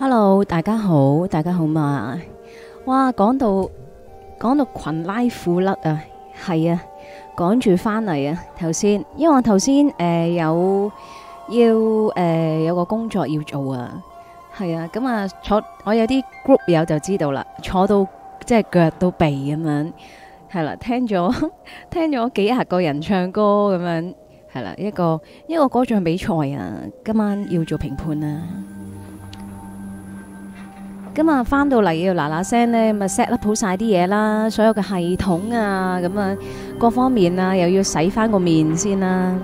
Hello，大家好，大家好嘛？哇，講到講到裙拉褲甩啊，係啊，趕住翻嚟啊，頭先，因為我頭先誒有要誒、呃、有個工作要做啊，係啊，咁啊坐我有啲 group 友就知道啦，坐到即係腳都痺咁樣，係啦、啊，聽咗聽咗幾十個人唱歌咁樣，係啦、啊，一個一個歌唱比賽啊，今晚要做評判啊。咁啊，翻到嚟要嗱嗱聲呢，咪 set 得好晒啲嘢啦，所有嘅系統啊，咁啊各方面啊，又要洗翻個面先啦。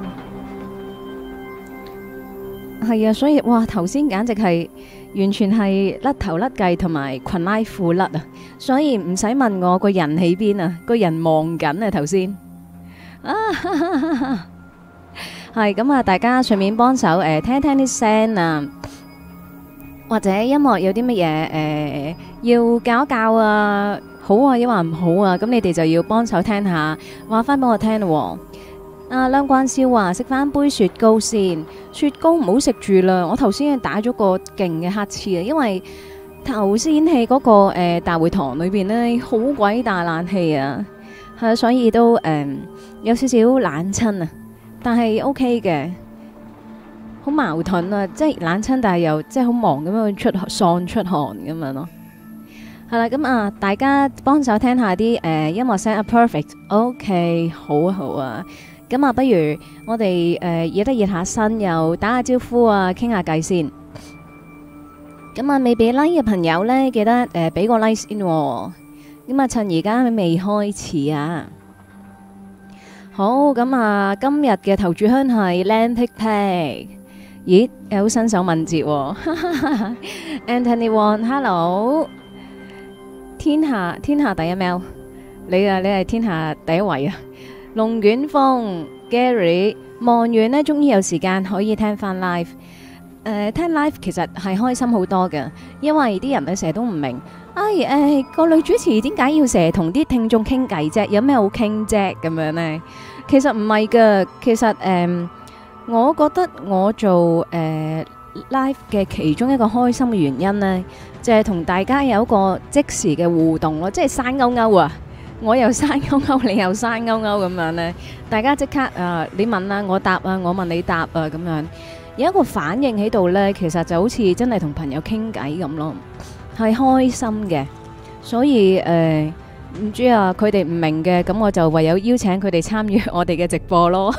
係啊，所以哇，頭先簡直係完全係甩頭甩計同埋裙拉褲甩啊！所以唔使問我個人喺邊啊，個人望緊啊頭先。啊，係咁啊、 嗯，大家順便幫手誒，聽聽啲聲啊。或者音樂有啲乜嘢誒要教一教啊，好啊，抑或唔好啊，咁你哋就要幫手聽下，話翻俾我聽咯、啊。阿、啊、梁關少話食翻杯雪糕先，雪糕唔好食住啦。我頭先打咗個勁嘅乞嗤啊，因為頭先喺嗰個誒、呃、大會堂裏邊呢，好鬼大冷氣啊，吓、啊、所以都誒、呃、有少少冷親啊，但係 OK 嘅。好矛盾啊！即係冷親，但係又即係好忙咁樣出喪出汗咁樣咯。係、嗯、啦，咁啊大家幫手聽下啲誒、呃、音樂聲啊，perfect，OK，okay, 好啊好啊。咁啊不如我哋誒熱得熱下身，又打下招呼啊，傾下偈先。咁、嗯、啊未俾 like 嘅朋友呢，記得誒俾、呃、個 like 先、哦。咁啊趁而家未開始啊。好，咁、嗯、啊今日嘅投注香係 landpickpick。咦，又好身手敏捷喎、哦、 ！Anthony Wong，Hello，天下天下第一喵你啊，你係天下第一位啊！龍捲風 Gary 望遠呢，終於有時間可以聽翻 live。誒、呃，聽 live 其實係開心好多嘅，因為啲人咧成日都唔明白，哎誒，哎個女主持點解要成日同啲聽眾傾偈啫？有咩好傾啫？咁樣呢，其實唔係噶，其實誒。呃我覺得我做誒 live 嘅其中一個開心嘅原因咧，就係同大家有一個即時嘅互動咯，即係生勾勾啊，我又生勾勾，你又生勾勾咁樣咧，大家即刻啊，你問啦，我答啊，我問你答啊，咁樣有一個反應喺度咧，其實就好似真係同朋友傾偈咁咯，係開心嘅，所以誒唔知啊，佢哋唔明嘅，咁我就唯有邀請佢哋參與我哋嘅直播咯。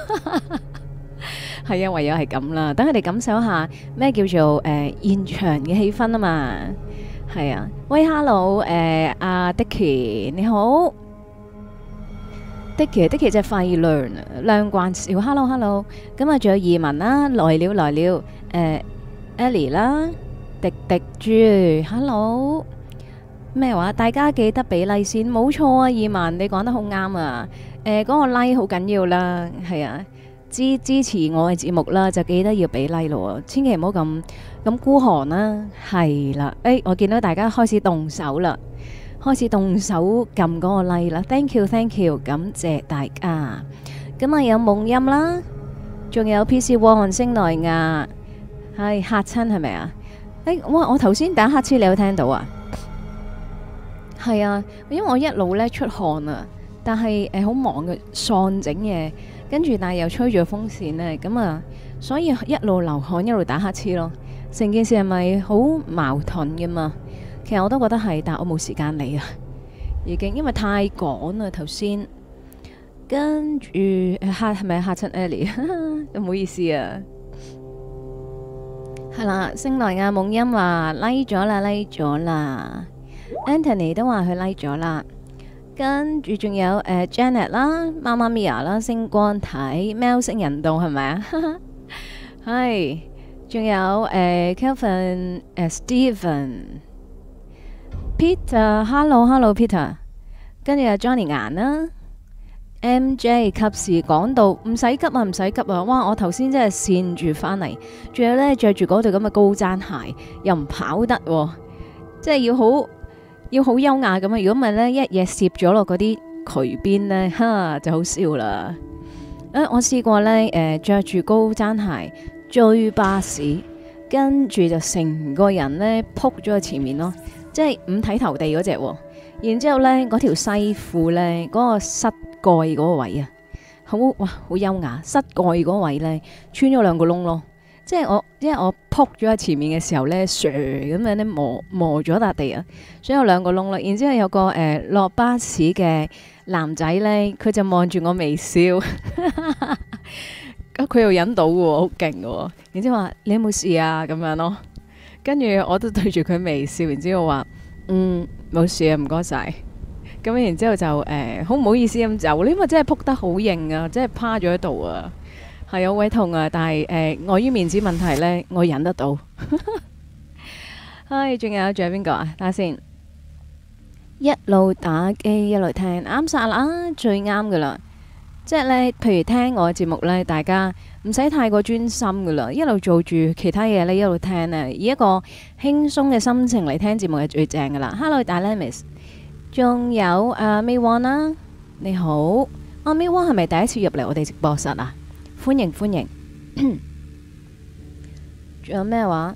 係啊，唯有係咁啦。等佢哋感受下咩叫做誒、呃、現場嘅氣氛啊嘛。係啊，喂，hello，誒、呃，阿、啊、Dickie 你好，Dickie，Dickie 即係廢糧糧關少，hello hello。咁啊，仲有二汶啦，來了來了，誒、呃、Ellie 啦，迪迪豬，hello。咩話？大家記得比例、like、先，冇錯啊，二汶，你講得好啱啊。誒、呃，嗰、那個 like 好緊要啦，係啊。支支持我嘅節目啦，就記得要俾 like 咯，千祈唔好咁咁孤寒啦。係啦，誒、哎，我見到大家開始動手啦，開始動手撳嗰個 like 啦，thank you，thank you，感謝大家。咁啊有夢音啦，仲有 PC 卧汗聲內壓，係吓親係咪啊？誒、哎，哇，我頭先打乞嗤，你有聽到啊？係啊，因為我一路呢出汗啊，但係誒好忙嘅，喪整嘢。跟住但係又吹住風扇呢，咁啊，所以一路流汗一路打乞嗤咯，成件事係咪好矛盾嘅嘛？其實我都覺得係，但我冇時間理啊，已經因為太趕啦頭先。跟住吓係咪嚇親 Ellie 啊？唔好意思啊。係啦，星來亞夢音話拉咗啦，拉咗啦。Anthony 都話佢拉咗啦。跟住仲有誒、呃、Janet 啦、媽媽 Mia 啦、星光睇貓星人道係咪啊？係，仲 有誒、呃、Kelvin、呃、Stephen、Peter。Hello，Hello，Peter。跟住阿 Johnny 顏啦，MJ 及時講到唔使急啊，唔使急啊！哇，我頭先真係跣住翻嚟，仲有呢，着住嗰對咁嘅高踭鞋，又唔跑得、哦，即係要好。要好優雅咁啊！如果唔係呢，一嘢攝咗落嗰啲渠邊呢，哈就好笑啦！啊，我試過呢，誒、呃、著住高踭鞋，追巴士，跟住就成個人呢撲咗喺前面咯，即係五體投地嗰隻喎。然之後呢，嗰條西褲呢，嗰、嗰個膝蓋嗰個位啊，好哇，好優雅，膝蓋嗰位呢，穿咗兩個窿咯。即係我，即係我撲咗喺前面嘅時候咧，唰咁樣咧磨磨咗笪地啊，所以有兩個窿咯。然之後有個誒落、呃、巴士嘅男仔呢，佢就望住我微笑，咁 佢又忍到喎，好勁喎。然之後話你有冇事啊？咁樣咯，跟住我都對住佢微笑。然之後話，嗯，冇事啊，唔該晒。」咁、嗯、然之後就誒，好、呃、唔好意思咁走？你因為真係撲得好型啊，真係趴咗喺度啊。係好鬼痛啊！但係誒，礙、呃、於面子問題呢，我忍得到。唉，仲有仲有邊個啊？睇下先一，一路打機一路聽啱晒啦，最啱噶啦。即係呢，譬如聽我嘅節目呢，大家唔使太過專心噶啦，一路做住其他嘢呢，一路聽咧，以一個輕鬆嘅心情嚟聽節目係最正噶啦。Hello 大 Lamis 仲有阿 Me One 啦，你好。阿 Me One 係咪第一次入嚟我哋直播室啊？歡迎歡迎，仲有咩話？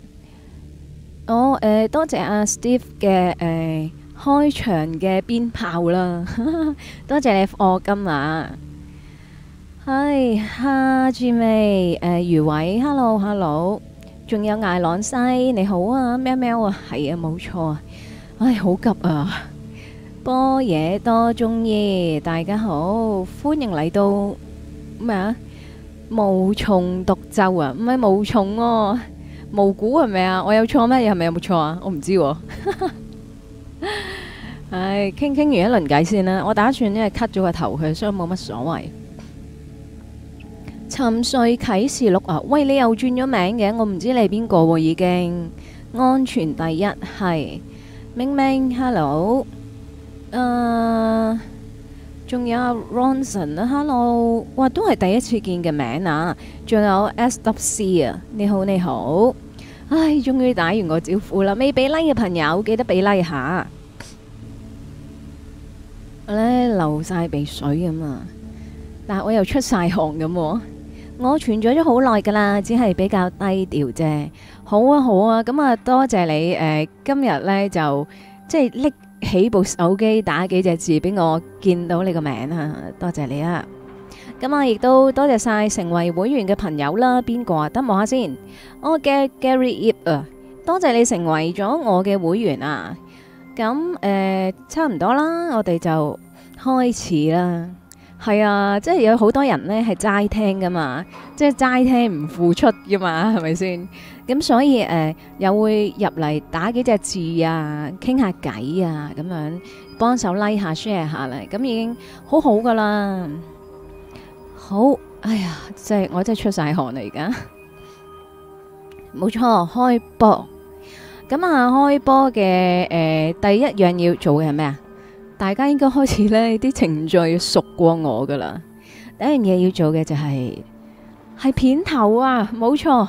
哦誒多謝阿 Steve 嘅誒開場嘅鞭炮啦，多謝你賀金啊。係哈 Jame 誒余偉，Hello Hello，仲有艾朗西，你好啊，喵喵啊，係啊，冇錯啊，唉好急啊，多嘢多中意，大家好，歡迎嚟到咩啊？無從獨奏啊，唔係無從哦，無鼓係咪啊？我有錯咩？你係咪有冇錯啊？我唔知。啊、 唉，傾傾完一輪偈先啦，我打算因為 cut 咗個頭佢，所以冇乜所謂。沉睡啟示錄啊，喂，你又轉咗名嘅，我唔知你係邊個喎，已經安全第一係明明，hello，嗯。Uh, 仲有阿 Ronson 啊，Hello，哇，都係第一次見嘅名啊！仲有 SWC 啊，你好你好，唉，終於打完個招呼啦！未俾 like 嘅朋友記得俾 like 下。我咧流晒鼻水咁啊，但係我又出晒汗咁。我存咗咗好耐噶啦，只係比較低調啫。好啊好啊，咁、嗯、啊多謝你誒、呃，今日咧就即係拎。起部手機打幾隻字俾我見到你個名啊！多謝你啊！咁啊，亦都多謝晒成為會員嘅朋友啦！邊個啊？等我望下先。我嘅 Gary Yap 啊，多謝你成為咗我嘅會員啊！咁誒，差唔多啦，我哋就開始啦。係啊，即係有好多人呢係齋聽噶嘛，即係齋聽唔付出噶嘛，係咪先？咁所以誒、呃，又會入嚟打幾隻字啊，傾下偈啊，咁樣幫手 like 下 share 下嚟，咁已經好好噶啦。好，哎呀，即係我真係出晒汗嚟噶，冇錯，開波！咁啊，開波嘅誒，第一樣要做嘅係咩啊？大家應該開始呢啲程序熟過我噶啦，第一樣嘢要做嘅就係、是、係片頭啊，冇錯。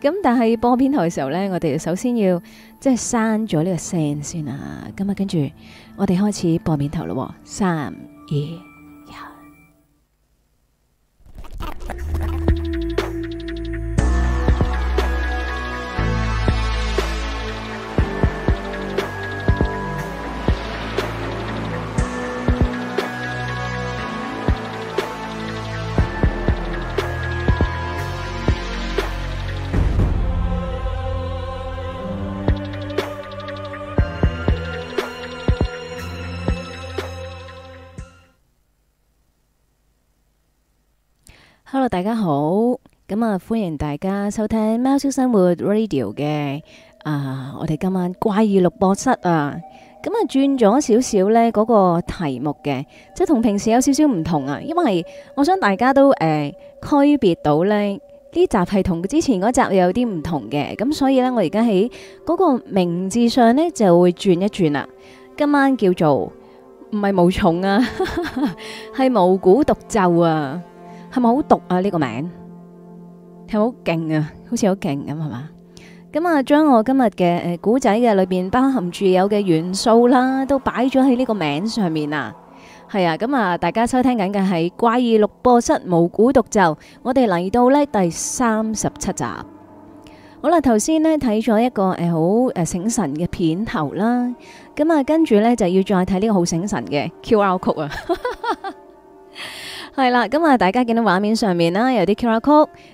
咁但係播片頭嘅時候呢，我哋首先要即係刪咗呢個聲先啊。咁啊，跟住我哋開始播片頭咯，三、二、啊、一、啊。hello，大家好，咁啊歡迎大家收聽《喵式生活 Radio》嘅，啊我哋今晚怪異錄播室啊，咁啊轉咗少少咧嗰個題目嘅，即係同平時有少少唔同啊，因為我想大家都誒區別到咧，呢集係同之前嗰集有啲唔同嘅，咁所以咧我而家喺嗰個名字上咧就會轉一轉啦，今晚叫做唔係毛蟲啊，係無骨獨奏啊。係咪好毒啊？呢個名係好勁啊？好似好勁咁係嘛？咁啊，將我今日嘅誒古仔嘅裏邊包含住有嘅元素啦，都擺咗喺呢個名上面啊。係啊，咁啊，大家收聽緊嘅係怪異錄播室無古獨奏，我哋嚟到呢第三十七集。好啦，頭先呢睇咗一個誒好誒醒神嘅片頭啦，咁啊跟住呢就要再睇呢個好醒神嘅 Q R 曲啊。 係啦，咁啊，大家見到畫面上面啦，有啲卡拉曲，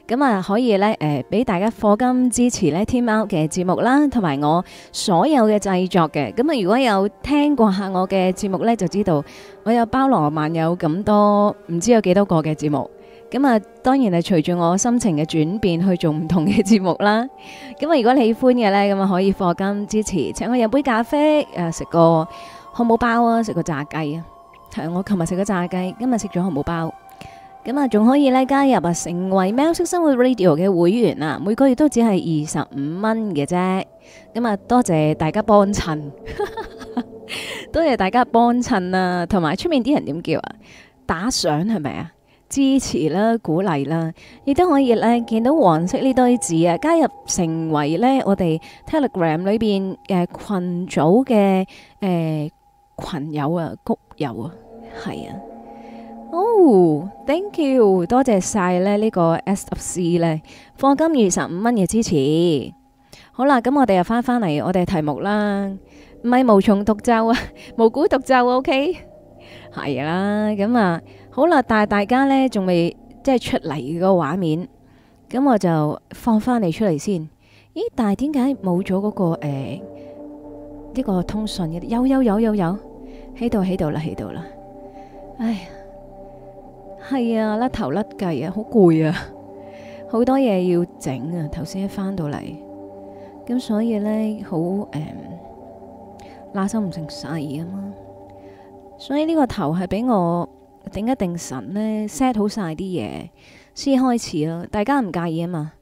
咁啊，可以咧，誒，俾大家課金支持咧，天貓嘅節目啦，同埋我所有嘅製作嘅，咁啊，如果有聽過下我嘅節目咧，就知道我有包羅萬有咁多，唔知有幾多個嘅節目，咁啊，當然係隨住我心情嘅轉變去做唔同嘅節目啦。咁啊，如果你喜歡嘅咧，咁啊，可以課金支持，請我飲杯咖啡，誒，食個漢堡包啊，食個炸雞啊。嗯、我琴日食咗炸雞，今日食咗漢堡包，咁啊，仲可以咧加入啊，成為《喵式生活 Radio》嘅會員啊，每個月都只係二十五蚊嘅啫。咁啊，多謝大家幫襯， 多謝大家幫襯啊，同埋出面啲人點叫啊？打賞係咪啊？支持啦，鼓勵啦，亦都可以咧見到黃色呢堆字啊，加入成為咧我哋 Telegram 裏邊誒、呃、群組嘅誒、呃、群友啊，谷有啊，係啊，哦、oh,，thank you，多謝晒咧呢個 S of C 呢課金二十五蚊嘅支持。好啦，咁我哋又翻返嚟我哋嘅題目啦，咪無從獨奏啊， 無鼓獨奏，OK，係啦、啊，咁啊，好啦，但係大家呢仲未即係出嚟個畫面，咁我就放翻你出嚟先。咦，但係點解冇咗嗰個誒呢、欸這個通訊嘅？有有有有有。有有喺度，喺度啦，喺度啦！哎呀，係啊，甩頭甩計啊，好攰啊，好多嘢要整啊，頭先一返到嚟，咁所以呢，好、誒、嗯，拉心唔成細啊嘛，所以呢個頭係俾我頂一定神呢 set 好晒啲嘢先開始咯、啊，大家唔介意啊嘛、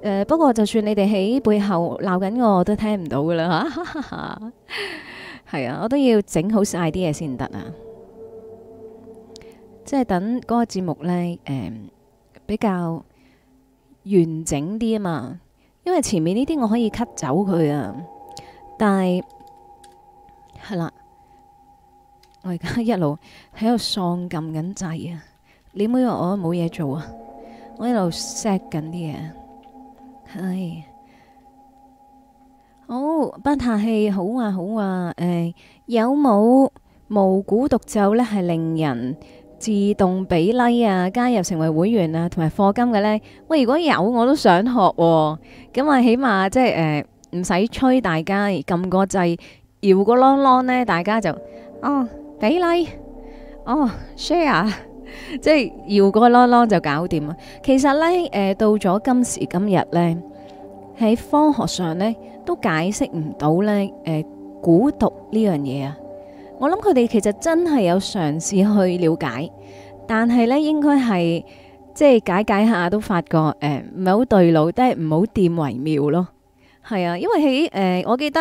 呃，不過就算你哋喺背後鬧緊我都聽唔到噶啦吓。哈哈哈哈係啊，我都要整好晒啲嘢，先得啊，即係等嗰個節目呢，誒比較完整啲啊嘛，因為前面呢啲我可以 cut 走佢啊，但係係啦，我而家一路喺度喪撳緊掣啊，你妹話我冇嘢做啊，我一路 set 緊啲嘢，唉。好，不客氣，好啊，好啊，誒，有冇無鼓獨奏咧？係令人自動畀 like 啊，加入成為會員啊，同埋課金嘅咧？喂，如果有，我都想學，咁啊，起碼即係誒，唔使吹大家撳個掣，搖個啷啷咧，大家就哦畀 like，哦 share，即係搖個啷啷就搞掂啊！其實咧，誒，到咗今時今日咧。喺科學上呢，都解釋唔到呢，誒蠱毒呢樣嘢啊！我諗佢哋其實真係有嘗試去了解，但係呢，應該係即係解解下都發覺誒唔係好對路，都係唔好掂為妙咯。係啊，因為喺誒我記得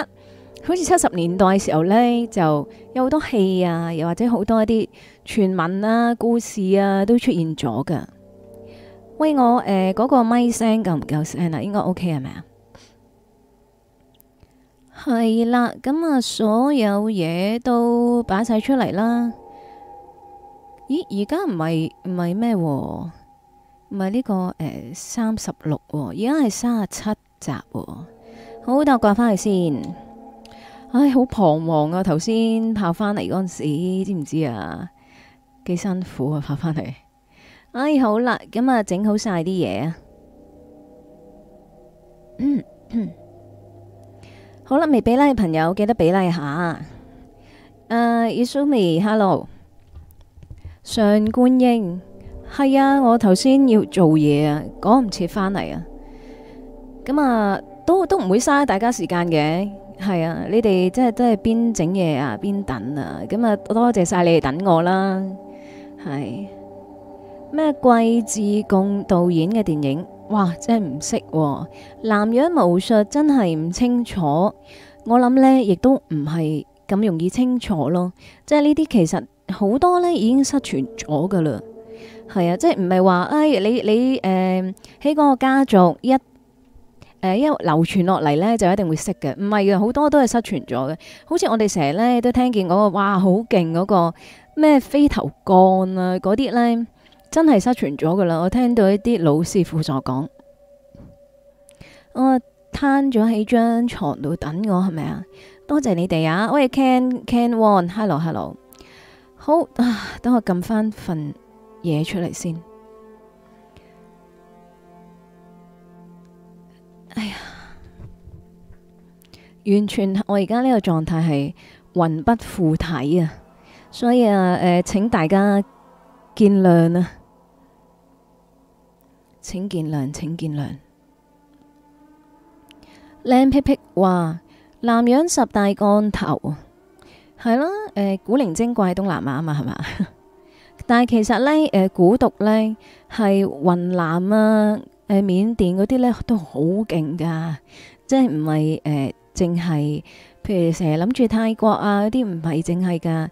好似七十年代嘅時候呢，就有好多戲啊，又或者好多一啲傳聞啊、故事啊都出現咗㗎。喂，我誒嗰個咪聲夠唔夠聲啊？應該 OK 係咪啊？係啦，咁啊，所有嘢都擺晒出嚟啦。咦，而家唔係唔係咩？唔係呢個誒三十六，而家係三十七集。好，我搭掛翻去先。唉，好彷徨啊！頭先跑翻嚟嗰陣時，知唔知啊？幾辛苦啊！跑翻嚟。唉，好啦，咁啊，整好晒啲嘢啊。 好啦，未比 like 嘅朋友記得比 like 下。誒、uh,，Isumi，hello。上官英，係啊，我頭先要做嘢啊，趕唔切翻嚟啊。咁啊，都都唔會嘥大家時間嘅，係啊，你哋真係都係邊整嘢啊邊等啊，咁啊，多謝晒你哋等我啦，係。咩？季志剛導演嘅電影？哇！真係唔識，南洋巫術真係唔清楚。我諗呢亦都唔係咁容易清楚咯。即係呢啲其實好多呢已經失傳咗噶啦。係啊，即係唔係話誒你你誒喺、呃、個家族一誒、呃、一流傳落嚟呢就一定會識嘅？唔係嘅，好多都係失傳咗嘅。好似我哋成日呢都聽見嗰個哇好勁嗰個咩飛頭幹啊嗰啲呢。真係失傳咗噶啦！我聽到一啲老師輔助講，我攤咗喺張床度等我，係咪啊？多謝你哋啊！喂，Can Can One，Hello Hello，, Hello 好啊！等我撳翻份嘢出嚟先。哎呀，完全我而家呢個狀態係魂不附體啊！所以啊，誒、呃，請大家見諒啊！請見諒，請見諒。靚撇撇話：南洋十大降頭啊，係咯，誒、呃，古靈精怪東南亞啊嘛，係嘛。 但係其實呢，誒、呃，蠱毒呢，係雲南啊，誒、呃，緬甸嗰啲呢，都好勁噶，即係唔係誒，淨、呃、係，譬如成日諗住泰國啊嗰啲，唔係淨係噶，誒、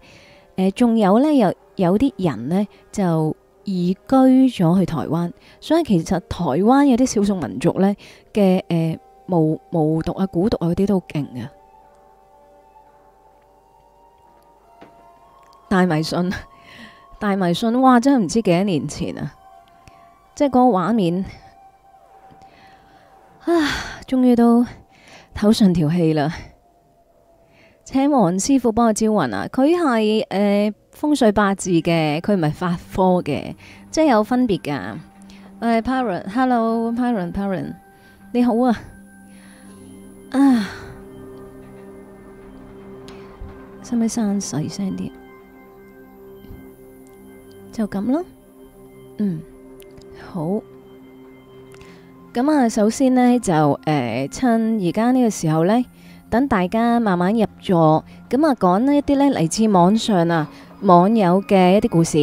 呃，仲有呢，又有啲人呢，就。移居咗去台灣，所以其實台灣有啲少數民族呢嘅誒，無無毒啊、蠱毒啊嗰啲都勁嘅。大迷信，大迷信，哇！真係唔知幾多年前啊，即係個畫面啊，終於都唞順條氣啦。請黃師傅幫我招魂啊！佢係誒。呃風水八字嘅，佢唔係發科嘅，即係有分別噶。Uh, Piran, Hello, Piran, Piran, 你好啊，啊，使唔使聲細聲啲？就咁咯，嗯，好。咁啊，首先呢，就誒，趁、呃，而家呢個時候呢，等大家慢慢入座，咁啊，講一啲呢，嚟自網上啊。網友嘅一啲故事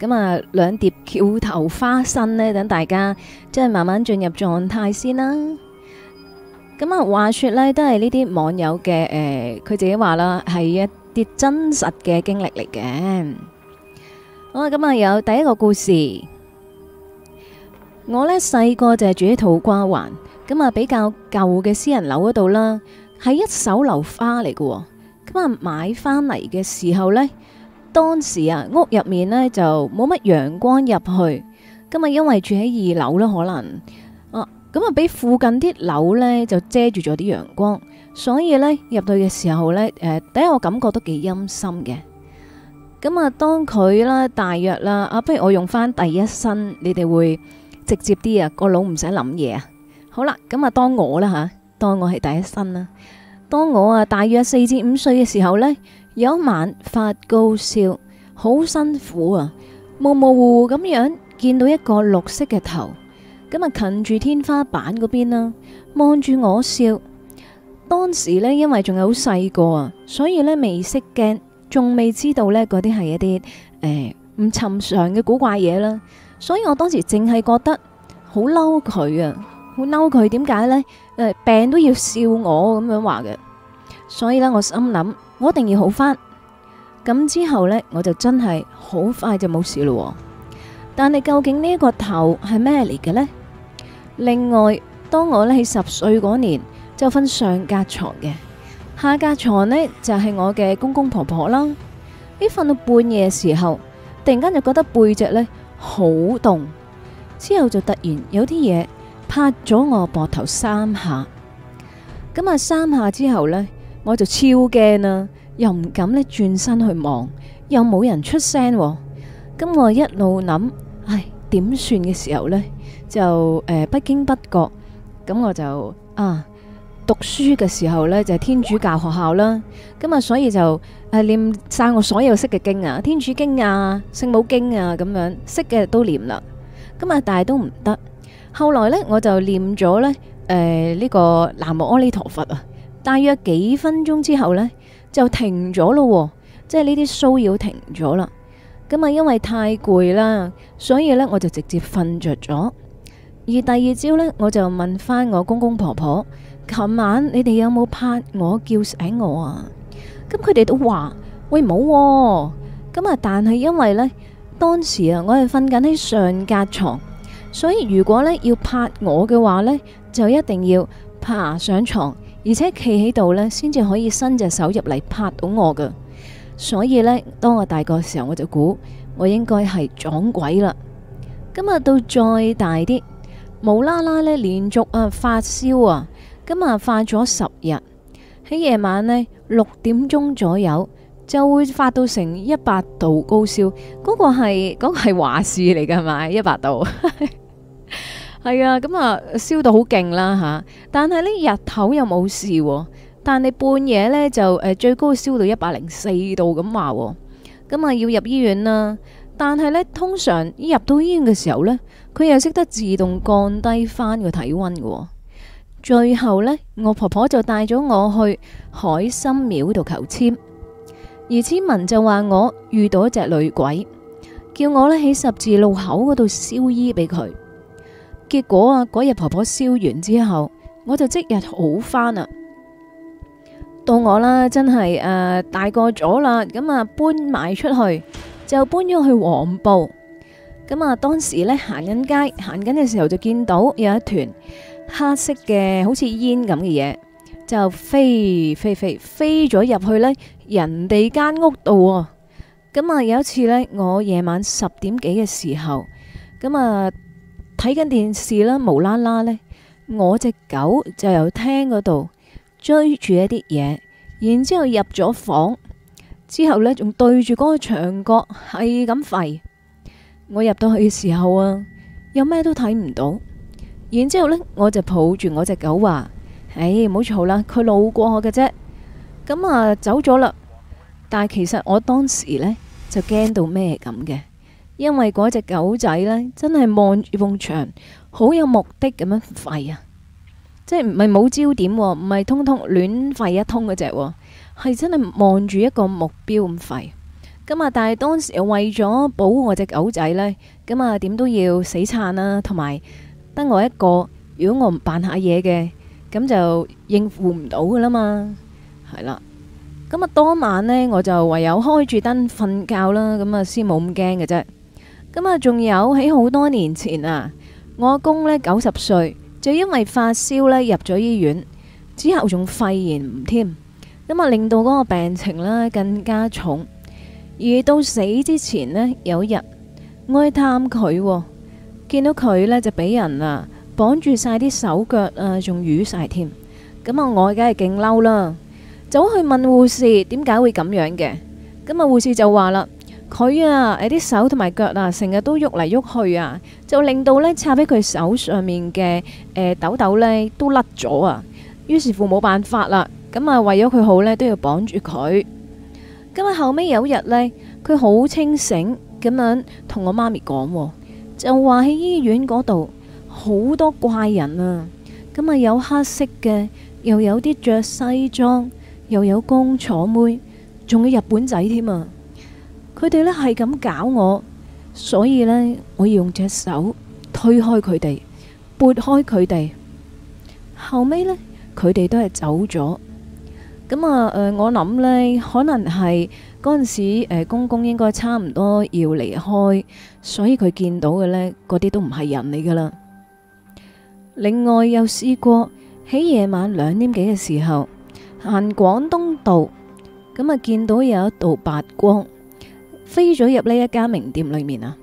咁啊，兩碟橋頭花生咧，等大家即係慢慢進入狀態先啦。咁啊，話說呢都係呢啲網友嘅誒，佢、呃、自己話啦，係一啲真實嘅經歷嚟嘅。好啊，咁啊，有第一個故事，我呢細個就係住喺土瓜灣，咁啊，比較舊嘅私人樓嗰度啦，係一手樓花嚟嘅。咁啊，買翻嚟嘅時候呢。當時啊，屋入面呢就冇乜陽光入去，咁啊，因為住喺二樓啦，可能，啊，咁啊，俾附近啲樓呢就遮住咗啲陽光，所以呢，入到去嘅時候呢，誒，第一我感覺都幾陰森嘅，咁啊，當佢啦，大約啦，啊，不如我用翻第一身，你哋會直接啲啊，個腦唔使諗嘢啊，好啦，咁啊，當我啦吓，當我係第一身啦，當我啊大約四至五歲嘅時候呢。有一晚發高燒，好辛苦啊！模模糊糊咁樣見到一個綠色嘅頭，咁啊近住天花板嗰邊啦，望住我笑。當時呢，因為仲有好細個啊，所以呢，未識驚，仲未知道呢嗰啲係一啲誒唔尋常嘅古怪嘢啦。所以我當時淨係覺得好嬲佢啊！好嬲佢點解呢？病都要笑我咁樣話嘅。所以呢，我心諗我一定要好返。咁之後呢，我就真係好快就冇事咯。但係究竟呢一個頭係咩嚟嘅呢？另外，當我呢喺十歲嗰年就瞓上格床嘅，下格床呢，就係我嘅公公婆婆啦。一瞓到半夜嘅時候，突然間就覺得背脊呢好凍，之後就突然有啲嘢拍咗我膊頭三下。咁啊，三下之後呢。我就超驚啊，又唔敢咧轉身去望，又冇人出聲。咁我一路諗，唉，點算嘅時候呢？就誒、呃、不經不覺，咁我就啊讀書嘅時候呢，就係、是、天主教學校啦，咁啊所以就誒念晒我所有識嘅經啊，天主經啊，聖母經啊咁樣，識嘅都念啦。咁啊，但係都唔得。後來呢，我就念咗呢，誒、呃、呢、這個南無阿彌陀佛啊。大約幾分鐘之後呢，就停咗咯，即係呢啲騷擾停咗啦。咁啊，因為太攰啦，所以呢，我就直接瞓着咗。而第二朝呢，我就問翻我公公婆婆，琴晚你哋有冇拍我叫醒我啊？咁佢哋都話，喂，冇。咁啊，但係因為呢，當時啊，我係瞓緊喺上格床，所以如果呢要拍我嘅話呢，就一定要爬上床。而且企喺度呢，先至可以伸隻手入嚟拍到我㗎，所以呢，當我大個嘅時候，我就估我應該係撞鬼啦。今日到再大啲，無啦啦呢，連續啊發燒啊，今日發咗十日，喺夜晚呢，六點鐘左右就會發到成一百度高燒，嗰、嗰個係嗰、嗰個係華氏嚟噶嘛？一百度。 係啊，咁啊燒到好勁啦吓，但係呢日頭又冇事，但係你半夜呢就誒最高燒到一百零四度咁話，咁啊、嗯、要入醫院啦。但係呢，通常一入到醫院嘅時候呢，佢又識得自動降低翻個體溫嘅。最後呢，我婆婆就帶咗我去海心廟度求簽，而簽文就話我遇到一隻女鬼，叫我呢喺十字路口嗰度燒衣俾佢。結果啊，嗰日婆婆燒完之後，我就即日好返啦。到我啦，真係誒、呃、大個咗啦，咁、呃、啊搬埋出去，就搬咗去黃埔。咁、呃、啊，當時呢，行緊街，行緊嘅時候就見到有一團黑色嘅，好似煙咁嘅嘢，就飛飛飛飛咗入去呢人哋間屋度，哦。咁、呃、啊，有一次呢，我夜晚十點幾嘅時候，咁、呃、啊。睇緊電視啦，無啦啦呢，我隻狗就由廳嗰度追住一啲嘢，然之後入咗房之後呢，仲對住嗰個牆角係咁吠。我入到去嘅時候啊，有咩都睇唔到。然之後呢，我就抱住我隻狗話，誒、哎，冇嘈啦，佢路過我嘅啫。咁啊，走咗啦。但係其實我當時呢，就驚到咩咁嘅。因為嗰隻狗仔呢，真係望住埲牆，好有目的咁樣吠啊！即係唔係冇焦點，啊，唔係通通亂吠一通嗰隻，啊，係真係望住一個目標咁吠。咁，嗯，啊，但係當時為咗保護我隻狗仔呢，咁啊點都要死撐啦，啊，同埋得我一個，如果我唔扮下嘢嘅，咁就應付唔到噶啦嘛，係啦。咁，嗯，啊，當晚呢，我就唯有開住燈瞓覺啦，咁啊先冇咁驚嘅啫。咁啊，仲有喺好多年前啊，我阿公咧九十歲，就因為發燒咧入咗醫院，之後仲肺炎添，咁啊令到嗰個病情咧更加重。而到死之前咧，有一日，我去探佢，見到佢咧就俾人啊綁住晒啲手腳啊，仲瘀晒添，咁啊我梗係勁嬲啦，走去問護士點解會咁樣嘅？咁啊護士就話啦。佢啊，啲手同埋腳啊，成日都喐嚟喐去啊，就令到呢插喺佢手上面嘅誒豆豆呢都甩咗啊。於是乎冇辦法啦，咁啊為咗佢好呢，都要綁住佢。咁啊後尾有日呢，佢好清醒咁樣同我媽咪講啊，就話喺醫院嗰度好多怪人啊，咁啊有黑色嘅，又有啲着西裝，又有工廠妹，仲有日本仔添啊！佢哋呢係咁搞我，所以呢，我要用隻手推開佢哋，撥開佢哋。後尾呢，佢哋都係走咗。咁啊，誒、呃，我諗呢，可能係嗰陣時誒，公公應該差唔多要離開，所以佢見到嘅呢，嗰啲都唔係人嚟㗎喇。另外又試過喺夜晚兩點幾嘅時候行廣東道，咁啊見到有一道白光。飛咗入呢一間名店裏面啊！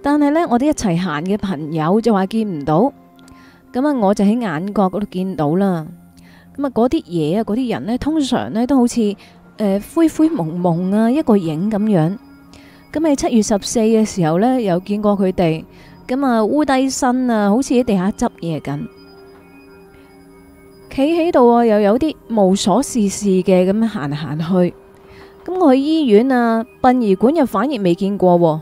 但係呢，我哋一齊行嘅朋友就話見唔到，咁啊我就喺眼角嗰度見到啦。咁啊，嗰啲嘢啊，嗰啲人呢，通常呢都好似、呃、灰灰蒙蒙啊一個影咁樣。咁喺七月十四嘅時候呢，又見過佢哋，咁啊烏低身啊，好似喺地下執嘢緊，企喺度啊，又有啲無所事事嘅咁樣行嚟行去。咁我去醫院啊，殯儀館又反而未見過喎。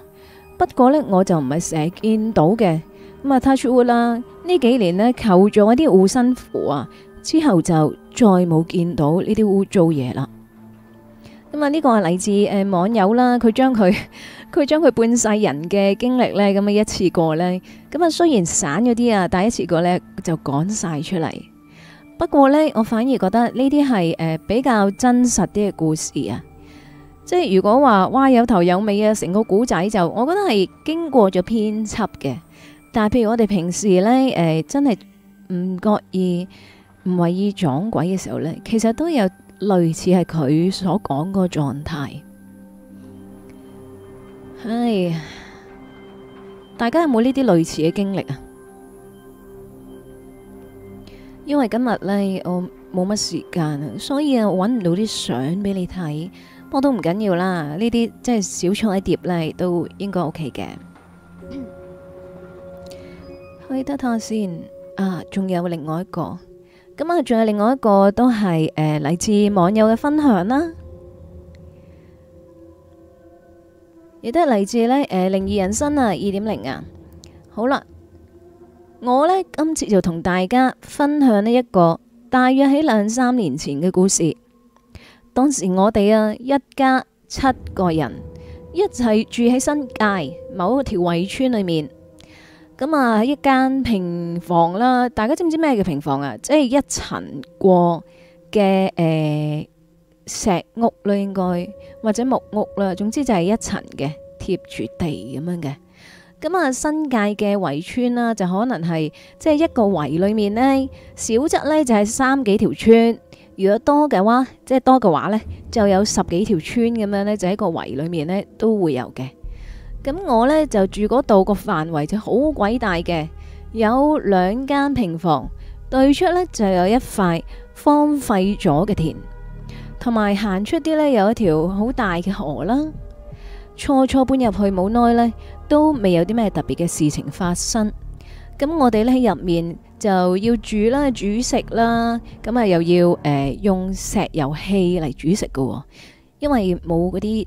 不過呢，我就唔係成日見到嘅。咁啊，touch wood 啦！呢幾年呢，求咗一啲護身符啊，之後就再冇見到呢啲污糟嘢啦。咁啊，呢個係嚟自誒網友啦，佢將佢佢將佢半世人嘅經歷呢，咁啊一次過呢。咁啊，雖然散咗啲啊，第一次過呢，就講晒出嚟。不過呢，我反而覺得呢啲係比較真實啲嘅故事啊。即係如果話哇有頭有尾啊，成個古仔就我覺得係經過咗編輯嘅。但係譬如我哋平時呢，誒、呃、真係唔覺意唔為意撞鬼嘅時候呢，其實都有類似係佢所講個狀態。唉，大家有冇呢啲類似嘅經歷啊？因為今日呢，我冇乜時間啊，所以啊揾唔到啲相俾你睇。不過都唔緊要啦，呢啲即係小菜一碟咧，都應該 O K 嘅。開得拖先啊，仲有另外一個，咁啊，仲有另外一個都係誒嚟自網友嘅分享啦，亦都係嚟自咧誒靈異人生啊二點零啊。好啦，我咧今次就同大家分享咧一個大約喺兩三年前嘅故事。當時我哋啊，一家七個人一齊住喺新界某一條圍村裏面，咁啊，喺一間平房啦，大家知唔知咩叫平房啊？即係一層過嘅誒石屋啦，應該或者木屋啦，總之就係一層嘅貼住地咁樣嘅。咁啊，新界嘅圍村啦，就可能係即係一個圍裏面呢，小則呢，就係三幾條村，如果多嘅話，即係多嘅話呢，就有十幾條村咁樣呢，就喺個圍裏面呢都會有嘅。咁我呢，就住嗰度個範圍就好鬼大嘅，有兩間平房對出呢，就有一塊荒廢咗嘅田，同埋行出啲呢有一條好大嘅河啦。初初搬入去冇耐呢，都未有啲咩特別嘅事情發生。咁我哋呢，喺入面。就要煮啦、煮食啦，咁啊又要誒、呃、用石油氣嚟煮食嘅、哦，因為冇嗰啲誒，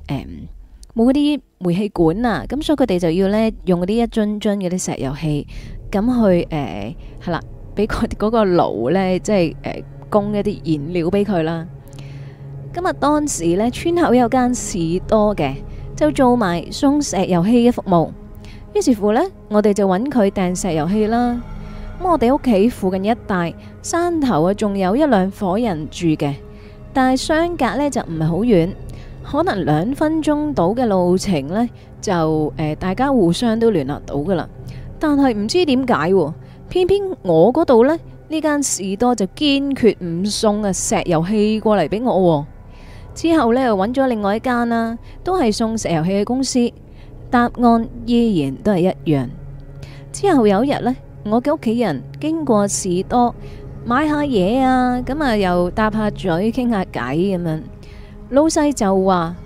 冇嗰啲煤氣管啊，咁所以佢哋就要咧用嗰啲一樽樽嗰啲石油氣，咁去誒，係、呃、啦，俾佢嗰個爐咧即係誒、呃、供一啲燃料俾佢啦。咁、嗯、啊，當時咧村口有間士多嘅，就做埋送石油氣嘅服務，於是乎咧，我哋就揾佢訂石油氣啦。咁我哋屋企附近一帶山頭啊，仲有一兩伙人住嘅，但係相隔呢就唔係好遠，可能兩分鐘到嘅路程呢，就、呃、大家互相都聯絡到噶啦。但係唔知點解，偏偏我嗰度呢，呢間士多就堅決唔送啊石油氣過嚟俾我、哦。之後呢，又揾咗另外一間啦，都係送石油氣嘅公司，答案依然都係一樣。之後有一日呢。我嘅屋企人經過士多買下嘢啊，咁啊又搭下嘴傾下偈咁樣。老細就話：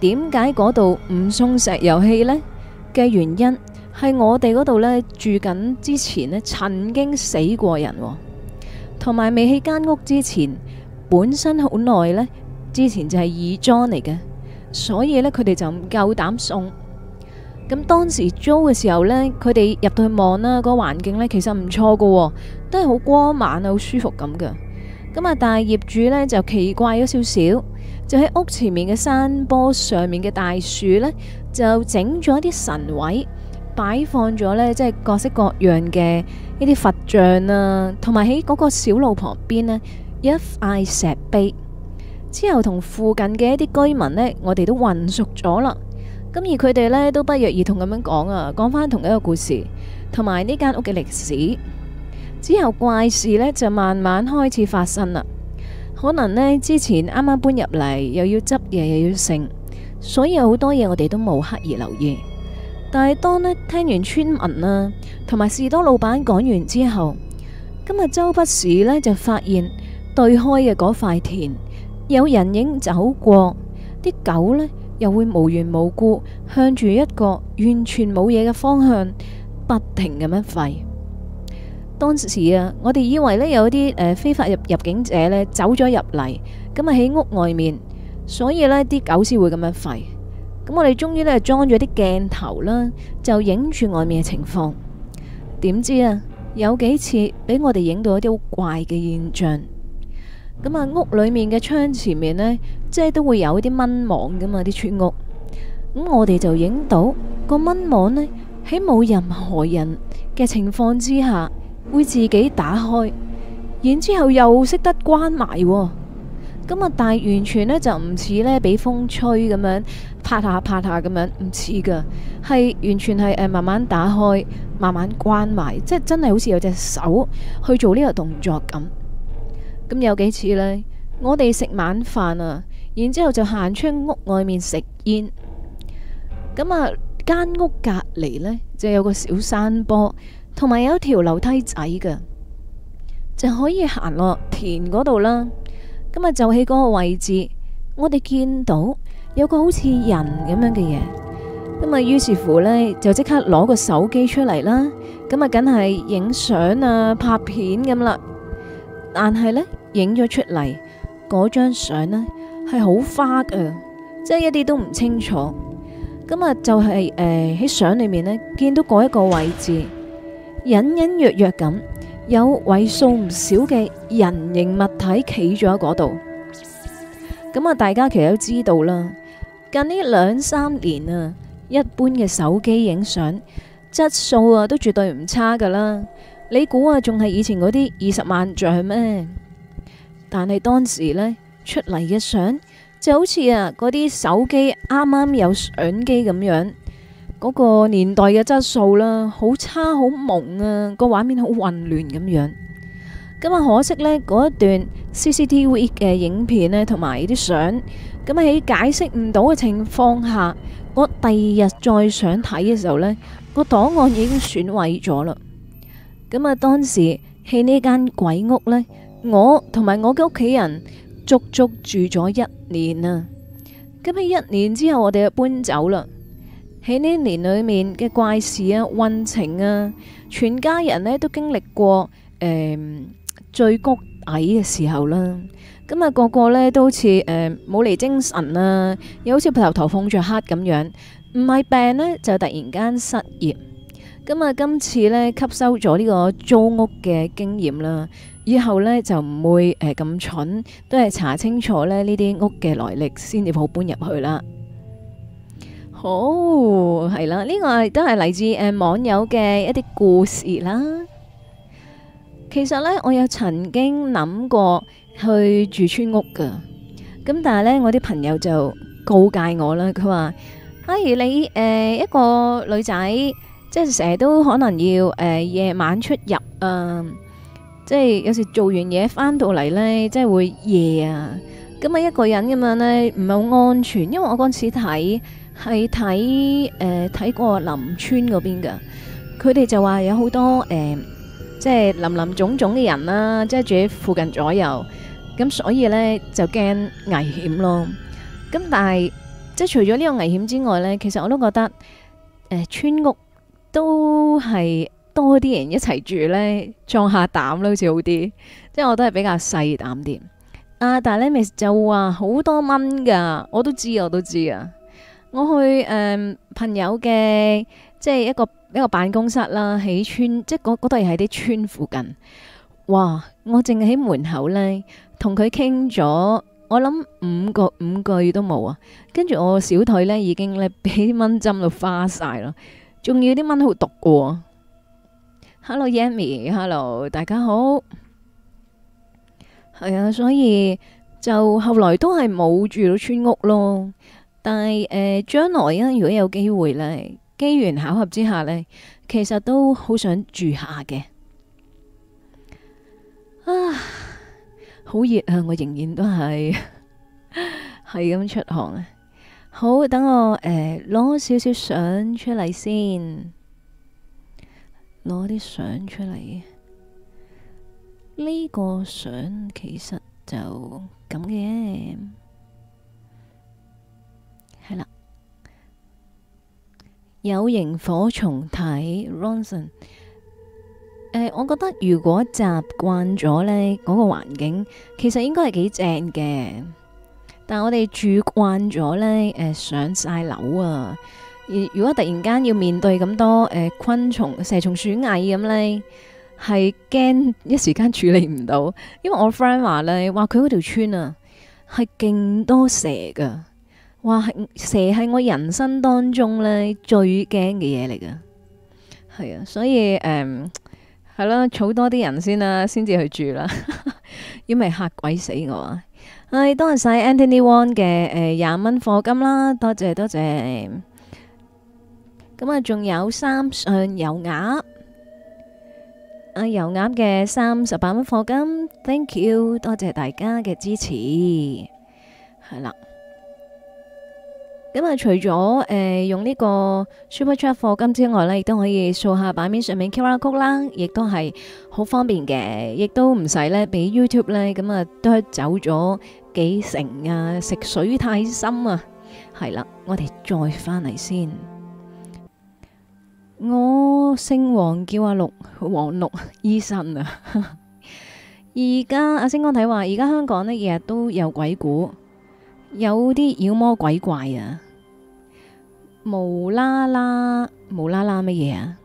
點解嗰度唔送石油氣呢？嘅原因係我哋嗰度呢，住緊之前咧曾經死過人、哦，同埋未起間屋之前本身好耐呢，之前就係義莊嚟嘅，所以呢，佢哋就唔夠膽送。咁當時租嘅時候呢，佢哋入到去望啦，個環境呢，其實唔錯嘅，都係好光猛好舒服咁嘅。咁啊，但係業主呢就奇怪咗少少，就喺屋前面嘅山坡上面嘅大樹呢，就整咗一啲神位，擺放咗呢，即係各式各樣嘅呢啲佛像啊，同埋喺嗰個小路旁邊呢，一塊石碑。之後同附近嘅一啲居民呢，我哋都混熟咗啦。咁而佢哋呢，都不約而同咁樣講啊，講返同一個故事，同埋呢間屋嘅歷史之後，怪事呢，就慢慢開始發生啦。可能呢，之前啱啱搬入嚟，又要執嘢，又要剩，所以好多嘢我哋都冇刻意留意。但係當呢，聽完村民啊同埋士多老闆講完之後，今日周不時呢，就發現對開嘅嗰塊田有人影走過，啲狗呢。又會無緣無故向住一個完全冇嘢嘅方向，不停咁樣吠。當時啊，我哋以為呢有啲誒、呃、非法入入境者呢走咗入嚟，咁啊喺屋外面，所以呢啲狗先會咁樣吠。咁、嗯、我哋終於呢裝咗啲鏡頭啦，就影住外面嘅情況。點知啊，有幾次俾我哋影到一啲好怪嘅現象。咁啊，屋裏面嘅窗前面呢，即係都會有啲蚊網噶嘛，啲村屋。咁我哋就影到個蚊網呢，喺冇任何人嘅情況之下，會自己打開，然之後又識得關埋，哦。咁啊，但係完全呢，就唔似呢俾風吹咁樣拍下拍下咁樣，唔似噶，係完全係誒慢慢打開，慢慢關埋，即係真係好似有隻手去做呢個動作咁。咁有幾次呢？我哋食晚飯啊，然之後就行出屋外面食煙。咁啊，間屋隔籬呢就有個小山坡，同埋有一條樓梯仔㗎，就可以行落田嗰度啦。咁啊，就喺嗰個位置，我哋見到有個好似人咁樣嘅嘢。咁啊，於是乎呢，就即刻攞個手機出嚟啦。咁啊，梗係影相啊，拍片咁啦。但係呢，影咗出嚟嗰張相呢，係好花噶，即係一啲都唔清楚。咁啊就係誒喺相裏面呢，見到嗰一個位置，隱隱約約咁有為數唔少嘅人形物體企咗喺嗰度。咁啊，大家其實都知道啦，近呢兩三年啊，一般嘅手機影相質素啊都絕對唔差噶啦。你估啊，仲係以前嗰啲二十萬像咩？但係當時呢，出嚟嘅相就好似啊嗰啲手機啱啱有相機咁樣，嗰個年代嘅質素啦，好差好蒙啊，個畫面好混亂咁樣。咁啊，可惜呢，嗰一段 CCTV 嘅影片呢，同埋啲相，咁喺解釋唔到嘅情況下，我第二日再想睇嘅時候呢，個檔案已經損毀咗啦。咁啊！當時喺呢間鬼屋咧，我同埋我嘅屋企人足足住咗一年啊！咁喺一年之後，我哋就搬走啦。喺呢一年裏面嘅怪事啊、運程啊，全家人咧都經歷過誒最谷底嘅時候啦。咁啊，個個咧都好似誒冇嚟精神啊，又好似頭頭碰著黑咁樣，唔係病咧就突然間失業。咁啊！今次咧吸收咗呢個租屋嘅經驗啦，以後咧就唔會誒咁蠢，都係查清楚咧呢啲屋嘅來歷先至好搬入去啦。好係啦，呢個亦都係嚟自誒網友嘅一啲故事啦。其實咧，我有曾經諗過去住村屋噶，咁但係咧我啲朋友就告誡我啦，佢話：，假如你誒一個女仔。即係成日都可能要誒夜、呃、晚出入啊！即係有時做完嘢翻到嚟呢，即係會夜啊！咁啊一個人咁樣呢，唔係好安全。因為我嗰次睇係睇誒睇過林村嗰邊嘅，佢哋就話有好多誒、呃、即係林林總總嘅人啦、啊，即係住喺附近左右。咁所以呢，就驚危險咯。咁但係即係除咗呢個危險之外呢，其實我都覺得誒、呃、村屋。都係多啲人一齊住呢，壯下膽咧，好似好啲。即係我都係比較細膽啲啊，但係咧，Miss，就話好多蚊噶，我都知，我都知啊。我去誒、嗯、朋友嘅，即係一個一個辦公室啦，喺村即係嗰嗰度係啲村附近哇。我淨係喺門口呢，同佢傾咗，我諗五個五句都冇啊。跟住我小腿呢，已經呢，俾蚊針到花晒咯。仲要啲蚊好毒過。Hello Yammy，Hello 大家好。係啊，所以就後來都係冇住到村屋咯但，但係誒，將來啊，如果有機會呢，機緣巧合之下呢，其實都好想住下嘅。啊，好熱啊！我仍然都係係咁出汗啊！好，等我誒攞少少相出嚟先，攞啲相出嚟。呢、這個相其實就咁嘅，係啦。有螢火蟲睇，Ronson。誒 on、呃，我覺得如果習慣咗呢嗰個環境，其實應該係幾正嘅。但係我哋住慣咗咧，誒、呃、上晒樓啊！而如果突然間要面對咁多誒、呃、昆蟲、蛇蟲、蟲、鼠、蟻咁咧，係驚一時間處理唔到。因為我 friend 話咧，話佢嗰條村啊，係勁多蛇噶。哇，蛇係我人生當中咧最驚嘅嘢嚟噶，係啊，所以誒係啦，儲、嗯啊、多啲人先啦，先至去住啦，因為嚇鬼死我。啊！係多謝 Anthony Wong 嘅誒廿蚊課金啦，多謝多謝。咁啊，仲有三上油鴨，啊油鴨嘅三十八蚊課金，Thank you，多謝大家嘅支持，係啦。咁啊，除咗誒、呃、用呢個 Super Chat 課金之外呢，亦都可以掃下版面上面 QR code 啦，亦都係好方便嘅，亦都唔使呢俾 YouTube 呢，咁啊奪走咗，幾成啊？食水太深啊，係啦，我哋再翻嚟先。我姓黃，叫阿六，黃六醫生啊。而家阿星哥睇話，而家香港咧日日都有鬼故，有啲妖魔鬼怪啊，無啦啦，無啦啦乜嘢啊？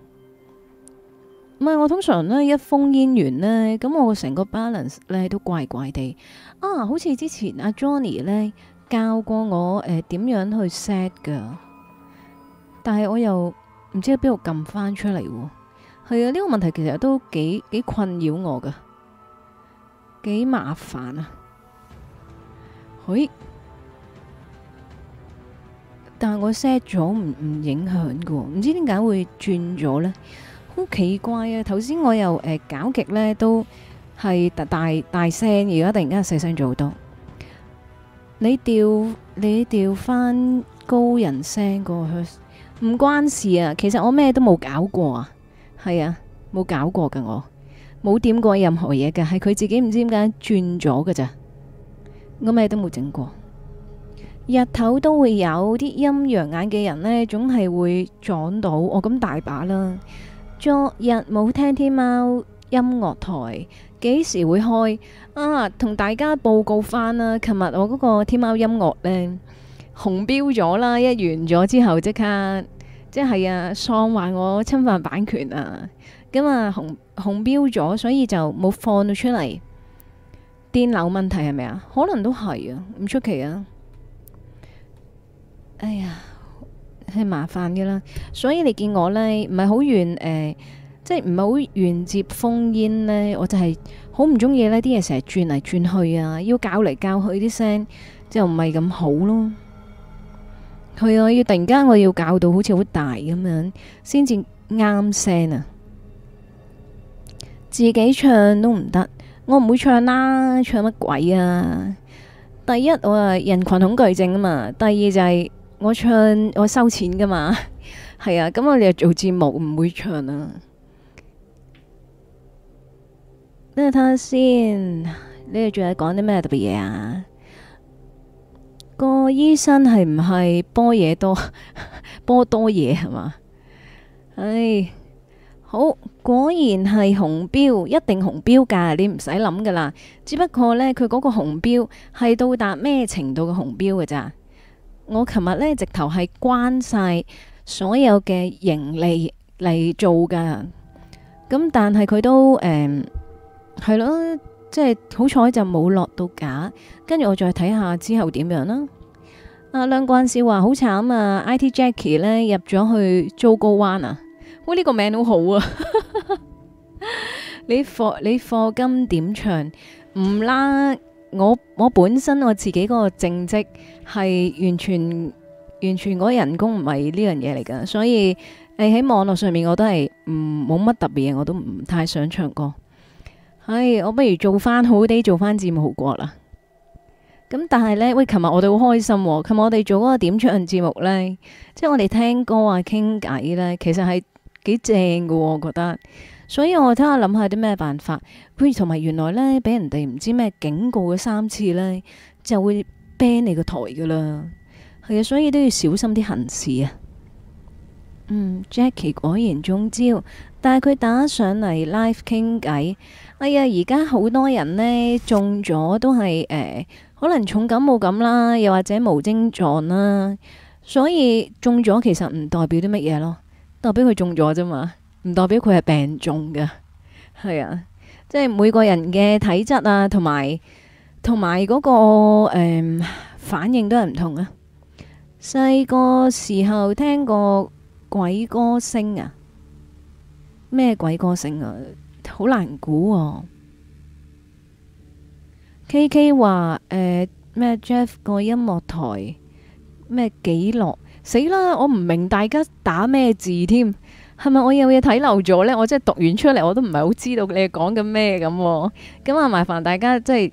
唔係我通常咧一封煙完咧，咁我成個 balance 咧都怪怪地。啊，好似之前阿 Johnny 咧教過我誒，點、呃、樣去 set 噶，但係我又唔知喺邊度撳翻出嚟喎。係啊，呢、這個問題其實都幾幾困擾我噶，幾麻煩啊。哎、但係我 set 咗唔唔影響噶，唔知點解會轉咗呢？好奇怪啊！頭先我又誒、呃、搞極呢都。係大大聲，而家突然間細聲咗好多你調。你調你調翻高人聲過去，唔關事啊。其實我咩都冇搞過啊，係啊，冇搞過噶，我冇點過任何嘢噶，係佢自己唔知點解轉咗噶咋。我咩都冇整過，日頭都會有啲陰陽眼嘅人呢，總係會撞到我咁、哦、大把啦。昨日冇聽天貓音樂台。幾時會開啊？同大家報告返啦。琴日我嗰個天貓音樂呢，紅標咗啦，一完咗之後即刻，即係啊，上話我侵犯版權啊，咁、嗯、啊紅紅標咗，所以就冇放到出嚟。電腦問題係咪啊？可能都係啊，唔出奇啊。哎呀，係麻煩嘅啦。所以你見我呢，唔係好遠誒。呃即係唔好沿接烽煙呢，我就係好唔中意呢啲嘢成日轉嚟轉去啊，要搞嚟搞去啲聲，就唔係咁好咯。係啊，要突然間我要搞到好似好大咁樣，先至啱聲啊。自己唱都唔得，我唔會唱啦，唱乜鬼啊？第一我係人群恐懼症啊嘛，第二就係我唱我收錢噶嘛，係啊，咁我哋就做節目唔會唱啊。睇下先，你哋仲係講啲咩特別嘢啊？個醫生係唔係波嘢多，波多嘢係嘛？唉，好果然係紅標，一定紅標噶，你唔使諗噶啦。只不過呢，佢嗰個紅標係到達咩程度嘅紅標噶？咋？我琴日呢，直頭係關晒所有嘅盈利嚟做噶，咁但係佢都誒。嗯係咯，即係好彩就冇落到架。跟住我再睇下之後點樣啦、啊。阿亮爵士話好慘啊！IT Jackie 呢入咗去糟糕灣啊！喂、哦，呢、呢個名好好啊！ 你課你課金點唱唔啦？我我本身我自己嗰個正職係完全完全個人工唔係呢樣嘢嚟噶，所以你喺網絡上面我都係唔冇乜特別嘢，我都唔太想唱歌。唉，我不如做翻好啲，做翻節目好過啦。咁但係呢，喂，琴日我哋好開心喎，琴日我哋做嗰個點唱節目呢，即係我哋聽歌啊、傾偈呢，其實係幾正噶喎，我覺得。所以我睇下諗下啲咩辦法。不如同埋原來呢，俾人哋唔知咩警告咗三次呢，就會 ban 你個台噶啦。係啊，所以都要小心啲行事啊。嗯，Jackie 果然中招。但係佢打上嚟 live 傾偈，哎呀！而家好多人呢，中咗都係誒、呃，可能重感冒咁啦，又或者無症狀啦，所以中咗其實唔代表啲乜嘢咯，代表佢中咗啫嘛，唔代表佢係病重嘅。係啊，即係每個人嘅體質啊，同埋同埋嗰個、呃、反應都係唔同啊。細個時候聽過鬼歌聲啊！咩鬼歌星啊？好難估啊！K K 話誒咩 Jeff 個音樂台咩記錄死啦！我唔明大家打咩字添，係咪我有嘢睇漏咗呢？我真係讀完出嚟，我都唔係好知道你講緊咩咁。咁啊，麻煩大家即係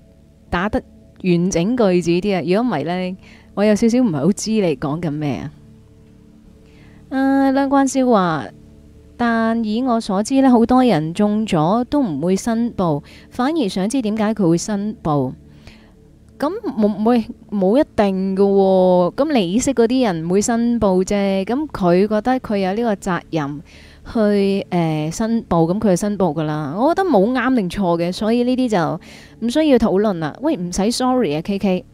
打得完整句子啲啊！如果唔係呢，我有少少唔係好知你講緊咩啊！啊、呃，梁關燒話。但以我所知呢，好多人中咗都唔會申報，反而想知點解佢會申報。咁冇冇冇一定嘅喎、哦。咁你識嗰啲人唔會申報啫。咁佢覺得佢有呢個責任去誒、呃、申報，咁佢就申報噶啦。我覺得冇啱定錯嘅，所以呢啲就唔需要討論啦。喂，唔使 sorry 啊，KK。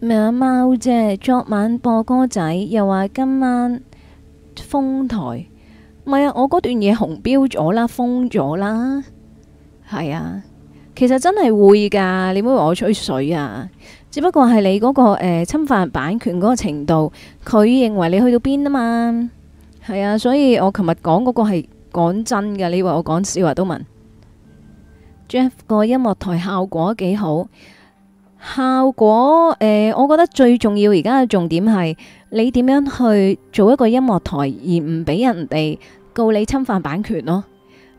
咩啊，貓 姐，昨晚播歌仔，又話今晚，封台，唔係啊！我嗰段嘢紅標咗啦，封咗啦，係啊。其實真係會噶，你唔好話我吹水啊，只不過係你嗰個誒侵犯版權嗰個程度，佢認為你去到邊啊嘛，係啊。所以我琴日講嗰個係講真噶，你話我講笑話都問 Jeff 個音樂台效果幾好？效果誒，我覺得最重要而家嘅重點係。你點樣去做一個音樂台而唔俾人哋告你侵犯版權咯？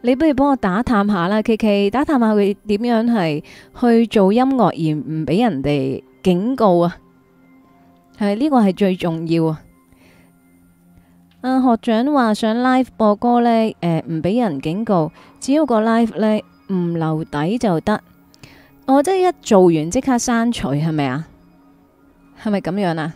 你不如幫我打探下啦，K K 打探下佢點樣係去做音樂而唔俾人哋警告啊？係呢、呢個係最重要啊！阿學長話上 live 播歌呢，誒唔俾人警告，只要個 live 呢唔留底就得。我即係一做完即刻刪除，係咪啊？係咪咁樣啊？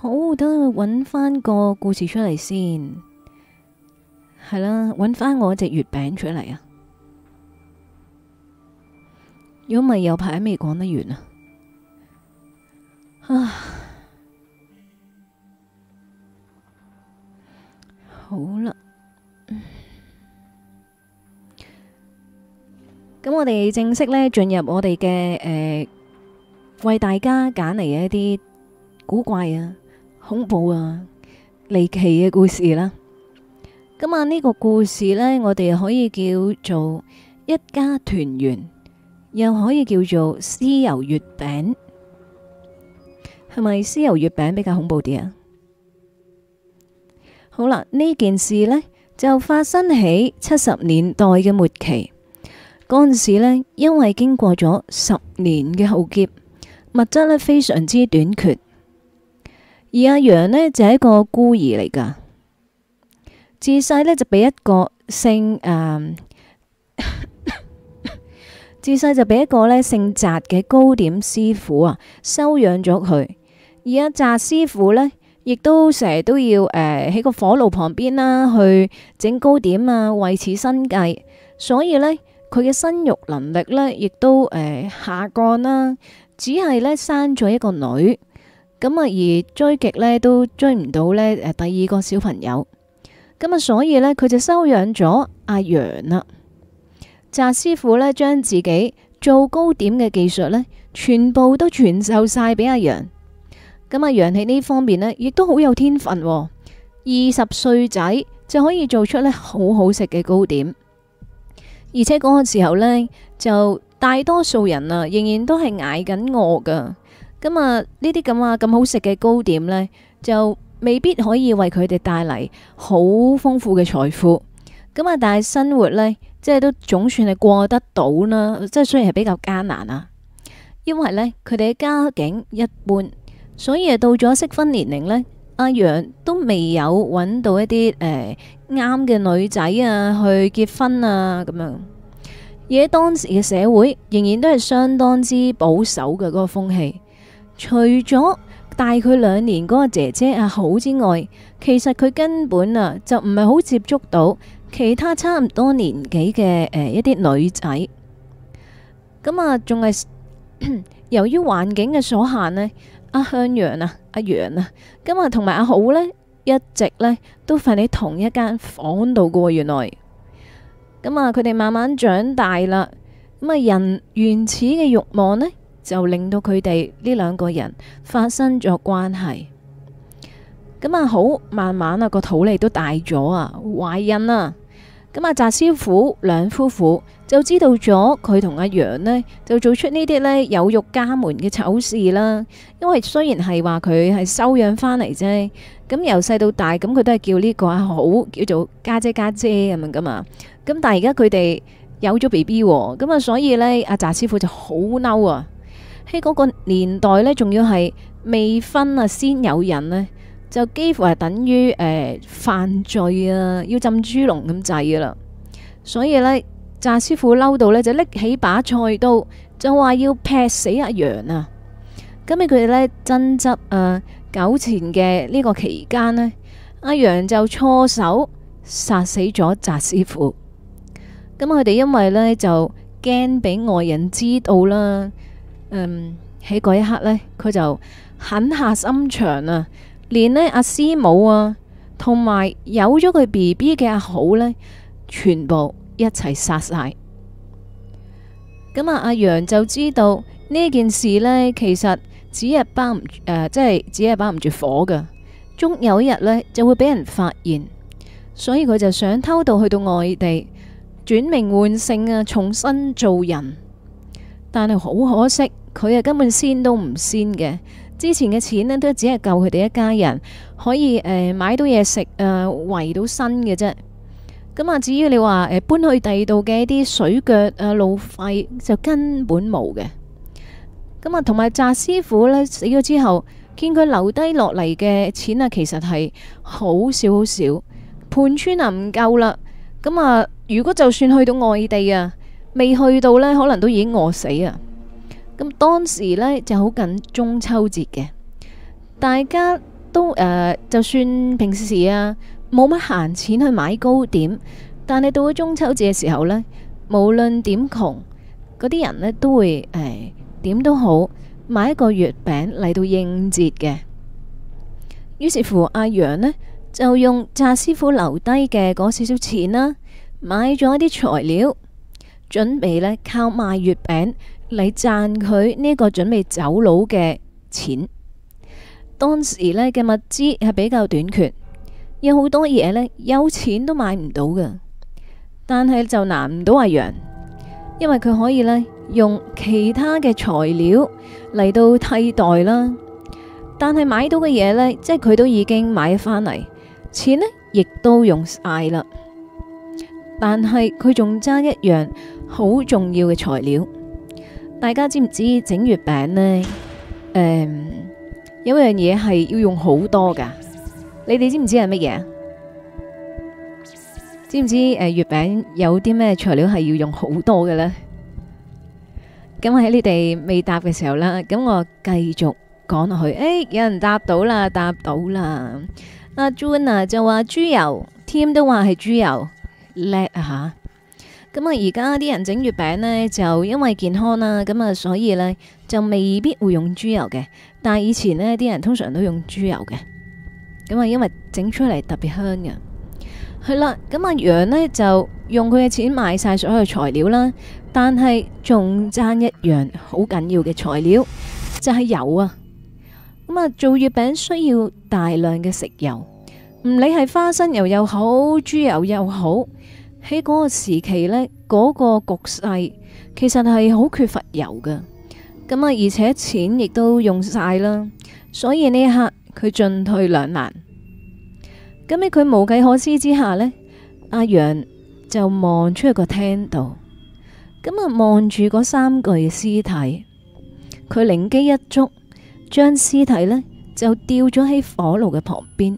好，等我搵翻個故事出嚟先，係啦，搵翻我隻月餅出嚟啊！如果唔係，有排未講得完啊！啊，好啦，咁、嗯、我哋正式呢進入我哋嘅誒，為大家揀嚟嘅一啲古怪啊！恐怖啊！離奇嘅故事啦，今日呢個故事呢，我哋可以叫做一家團圓，又可以叫做屍油月餅，係咪屍油月餅比較恐怖啲啊？好啦，呢件事呢，就發生喺七十年代嘅末期，嗰陣時呢，因為經過咗十年嘅浩劫，物質呢非常之短缺。而阿楊呢，就係、是、一個孤兒嚟㗎，自細呢，就俾一個姓誒，嗯、 自細就俾一個呢姓翟嘅糕點師傅啊收養咗佢。而阿翟師傅呢，亦都成日都要誒喺、呃、個火爐旁邊啦，去整糕點啊，維持生計。所以呢，佢嘅生育能力呢，亦都誒、呃、下降啦，只係呢，生咗一個女。咁啊，而追極咧都追唔到咧誒，第二個小朋友。咁啊，所以咧佢就收養咗阿楊啦。翟師傅咧將自己做糕點嘅技術咧，全部都傳授晒俾阿楊。咁啊，阿楊喺呢方面咧亦都好有天分。二十歲仔就可以做出咧好好食嘅糕點，而且嗰個時候呢就大多數人啊仍然都係挨緊餓噶。咁啊！呢啲咁啊咁好食嘅糕點呢，就未必可以為佢哋帶嚟好豐富嘅財富。咁、嗯、啊，但係生活呢，即係都總算係過得到啦。即係雖然係比較艱難啊，因為呢，佢哋嘅家境一般，所以啊到咗適婚年齡呢，阿楊都未有搵到一啲誒啱嘅女仔啊去結婚啊咁樣。而喺當時嘅社會，仍然都係相當之保守嘅嗰、那個風氣。除咗大佢兩年嗰個姐姐阿好之外，其實佢根本啊就唔係好接觸到其他差唔多年紀嘅誒一啲女仔。咁 啊、啊，仲係由於環境嘅所限呢，阿向陽啊，阿楊啊，咁啊，同埋阿好呢，一直咧都瞓喺同一間房度嘅。原來咁啊，佢哋慢慢長大啦，咁啊，人原始嘅欲望呢，就令到佢哋呢兩個人發生咗關係咁啊，好慢慢啊個肚你都大咗啊，懷孕啦。咁阿澤師傅兩夫婦就知道咗佢同阿楊呢就做出呢啲呢有辱家門嘅醜事啦。因為雖然係話佢係收養翻嚟啫，咁由細到大咁佢都係叫呢個啊好叫做家姐家姐咁樣噶嘛。咁但係而家佢哋有咗 B B 咁啊，所以呢，阿澤師傅就好嬲啊。喺嗰個年代呢，仲要係未婚啊先有人呢，就幾乎係等於誒、呃、犯罪啊，要浸豬籠咁滯噶啦。所以呢，翟師傅嬲到呢，就拎起把菜刀，就話要劈死阿楊啊。咁咪佢哋呢，爭執啊，糾纏嘅呢個期間呢，阿楊就錯手殺死咗翟師傅。咁佢哋因為呢，就驚俾外人知道啦。嗯，喺嗰、um, 一刻呢，佢就狠下心腸啊，連呢阿師母啊，同埋有咗佢 B B 嘅阿好呢，全部一齊殺晒。咁、嗯、啊，阿楊就知道呢件事呢，其實只係包唔誒、呃，即係只係包唔住火㗎，終有一日呢，就會俾人發現，所以佢就想偷渡去到外地，轉名換姓啊，重新做人。但係好可惜。佢啊根本先都唔先嘅，之前嘅錢咧都只係夠佢哋一家人可以誒買到嘢食誒圍到身嘅啫。咁啊，至於你話誒搬去第二度嘅一啲水腳啊路費就根本冇嘅。咁啊，同埋炸師傅咧死咗之後，見佢留低落嚟嘅錢啊，其實係好少好少，盤纏啊唔夠啦。咁啊，如果就算去到外地啊，未去到呢，可能都已經餓死啊。咁當時呢就好近中秋節嘅，大家都誒、呃、就算平時啊冇乜閒錢去買糕點，但係到咗中秋節嘅時候呢，無論點窮，嗰啲人呢都會誒點、哎、都好買一個月餅嚟到應節嘅。於是乎，阿楊呢，就用炸師傅留低嘅嗰少少錢啦、啊，買咗一啲材料，準備呢靠賣月餅。嚟賺佢呢個準備走佬嘅錢。當時呢嘅物資係比較短缺，有好多嘢呢，有錢都買唔到嘅。但係就難唔到阿楊，因為佢可以呢，用其他嘅材料嚟到替代啦。但係買到嘅嘢呢，即係佢都已經買返嚟，錢呢亦都用晒啦。但係佢仲爭一樣好重要嘅材料。大家知唔知整月餅呢？誒、um，有樣嘢係要用好多噶。你哋知唔知係乜嘢？知唔知誒，月餅有啲咩材料係要用好多嘅呢？咁喺你哋未答嘅時候啦，咁我繼續講落去。誒、哎，有人答到啦，答到啦。阿 Joanna 就話豬油，Tim 都話係豬油，叻 啊吓！咁啊，而家啲人整月餅呢，就因為健康啦，咁啊，所以呢，就未必會用豬油嘅。但係以前呢啲人通常都用豬油嘅。咁啊，因為整出嚟特別香嘅。係啦，咁阿楊呢，就用佢嘅錢買晒所有材料啦，但係仲爭一樣好緊要嘅材料，就係油啊。咁啊，做月餅需要大量嘅食油，唔理係花生油又好，豬油又好。喺嗰個時期呢，嗰個局勢其實係好缺乏油嘅，咁啊，而且錢亦都用晒啦，所以呢一刻佢進退兩難。咁喺佢無計可施之下呢，阿楊就望出去個廳度，咁啊望住嗰三具屍體，佢靈機一觸，將屍體呢就吊咗喺火爐嘅旁邊，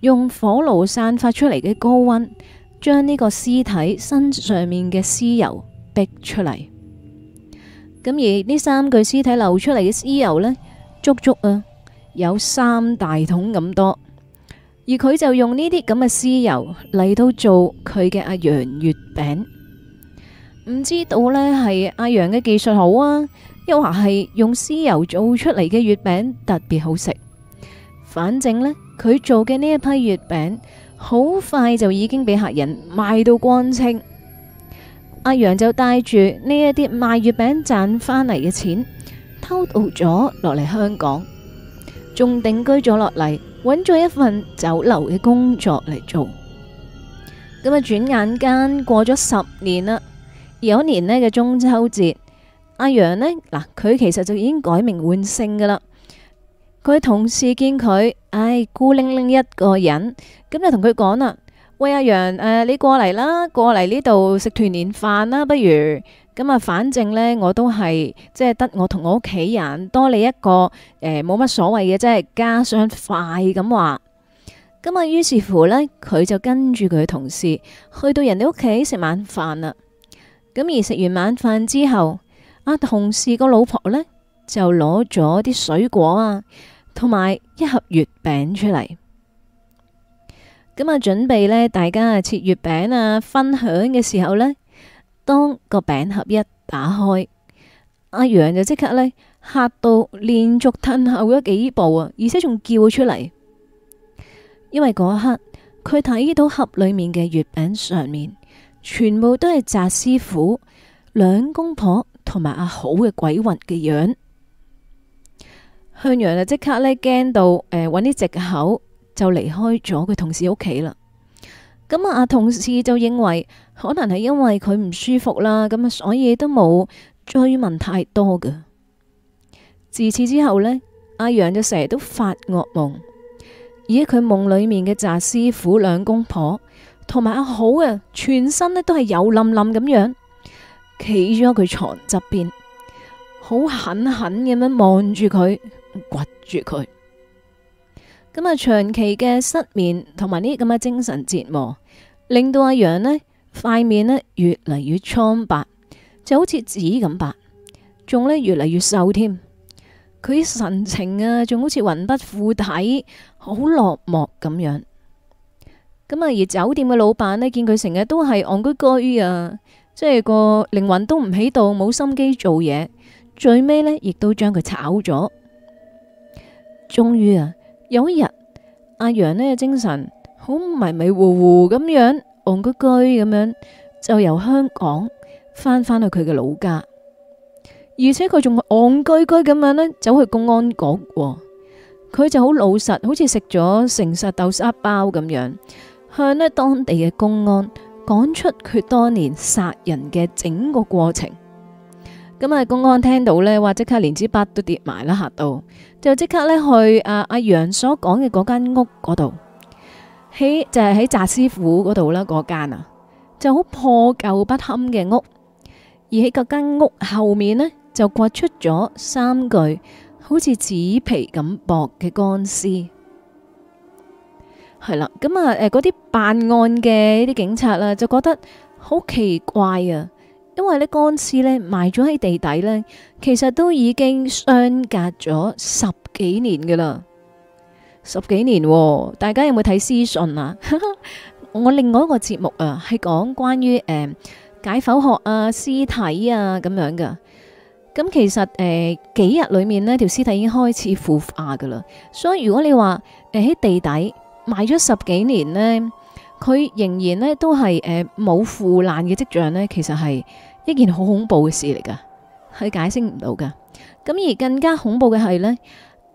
用火爐散發出嚟嘅高溫。將呢個屍體身上面嘅屍油逼出嚟，咁而呢三具屍體流出嚟嘅屍油呢，足足啊有三大桶咁多，而佢就用呢啲咁嘅屍油嚟到做佢嘅阿楊月餅，唔知道呢係阿楊嘅技術好啊，又或係用屍油做出嚟嘅月餅特別好食，反正呢，佢做嘅呢一批月餅。好快就已經俾客人賣到光清，阿楊就帶住呢一啲賣月餅賺翻嚟嘅錢，偷渡咗落嚟香港，仲定居咗落嚟，揾咗一份酒樓嘅工作嚟做。咁啊，轉眼間過咗十年啦，有一年呢嘅中秋節，阿楊呢，嗱，佢其實就已經改名換姓噶啦。佢同事見佢，唉、哎、孤零零一個人，咁就同佢講啦：喂，阿楊，誒、呃、你過嚟啦，過嚟呢度食團年飯啦，不如咁啊，反正呢，我都係即係得我同我屋企人，多你一個，誒冇乜所謂嘅，即係加雙筷咁話。咁啊，於是乎呢，佢就跟住佢同事去到人哋屋企食晚飯啦。咁而食完晚飯之後，阿同事個老婆呢，就攞咗啲水果啊。同埋一盒月餅出嚟，咁啊準備呢，大家切月餅啊，分享嘅時候呢，當個餅盒一打開，阿楊就即刻呢嚇到連續退後咗幾步啊，而且仲叫出嚟，因為嗰一刻佢睇到盒裏面嘅月餅上面，全部都係翟師傅兩公婆同埋阿好嘅鬼魂嘅樣。向陽就即刻咧驚到，誒，搵啲藉口就離開咗佢同事屋企啦。咁啊，阿同事就認為可能係因為佢唔舒服啦，咁啊，所以都冇追問太多嘅。自此之後呢，阿陽就成日都發惡夢，而喺佢夢裏面嘅雜師傅兩公婆同埋阿好啊，全身咧都係油淋淋咁樣，企咗喺佢床側邊，好狠狠咁樣望住佢。掘住佢咁啊，長期嘅失眠同埋呢啲咁嘅精神折磨，令到阿楊呢塊面呢越嚟越蒼白，就好似紙咁白，仲呢越嚟越瘦添。佢神情啊，仲好似魂不附體，好落寞咁樣。咁啊，而酒店嘅老闆呢，見佢成日都係戇居居啊，即係個靈魂都唔喺度，冇心機做嘢，最尾呢，亦都將佢炒咗。終於啊，有一日，阿楊呢嘅精神好迷迷糊糊咁樣，戇居居咁樣，就由香港翻翻去佢嘅老家，而且佢仲戇居居咁樣呢走去公安局，佢就好老實，好似食咗誠實豆沙包咁樣，向呢當地嘅公安講出佢當年殺人嘅整個過程。咁啊！公安聽到咧，話即刻連支筆都跌埋啦，吓到就即刻咧去阿阿楊所講嘅嗰間屋嗰度，喺就係喺翟師傅嗰度啦，嗰間啊就好破舊不堪嘅屋，而喺嗰間屋後面咧就掘出咗三具好似紙皮咁薄嘅乾屍，係啦，咁啊誒嗰啲辦案嘅呢啲警察啦，就覺得好奇怪啊！因為呢，乾屍呢埋咗喺地底呢，其實都已經相隔咗十幾年噶啦，十幾年、哦，大家有冇睇屍訊啊？ 我另外一個節目誒、啊、係講關於、呃、解剖學啊、屍體啊咁樣噶，咁、嗯、其實誒、呃、幾日裏面呢，條屍體已經開始腐化噶啦，所以如果你話誒喺地底埋咗十幾年呢。佢仍然咧都係誒冇腐爛嘅跡象咧,其實係一件好恐怖嘅事嚟噶，係解釋唔到噶。咁而更加恐怖嘅係呢，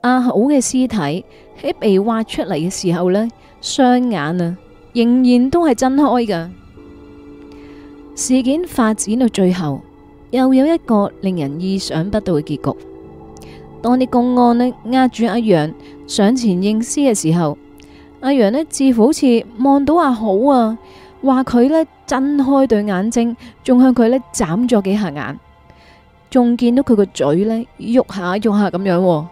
阿好嘅屍體喺被挖出嚟嘅時候呢，雙眼啊仍然都係睜開噶。事件發展到最後，又有一個令人意想不到嘅結局。當啲公安呢押住阿楊上前認屍嘅時候，阿楊呢，似乎好似望到阿好啊，話佢呢，睜開對眼睛，仲向佢呢，眨咗幾下眼，仲見到佢個嘴呢，喐下喐下咁樣。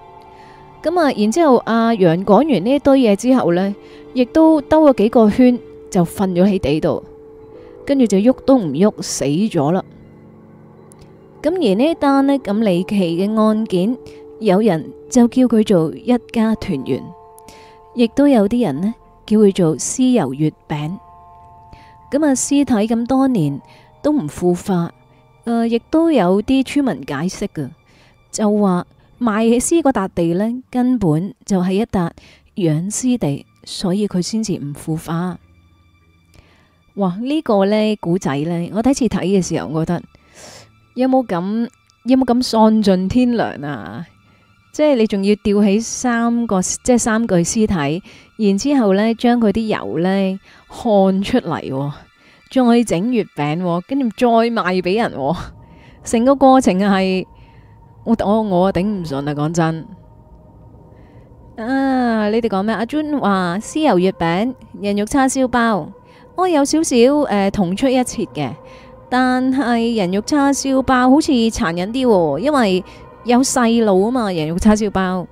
咁啊，然之後阿楊講完呢堆嘢之後呢，亦都兜咗幾個圈就瞓咗喺地度，跟住就喐都唔喐，死咗啦。咁而呢單呢，咁離奇嘅案件，有人就叫佢做一家團圓。亦都有啲人呢，叫佢做屍油月餅。咁啊，屍體咁多年都唔腐化。誒、呃，亦都有啲村民解釋噶，就話埋屍嗰笪地呢，根本就係一笪養屍地，所以佢先至唔腐化。哇！呢、這個呢，古仔呢，我第一次睇嘅時候，我覺得有冇咁有冇咁喪盡天良啊？即係你仲要吊起三個，即係三具屍體，然之後咧，將佢啲油呢看出嚟，再整月餅，跟住再賣俾人，成個過程係我我我頂唔順啊！講真，啊你哋講咩？阿 Jun 話屍油月餅、人肉叉燒包，我有少少誒同出一轍嘅，但係人肉叉燒包好似殘忍啲，因爲。有細路啊嘛，人肉叉燒包，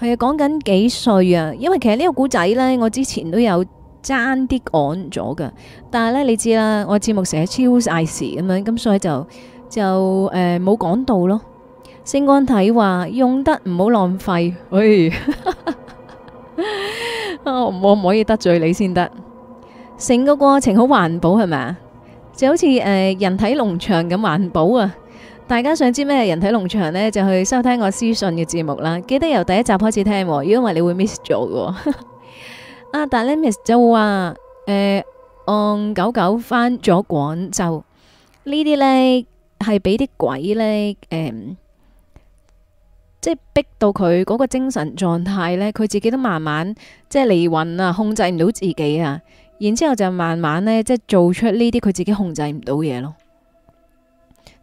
係啊，講緊幾歲啊？因為其實呢個古仔呢，我之前都有爭啲講咗嘅，但係呢，你知啦，我節目成日超晒時咁樣，咁所以就就誒冇講到咯。星光體話用得唔好浪費，哎，可 唔可以得罪你先得。成個過程好環保係咪啊？就好似誒、呃、人體農場咁環保啊！大家想知咩人體農場呢，就去收聽我屍訊嘅節目啦。記得由第一集開始聽喎，因為你會 miss 咗喎。阿達 Miss Jo 就話：，誒，按九九翻咗廣州呢啲呢，係俾啲鬼呢，誒、呃，即係逼到佢嗰個精神狀態呢，佢自己都慢慢即係離魂啊，控制唔到自己啊，然之後就慢慢呢，即係做出呢啲佢自己控制唔到嘢咯。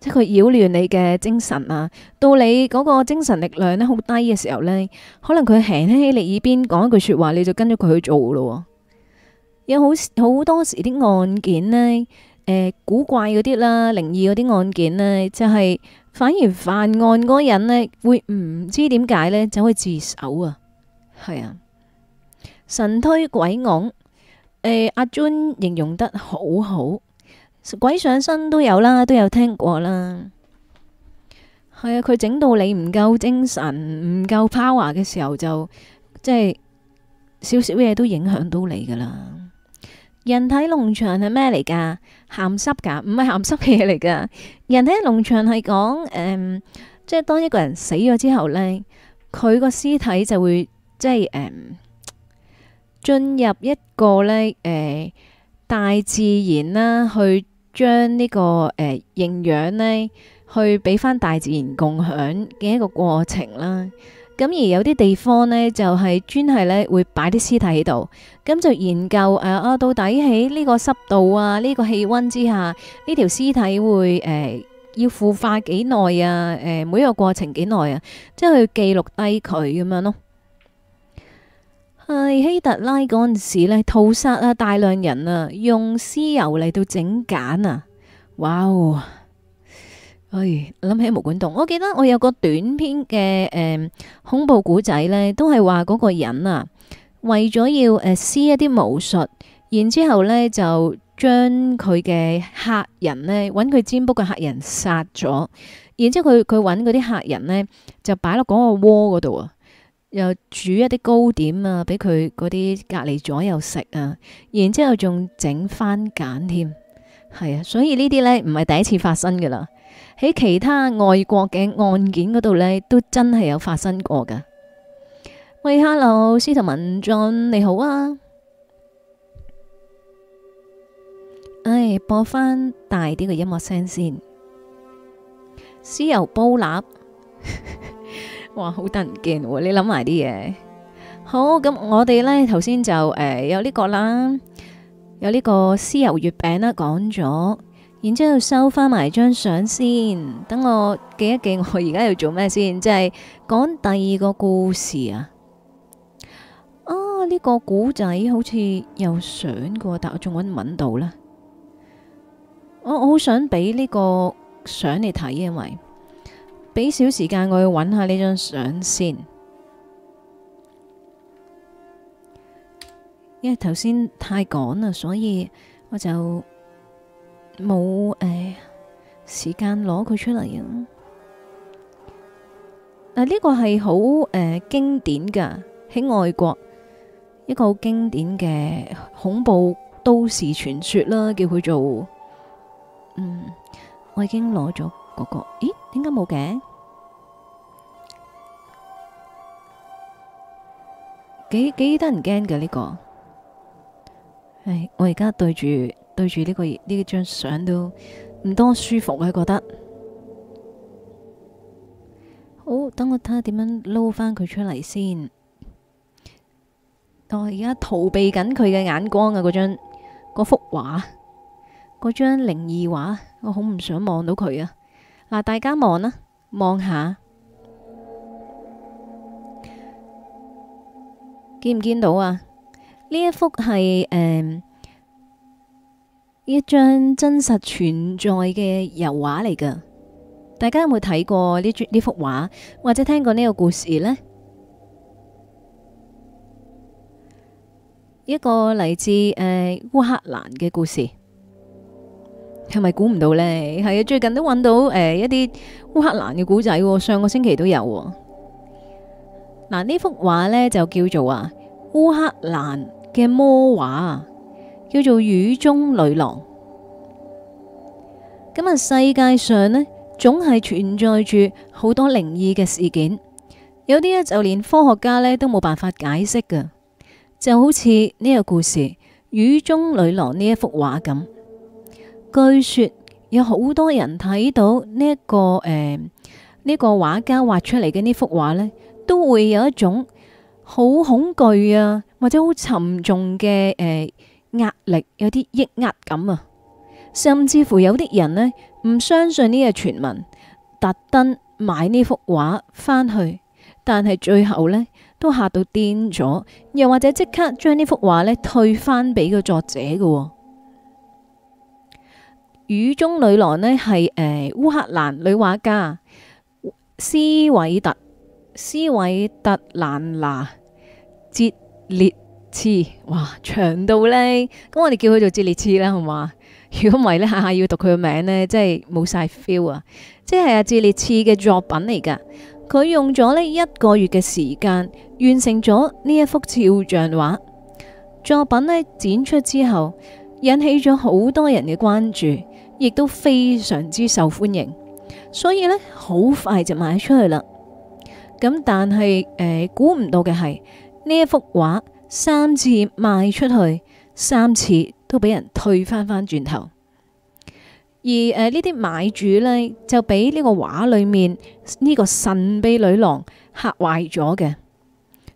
即係佢擾亂你嘅精神啊，到你嗰個精神力量呢，好低嘅時候呢，可能佢輕輕喺你耳邊講一句說話，你就跟咗佢去做咯喎。有好好多時啲案件呢，誒，古怪嗰啲啦，靈異嗰啲案件呢，就係反而犯案嗰人，呢會唔知點解呢走去自首啊？係啊，神推鬼拱，誒，阿 Jun 形容得好好。鬼上身都有啦，都有聽過啦。係啊，佢整到你唔夠精神，唔夠 power 嘅時候，就即係少少嘢都影響到你噶啦。人體農場係咩嚟噶？鹹濕噶，唔係鹹濕嘅嘢嚟噶。人體農場係講，誒、嗯，即係當一個人死咗之後呢，佢個屍體就會即係誒進入一個呢誒、嗯、大自然啦去。將呢個誒營養呢去俾翻大自然共享嘅一個過程啦。咁而有啲地方呢，就係專係呢會擺啲屍體喺度，咁就研究誒啊到底喺呢個濕度啊、呢個氣温之下，呢條屍體會呃要腐化幾耐啊？呃每一個過程幾耐啊？即係去記錄低佢咁樣咯。喺、哎、希特拉嗰陣時咧，屠殺啊大量人啊，用屍油嚟到整簡啊，哇、wow、哦！諗起毛管洞，我記得我有個短篇嘅誒、嗯、恐怖古仔咧，都係話嗰個人啊，為咗要誒施、啊、一啲巫術，然之後咧就將佢嘅客人呢，揾佢占卜嘅客人殺咗，然之後佢佢揾嗰啲客人呢，就擺落嗰個窩嗰度啊。又煮一啲糕點啊，俾佢嗰啲隔離左右食啊，然之後仲整番鹼添，係啊，所以這些呢啲呢唔係第一次發生噶啦，喺其他外國嘅案件嗰度呢，都真係有發生過噶。喂，Hello 司徒文俊你好啊，唉、哎，播翻大啲嘅音樂聲先，豉油煲蠟。 哇，好得人驚喎！你諗埋啲嘢，好咁，我哋呢頭先就誒、呃、有呢個啦，有呢個豉油月餅啦，講咗，然之後收翻埋張相先，等我記一記我而家要做咩先，即係講第二個故事啊！啊、呢、這個古仔好似有相嘅，但係我仲搵唔到咧。我我好想俾呢個相你睇，因為。俾少時間我去揾下呢張相先，因為頭先太趕啦，所以我就冇誒、呃、時間攞佢出嚟啊！呢、呃，這個係好誒經典㗎，喺外國一個好經典嘅恐怖都市傳說啦，叫佢做嗯，我已經攞咗。嗰、個，咦？點解冇嘅？幾幾得人驚嘅呢個？唉，我而家對住對住呢個呢張相都唔多舒服啊！覺得好，等我睇下點樣撈翻佢出嚟先、哦。但我而家逃避緊佢嘅眼光啊！嗰張嗰幅畫，嗰張靈異畫，我好唔想望到佢啊！嗱，大家望啦，望下，見唔見到啊？呢一幅係誒一張真實存在嘅油畫嚟噶，大家有冇睇過呢？呢幅畫或者聽過呢個故事呢？一個嚟自誒烏克蘭嘅故事。係咪估唔到呢？係啊，最近都搵到誒、欸、一啲烏克蘭嘅古仔喎，上個星期都有、哦。嗱、啊，呢幅畫呢，就叫做啊烏克蘭嘅魔畫，叫做雨中女郎。咁啊，世界上呢，總係存在住好多靈異嘅事件，有啲呢，就連科學家呢都冇辦法解釋嘅，就好似呢個故事雨中女郎呢一幅畫咁。據說有好多人睇到呢、這、一個誒呢、呃這個畫家畫出嚟嘅呢幅畫呢，都會有一種好恐懼啊，或者好沉重嘅誒壓力，有啲抑壓感啊。甚至乎有啲人呢，唔相信呢個傳聞，特登買呢幅畫翻去，但係最後呢，都嚇到癲咗，又或者即刻將呢幅畫呢退翻俾個作者嘅、啊。雨中女郎呢係誒烏克蘭女畫家斯韋特斯韋特蘭娜捷列茨，哇長到呢，咁我哋叫佢做捷列茨啦，係嘛？如果唔係呢下下要讀佢個名呢，真係冇晒 feel 啊！即係阿捷列茨嘅作品嚟噶，佢用咗呢一個月嘅時間完成咗呢一幅肖像畫作品呢展出之後引起咗好多人嘅關注。亦都非常之受歡迎，所以呢，好快就賣出去啦。咁但係誒、呃，估唔到嘅係呢一幅畫三次賣出去，三次都俾人退翻翻轉頭。而誒呢啲買主呢，就俾呢個畫裏面呢個神秘女郎吓壞咗嘅。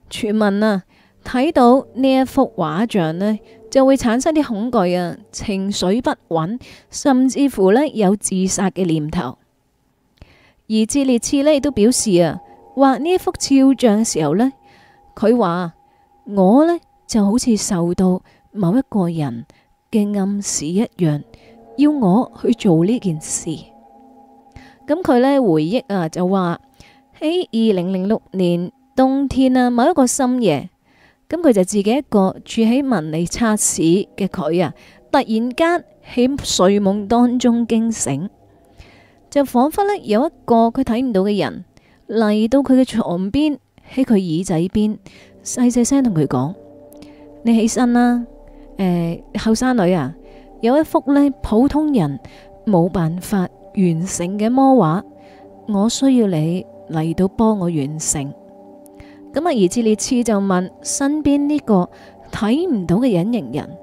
傳聞啊，睇到呢一幅畫像呢。就會產生啲恐懼啊，情緒不穩，甚至乎呢有自殺嘅念頭。而智列茨呢亦都表示啊，畫呢一幅肖像嘅時候呢，佢話我呢就好似受到某一個人嘅暗示一樣，要我去做呢件事。咁佢呢回憶啊，就話喺二零零六年冬天啊，某一個深夜，咁佢就自己一個住喺文利差市嘅佢啊，突然間喺睡夢當中驚醒，就仿佛呢有一個佢睇唔到嘅人嚟到佢嘅床邊，喺佢耳仔邊細細聲同佢講：你起身啦，誒、欸，後生女啊，有一幅呢普通人冇辦法完成嘅魔畫，我需要你嚟到幫我完成。咁啊，而至列次就問身邊呢個睇唔到嘅隱形人，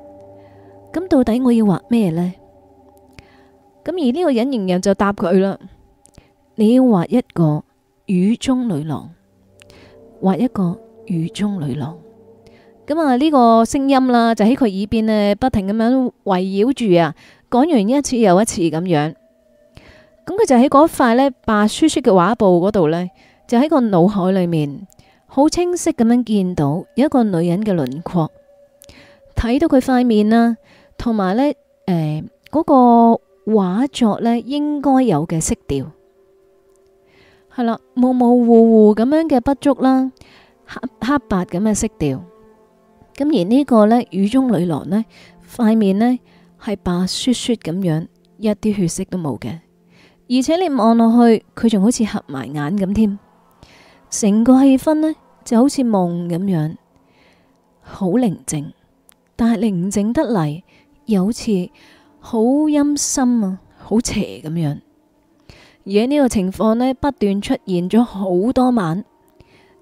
咁到底我要畫咩呢？咁而呢個隱形人就答佢啦：你要畫一個雨中女郎，畫一個雨中女郎。咁啊，呢個聲音啦，就喺佢耳邊呢不停咁樣圍繞住啊，講完一次又一次咁樣。咁佢就喺嗰塊呢白雪雪嘅畫布嗰度呢，就喺個腦海裏面。好清晰咁樣見到有一個女人嘅輪廓，睇到佢塊面啦，同埋呢誒嗰、呃嗰個畫作呢應該有嘅色調，係啦，模模糊糊咁樣嘅筆觸啦，黑黑白咁嘅色調。咁而呢個呢，雨中女郎呢，塊面呢係白雪雪咁樣，一啲血色都冇嘅，而且你望落去佢仲好似合埋眼咁添，成個氣氛呢。就好似夢咁樣，好寧靜，但係寧靜得嚟，又好似好陰森啊，好邪咁樣。而喺呢個情況呢，不斷出現咗好多晚，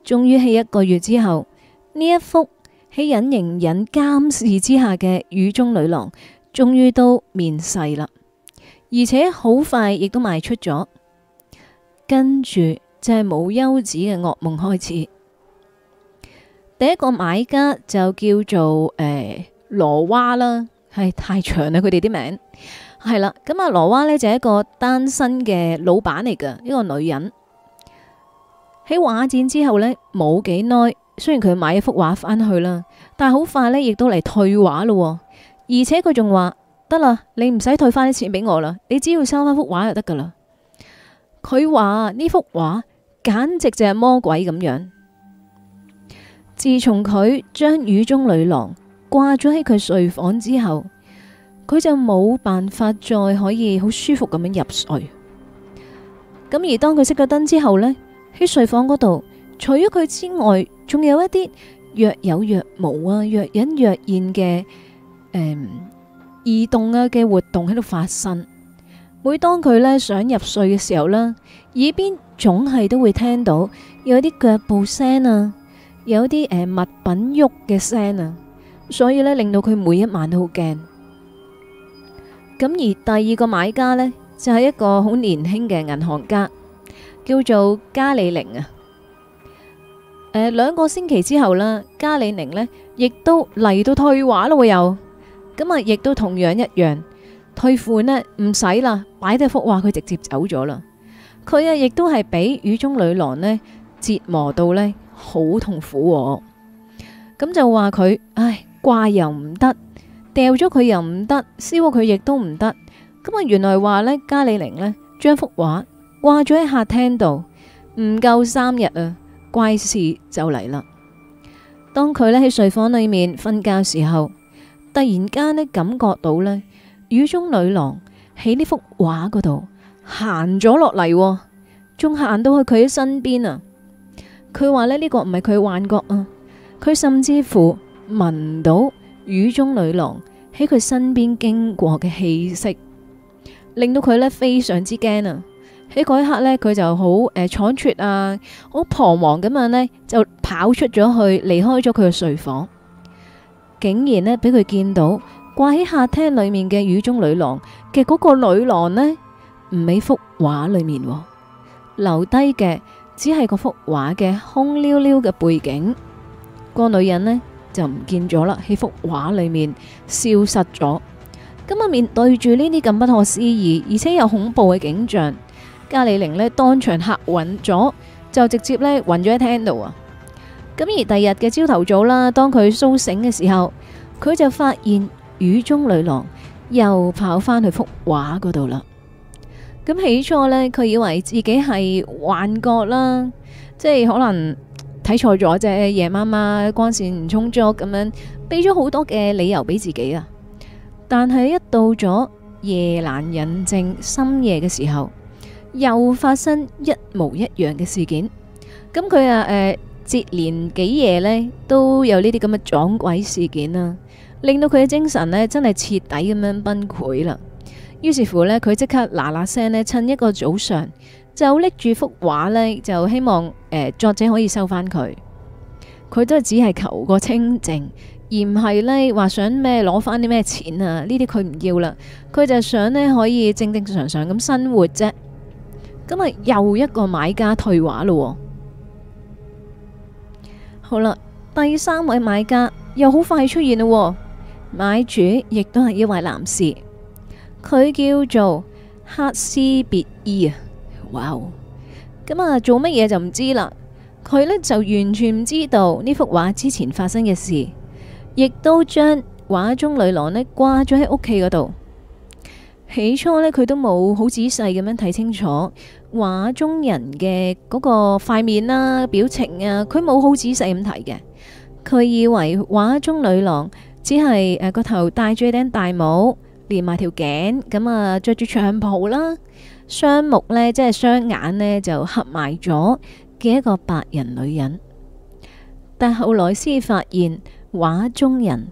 終於喺一個月之後，呢一幅喺隱形人監視之下嘅雨中女郎，終於都面世啦，而且好快亦都賣出咗。跟住就係冇休止嘅噩夢開始。第一個買家就叫做誒羅、欸、娃啦，係太長啦佢哋啲名係啦，咁啊羅娃呢，就係、一個單身嘅老闆嚟嘅，一個女人喺畫展之後呢，冇幾耐，雖然佢買一幅畫翻去啦，但係好快呢，亦都嚟退畫啦，而且佢仲話得啦，你唔使退翻啲錢俾我啦，你只要收翻幅畫就得噶啦。佢話呢幅畫簡直就係魔鬼咁樣。自從佢將雨中女郎掛咗喺佢睡房之後，佢就冇辦法再可以好舒服咁樣入睡。咁而當佢熄咗燈之後呢，喺睡房嗰度，除咗佢之外，仲有一啲若有若無啊、若隱若現嘅誒、嗯、移動啊嘅活動喺度發生。每當佢呢想入睡嘅時候呢，耳邊總係都會聽到有啲腳步聲啊。有啲誒、呃、物品喐嘅聲啊，所以呢令到佢每一晚都好驚。咁而第二個買家呢，就係、是、一個好年輕嘅銀行家，叫做加里寧啊。誒、呃、兩個星期之後呢，加里寧呢亦都嚟到退畫啦，喎又咁啊，亦都同樣一樣退款呢唔使啦，擺低幅畫佢直接走咗啦。佢啊，亦都係俾雨中女郎呢折磨到呢。好痛苦啊，咁就話佢，唉，掛又唔得，掉咗佢又唔得，燒佢亦都唔得，咁啊原來話呢，加里寧呢將幅畫掛咗喺客廳度，唔夠三日啊，怪事就嚟啦。當佢呢喺睡房裏面瞓覺時候，突然間呢感覺到呢，雨中女郎喺呢幅畫嗰度行咗落嚟，仲行到去佢嘅身邊啊！佢話咧呢個唔係佢幻覺啊，佢甚至乎聞到雨中女郎喺佢身邊經過嘅氣息，令到佢呢非常之驚啊！喺嗰一刻呢，佢就好誒倉促啊，好彷徨咁樣呢，就跑出咗去，離開咗佢嘅睡房，竟然呢，俾佢見到掛喺客廳裏面嘅雨中女郎嘅嗰、嗰個女郎呢，唔喺幅畫裏面留低嘅。只係嗰幅畫嘅空溜溜嘅背景，個女人呢就唔見咗啦，喺幅畫裏面消失咗。咁啊，面對住呢啲咁不可思議而且又恐怖嘅景象，加里寧呢當場嚇暈咗，就直接呢暈咗喺廳度啊。咁而第二日嘅朝頭早啦，當佢蘇醒嘅時候，佢就發現雨中女郎又跑返去幅畫嗰度啦。咁起初呢，佢以為自己係幻覺啦，即係可能睇錯咗啫，夜媽媽光線唔充足咁樣，俾咗好多嘅理由俾自己啦。但係一到咗夜闌人靜、深夜嘅時候，又發生一模一樣嘅事件。咁佢啊，誒、呃、接連幾夜呢，都有呢啲咁嘅撞鬼事件啊，令到佢嘅精神呢，真係徹底咁樣崩潰啦。於是乎呢，佢即刻嗱嗱聲呢，趁一個早上就拎住幅畫呢，就希望作者可以收返佢。佢都係只係求個清靜，而唔係呢話想咩攞返啲咩錢啊。呢啲佢唔要啦，佢就想呢，可以正正常常咁生活啫。今日又一個買家退畫啦，好啦，第三位買家又好快出現啦，買主亦都係一位男士。佢叫做黑斯別伊啊！哇咁啊做乜嘢就唔知啦。佢呢就完全唔知道呢幅畫之前發生嘅事，亦都將畫中女郎呢掛咗喺屋企嗰度。起初呢，佢都冇好仔細咁樣睇清楚畫中人嘅嗰個塊面啦，表情啊，佢冇好仔細咁睇嘅。佢以為畫中女郎只係誒個頭戴住一頂大帽。連埋條頸咁啊，着住長袍啦。雙目呢，即係雙眼呢，就合埋咗嘅一個白人女人。但後來先發現，畫中人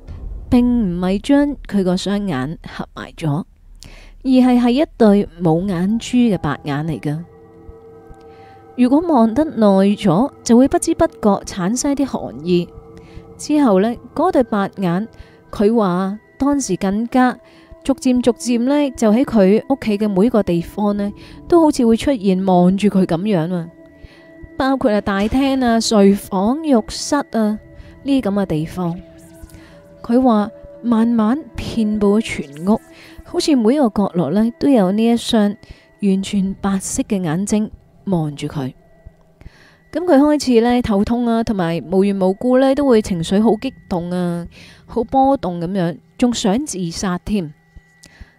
並唔係將佢個雙眼合埋咗，而係係一對冇眼珠嘅白眼嚟噶。如果望得耐咗，就會不知不覺產生啲寒意。之後呢，嗰對白眼，佢話當時更加。逐漸逐漸呢，就喺佢屋企嘅每一個地方呢，都好似會出現望住佢咁樣啊。包括啊，大廳啊、睡房、浴室啊呢啲咁嘅地方。佢話慢慢遍佈咗全屋，好似每一個角落呢都有呢一雙完全白色嘅眼睛望住佢。咁佢開始呢頭痛啊，同埋無緣無故呢都會情緒好激動啊，好波動咁樣，仲想自殺添。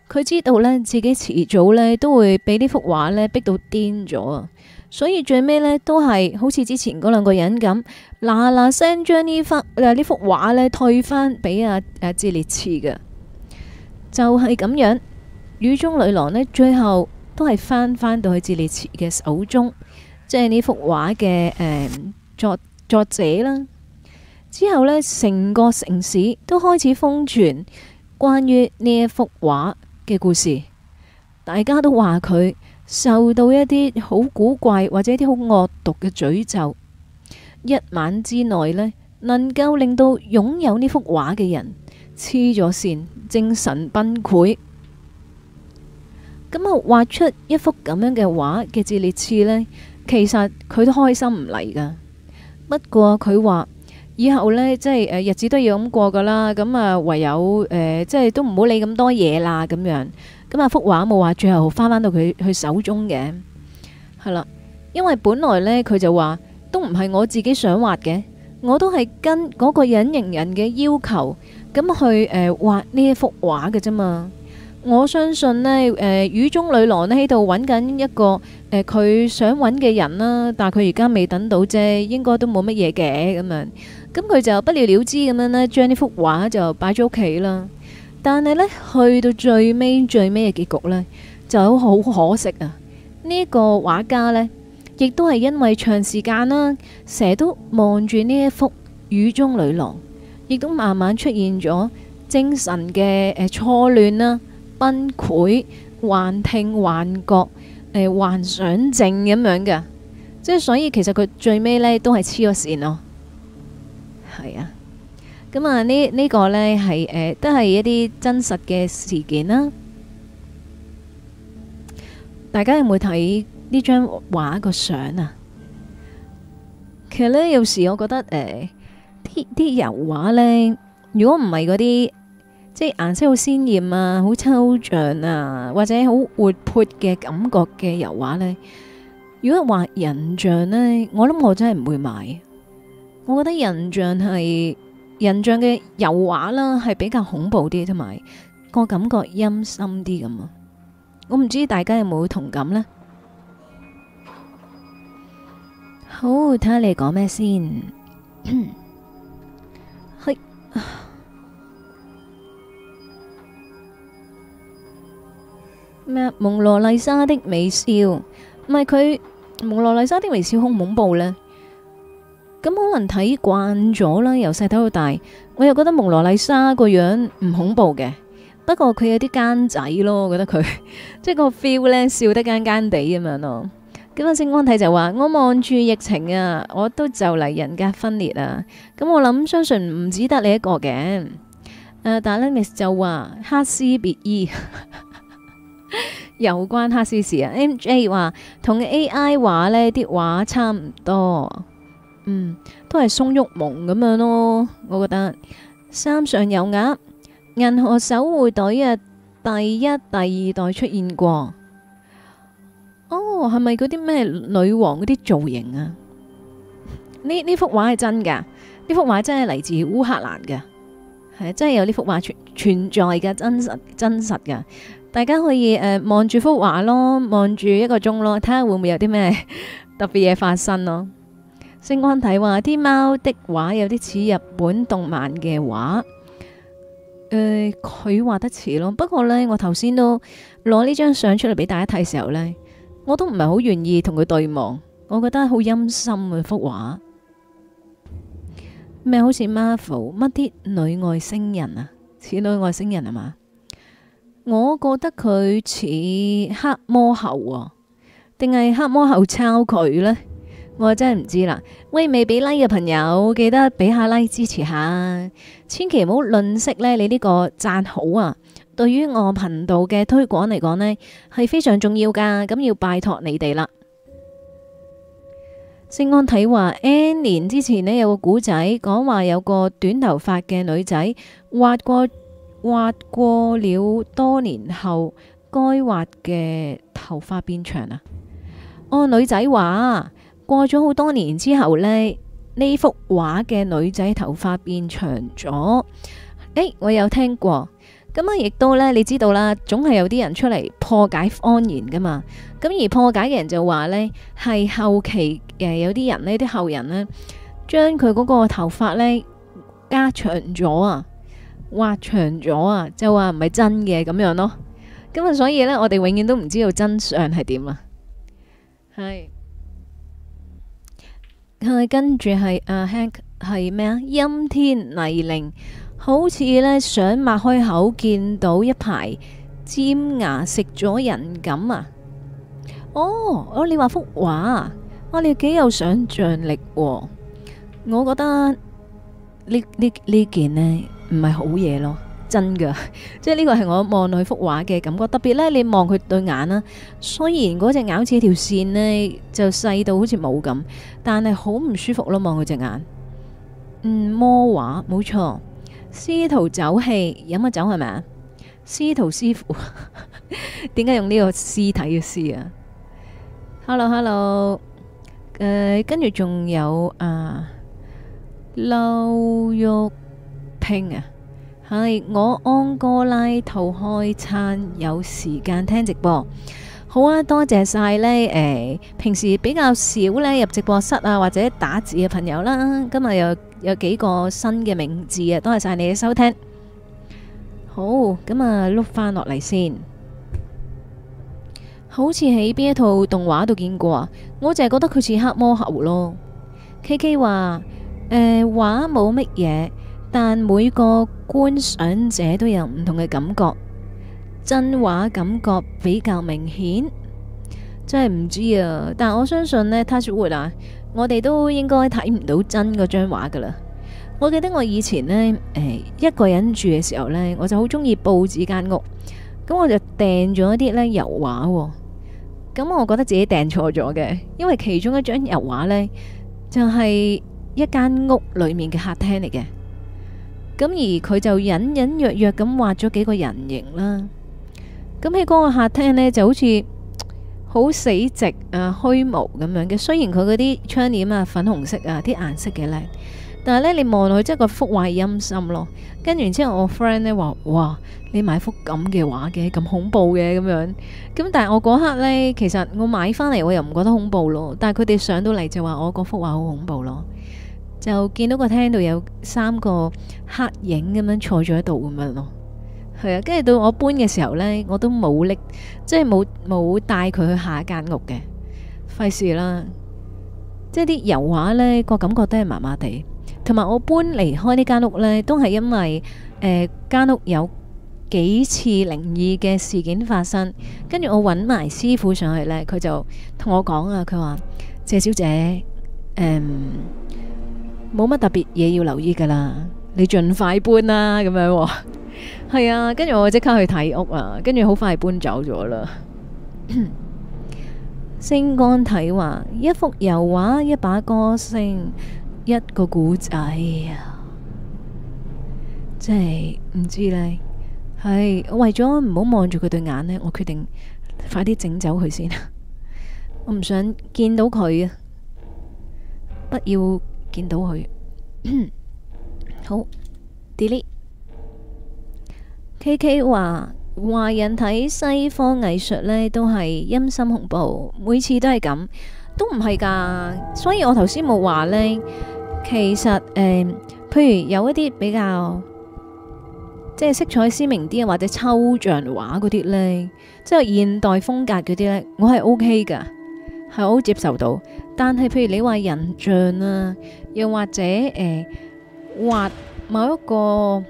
佢知道呢，自己遲早呢都會俾呢幅畫呢逼到癲咗啊！所以最尾呢都係好似之前嗰兩個人咁，嗱嗱聲將呢幅誒呢幅畫呢退翻俾阿阿哲列茨嘅，就係咁樣。雨中女郎呢最後都係翻翻到去哲列茨嘅手中，即係呢幅畫嘅、呃、作作者啦。之後呢，成個城市都開始瘋傳關於呢一幅畫嘅故事，大家都話佢受到一啲好古怪或者一啲好惡毒嘅詛咒，一晚之內呢，能夠令到擁有呢幅畫嘅人黐咗線，精神崩潰。咁啊，畫出一幅咁樣嘅畫嘅志列次呢，其實佢都開心唔嚟噶。不過佢話。以後呢，即係誒日子都要咁過㗎啦。咁啊，唯有誒、呃、即係都唔好理咁多嘢啦。咁樣，咁啊幅畫冇話最後翻翻到佢佢手中嘅，係啦。因為本來呢，佢就話都唔係我自己想畫嘅，我都係跟嗰個隱形人嘅要求咁去誒、呃、畫呢一幅畫嘅啫嘛。我相信呢，誒、呃、雨中女郎呢喺度揾緊一個誒佢、呃、想揾嘅人啦，但係佢而家未等到啫，應該都冇乜嘢嘅咁樣。咁佢就不了了之咁樣呢，將呢幅畫就擺咗屋企啦。但係呢，去到最尾最尾嘅結局呢，就好可惜啊！呢個畫家呢，亦都係因為長時間啦，成日都望住呢一幅雨中女郎，亦都慢慢出現咗精神嘅誒錯亂啦、崩潰、幻聽、幻覺、誒、呃、幻想症咁樣嘅。即係所以，其實佢最尾呢，都係黐咗線咯。係啊，咁、嗯、啊、這個、呢呢個咧係誒，都係一啲真實嘅事件啦。大家有冇睇呢張畫個相啊？其實呢，有時我覺得誒，啲、呃、啲油畫咧，如果唔係嗰啲即係顏色好鮮艷啊、好抽象啊，或者好活潑嘅感覺嘅油畫咧，如果畫人像呢，我諗我真係唔會買。我覺得人像係人像嘅油畫啦，係比較恐怖啲，同埋個感覺陰森啲咁啊！我唔知大家有冇同感呢？好，睇下你講咩先？係咩？蒙羅麗莎的微笑，唔係佢蒙羅麗莎的微笑，好恐怖呢！咁可能睇慣咗啦，由細睇到大，我又覺得蒙娜麗莎個樣唔恐怖嘅，不過佢有啲奸仔咯，我覺得佢即係個 feel 呢，笑得奸奸地咁樣咯。咁，阿安睇就話：我望住疫情啊，我都就嚟人格分裂啊。咁我諗相信唔止得你一個嘅。誒、呃，但係 Alex 就話說哈斯別意 有關哈斯事啊。M J 話同 A I 畫呢啲畫差唔多。嗯，都係鬆郁蒙咁樣咯，我覺得。三上有鵝，銀河守護隊啊，第一、第二代出現過。哦，係咪嗰啲咩女王嗰啲造型啊？呢呢幅畫係真噶，呢幅畫真係嚟自烏克蘭噶，係真係有呢幅畫存存在噶，真實真實噶。大家可以誒望住幅畫咯，望住一個鐘咯，睇下會唔會有啲咩特別嘢發生咯。星光睇話啲貓的畫有啲似日本動漫嘅畫，誒，佢畫得似咯。不過咧，我頭先都攞呢張相出嚟俾大家睇嘅時候咧，我都唔係好願意同佢對望，我覺得好陰森啊幅畫。咩好似 Marvel 乜啲女外星人啊？似女外星人啊嘛？我覺得佢似黑魔后啊，定係黑魔后抄佢咧？我真係唔知啦。喂，未俾 like 嘅朋友，記得俾下拉、like、支持下。千祈唔好吝惜咧，你呢個讚好啊，對於我頻道嘅推廣嚟講呢，係非常重要㗎。咁要拜託你哋啦。先安睇話，N 年之前呢，有個古仔講話，有個短頭髮嘅女仔，畫過畫過了多年後，該畫嘅頭髮變長啊。哦，女仔話，過咗好多年之後呢，呢幅畫嘅女仔頭髮變長咗。誒、欸，我有聽過。咁啊，亦都呢，你知道啦，總係有啲人出嚟破解謊言噶嘛。咁而破解嘅人就話呢，係後期誒，有啲人呢，啲後人呢，將佢嗰個頭髮呢加長咗啊，畫長咗啊，就話唔係真嘅咁樣咯。咁啊，所以呢，我哋永遠都唔知道真相係點啊。係。係跟住係阿 Hank 係咩啊？陰天泥濘，好似呢，想擘開口，見到一排尖牙食咗人咁啊！哦哦，你話幅畫，我、哦、你幾有想象力、哦，我覺得呢呢呢件呢唔係好嘢咯。真噶，即係呢個係我望落去幅畫嘅感覺。特別呢，你望佢對眼啦，雖然嗰隻眼似條線呢就細到好似冇咁，但係好唔舒服咯。望佢隻眼、嗯，魔畫冇錯。司徒酒器，飲乜酒係咪啊？司徒師傅，點解用呢個屍體嘅屍啊？Hello，Hello，跟住仲有啊，撈玉拼啊！係我安哥拉兔開餐，有時間聽直播。好啊，多謝晒呢。誒、哎，平時比較少呢入直播室啊，或者打字嘅朋友啦，今日又有，有幾個新嘅名字啊，多謝晒你嘅收聽。好，咁、嗯、啊，碌翻落嚟先。好似喺邊一套動畫度見過啊，我淨係覺得佢似黑魔俠咯。K K、哎、話誒，話冇乜嘢。但每個觀賞者都有唔同嘅感覺，真畫感覺比較明顯，真係唔知啊。但我相信呢 Touchwood 我哋都應該睇唔到真嗰張畫噶啦。我記得我以前呢，誒、哎、一個人住嘅時候呢，我就好中意布置間屋，咁我就訂咗一啲呢油畫。咁我覺得自己訂錯咗嘅，因為其中一張油畫呢，就係、是、一間屋裏面嘅客廳嚟嘅。咁而佢就隱隱約約咁畫咗幾個人形啦，咁喺嗰個客廳呢，就好似好死寂啊、虛無咁樣嘅。雖然佢嗰啲窗簾啊、粉紅色啊啲顏色幾靚，但係呢，你望落去即係個幅畫陰森咯。跟住之後我 friend 咧話：哇，你買幅咁嘅畫嘅，咁恐怖嘅咁樣。咁但係我嗰刻呢，其實我買翻嚟，我又唔覺得恐怖咯。但係佢哋上到嚟就話我嗰幅畫好恐怖咯。又見到個廳度有三個黑影咁樣坐咗喺度咁樣咯，係啊。跟住到我搬嘅時候呢，我都冇拎，即係冇冇帶佢去下一間屋嘅，費事啦。即係啲油畫呢，個感覺都係麻麻地，同埋我搬離開呢間屋呢，都係因為誒、呃、間屋有幾次靈異嘅事件發生。跟住我揾埋師傅上去呢，佢就同我講啊，佢話謝小姐誒。嗯冇乜特別嘢要留意噶啦，你盡快搬啦咁樣、哦，係 啊，跟住我即刻去睇屋啊，跟住好快搬走咗啦。 星光體話一幅油畫，一把歌聲，一個古仔，真係唔知呢，係我為咗唔好望住佢對眼呢，我決定快啲整走佢先， 我唔想見到佢啊，不要。見到佢 好 delete。K K 話華人睇西方藝術呢，都係陰森恐怖，每次都係咁，都唔係噶。所以我頭先冇話呢，其實誒、呃，譬如有一啲比較即係色彩鮮明啲啊，或者抽象畫嗰啲呢，即係現代風格嗰啲呢，我係 O K 噶。係好接受到，但係譬如你話人像啊，又或者誒畫、欸、某一個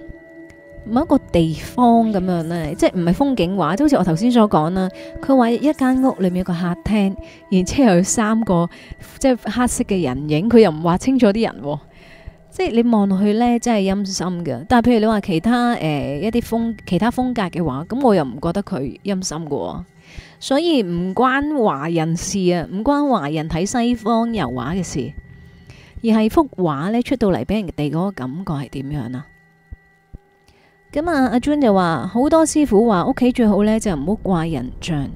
某一個地方咁樣咧，即係唔係風景畫，即好似我頭先所講啦。佢畫一間屋裏面有個客廳，然之後有三個即係、就是、黑色嘅人影，佢又唔畫清楚啲人，啊，即係你望落去咧，真係陰森嘅。但係譬如你話其他誒、欸、一啲風其他風格嘅話，咁我又唔覺得佢陰森噶，啊。所以唔關華人事啊，唔關華人睇西方油畫嘅事，而係幅畫呢，出到嚟俾人哋嗰個感覺係點樣啊？咁啊，阿 Jun 就話好多師傅話屋企最好呢就唔好掛人像。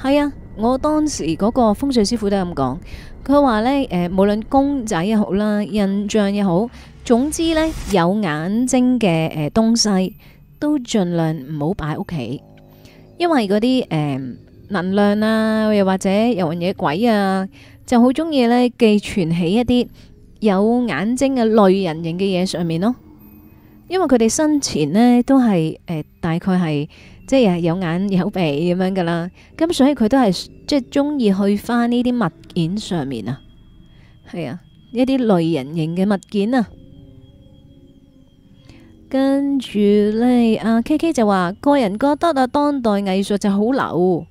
係啊，我當時嗰個風水師傅都係咁講。佢話呢，誒，無論公仔也好啦，人像也好，總之呢，有眼睛嘅誒東西都盡量唔好擺屋企，因為嗰啲誒。嗯能量啊，又或者遊魂野鬼啊，就好中意呢寄存喺一啲有眼睛嘅類人形嘅嘢上面咯。因為佢哋生前呢，都係誒、呃，大概係即係有眼有鼻咁樣噶啦。咁所以佢都係即係中意去翻呢啲物件上面啊，係啊，一啲類人形嘅物件啊。跟住呢，阿、啊、K K 就話個人覺得啊，當代藝術就好流。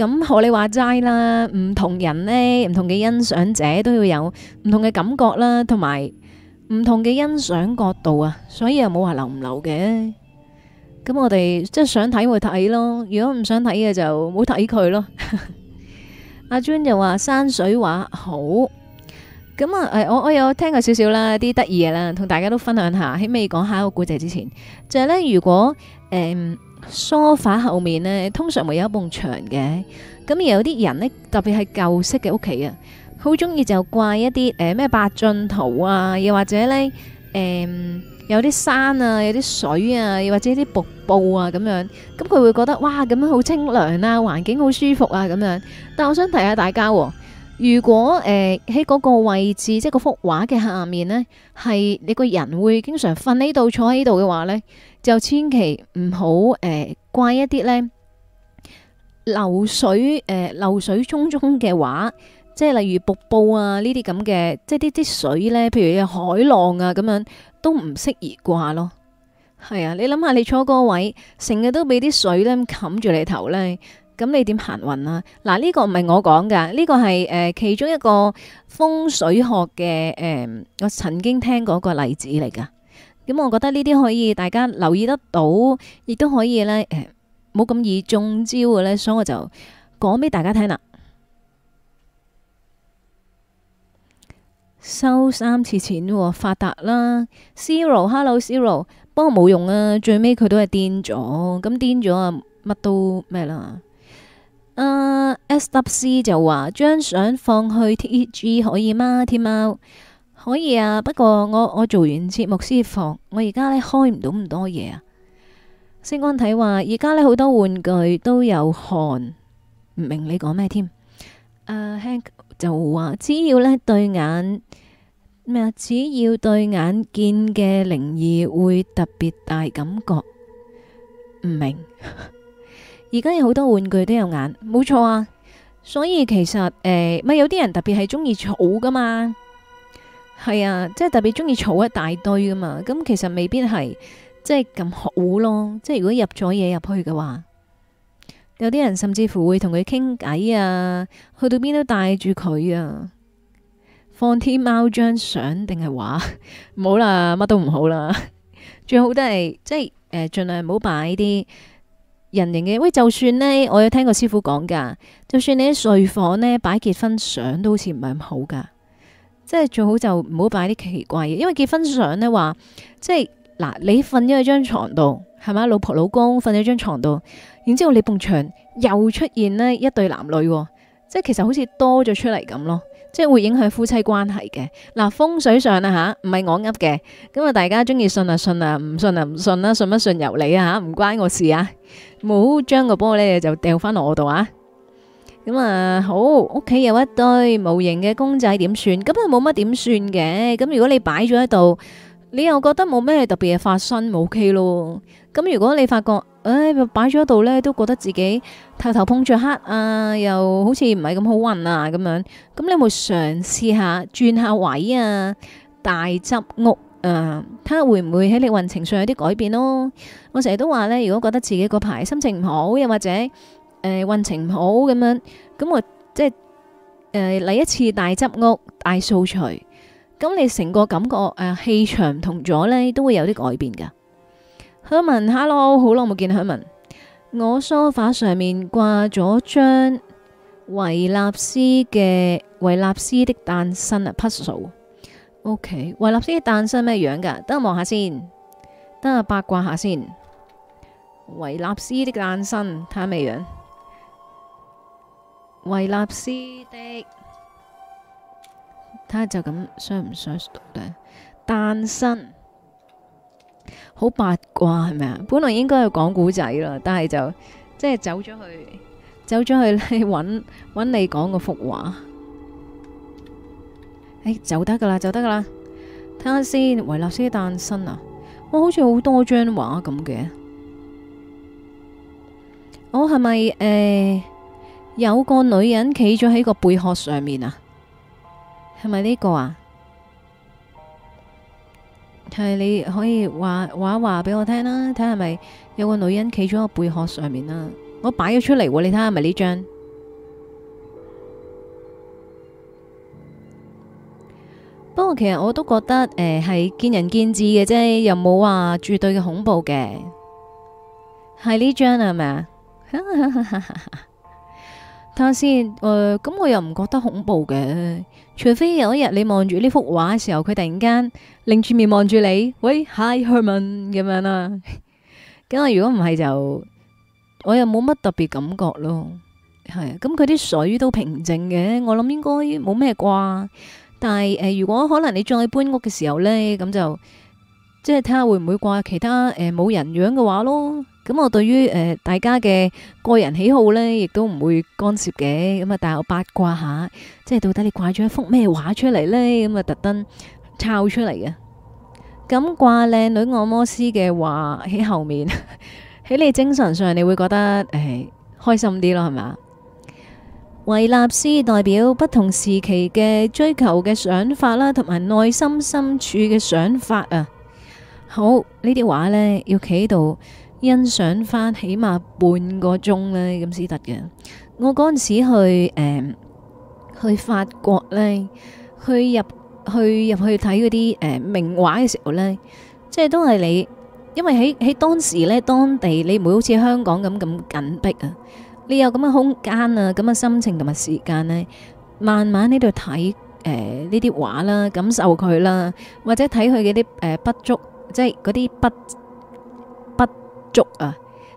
咁學你話齋啦，唔同人呢，唔同嘅欣賞者都要有唔同嘅感覺啦，同埋唔同嘅欣賞角度啊，所以又冇話留唔留嘅。咁我哋即係想睇會睇咯，如果唔想睇嘅就冇睇佢咯。阿 Jun 又話山水畫好，咁啊，誒，我我有聽過少少啦，啲得意嘢啦，同大家都分享下，起尾講下個古仔之前，就係、是、咧，如果誒。嗯梳化後面咧，通常會有一埲牆嘅。咁有啲人咧，特別係舊式嘅屋企啊，好中意就掛一啲誒咩八駿圖啊，又或者咧誒有啲山啊，有啲水啊，又或者啲瀑布啊咁樣。咁佢會覺得哇，咁樣好清涼啊，環境好舒服啊咁樣。但係我想提下大家，如果誒喺嗰個位置，即係嗰幅畫嘅下面咧，係你個人會經常瞓喺度坐喺度嘅話咧。就千祈唔好誒掛一啲呢流水誒、呃、流水匆匆嘅話，即係例如瀑布啊呢啲咁嘅，即係啲啲水呢，譬如有海浪啊咁樣，都唔適宜掛咯。係啊，你諗下，你坐嗰個位，成日都俾啲水咧冚住你頭呢，咁你點行運啊？嗱，呢、這個唔係我講噶，呢、這個係誒、呃、其中一個風水學嘅誒、呃，我曾經聽過一個例子嚟噶。咁、嗯、我覺得呢啲可以大家留意得到，亦都可以呢，冇咁易中招嘅呢。所以我就講俾大家聽啦。收三次錢、哦，發達啦！Zero，Hello，Zero，不過冇用啊！最尾佢都係癲咗，咁癲咗啊，乜都咩啦。啊、uh,，SWC 就話張相放去 TG 可以嗎？天貓。可以啊，不過我我做完節目先放。我而家呢開唔到咁多嘢啊。星光睇話，而家呢好多玩具都有看，唔明你講咩添？誒、uh,，Hank 就話只要呢對眼咩啊，只要對眼見嘅靈異會特別大感覺，唔明。而 家有好多玩具都有眼，冇錯啊。所以其實誒，咪、呃、有啲人特別係中意儲噶嘛。係啊，即係特別鍾意儲一大堆噶嘛，咁其實未必係即係咁好戶咯。即係如果入咗嘢入去嘅話，有啲人甚至乎會同佢傾偈啊，去到邊都帶住佢啊，放天貓張相定係話唔好啦，乜都唔好啦，最好都、就、係、是、即係誒，儘、呃、量唔好擺啲人形嘅。喂，就算呢，我有聽過師傅講噶，就算你喺睡房呢擺結婚相都好似唔係咁好噶。即係最好就唔好擺啲奇怪嘢，因為結婚相咧話，即係嗱你瞓咗喺張床度，係咪？老婆老公瞓喺張床度，然之後你埲牆又出現呢一對男女，即係其實好似多咗出嚟咁咯，即係會影響夫妻關係嘅。嗱風水上啊吓，唔係我噏嘅，咁啊大家中意信啊信啊，唔信啊唔信啦，啊，信不信由你啊吓，唔關我事啊，唔好將個波咧就掉翻落我度啊！咁啊，好屋企有一堆模型嘅公仔，點算？咁啊，冇乜點算嘅。咁如果你擺咗喺度，你又覺得冇咩特別嘅發生，冇 ok 咯。咁如果你發覺，唉，擺咗喺度咧，都覺得自己頭頭碰著黑啊，又好似唔係咁好運啊，咁樣。咁你咪嘗試下轉下位啊？大執屋啊，睇下會唔會喺你運程上有啲改變咯？我成日都話咧，如果覺得自己個排心情唔好，又或者，誒，運、呃、程唔好咁樣，咁我即係誒嚟一次大執屋、大掃除，咁你成個感覺誒氣、呃、場唔同咗呢都會有啲改變噶。香文 Herman，hello，好耐冇見，香文，我梳化上面掛咗張維納斯嘅維納斯的誕生啊，puzzle。OK，維納斯嘅誕生咩樣噶？等我望下先，等我八卦下先。維納斯的誕生睇下咩樣。維納斯的，睇下就咁，想唔想讀咧？誕生，好八卦係咪啊？本來應該係講古仔啦，但係就即係、就是、走咗去，走咗去你揾揾你講個幅畫，唉，就得噶啦，就得噶啦，睇下先。維納斯的誕生啊，我、喔、好似好多張畫咁嘅，我係咪唉。是有個女人企咗喺個貝殼上面啊，係咪呢個啊？係你可以話話一話俾我聽啦，睇係咪有個女人企咗喺個貝殼上面啦？我擺咗出嚟，你睇下係咪呢張？不過其實我都覺得誒係、呃、見仁見智嘅啫，又冇話絕對嘅恐怖嘅，係呢張啦，係咪啊？ 睇下先，誒，咁我又唔覺得恐怖嘅，除非有一日你望住呢幅畫嘅時候，佢突然間擰住面望住你，喂，Hi Herman 咁樣啦。咁如果唔係就，我又冇乜特別感覺咯。係，咁佢啲水都平靜嘅，我諗應該冇咩啩。但係誒，如果可能你再搬屋嘅時候咧，咁就即係睇下會唔會掛其他誒冇人樣嘅畫咯。咁我對於誒、呃、大家嘅個人喜好呢，亦都唔會干涉嘅。咁啊，但我八卦下，即係到底你掛咗一幅咩畫出嚟呢？咁啊，特登抄出嚟嘅。咁掛靚女按摩師嘅畫喺後面，喺 你精神上你會覺得誒、哎、開心啲咯，係嘛？維納斯代表不同時期嘅追求嘅想法啦，同埋內心深處嘅想法啊。好，呢啲畫呢，要企喺度。欣賞返起碼半個鐘呢，咁先得嘅。我嗰陣時去誒去法國呢，去入去入去睇嗰啲誒名畫嘅時候呢，即係都係你，因為喺喺當時呢當地，你唔會好似香港咁咁緊迫啊，你有咁嘅空間啊，咁嘅心情同埋時間呢，慢慢呢度睇誒呢啲畫啦，感受佢啦，或者睇佢嗰啲誒筆觸，即係嗰啲筆。足啊，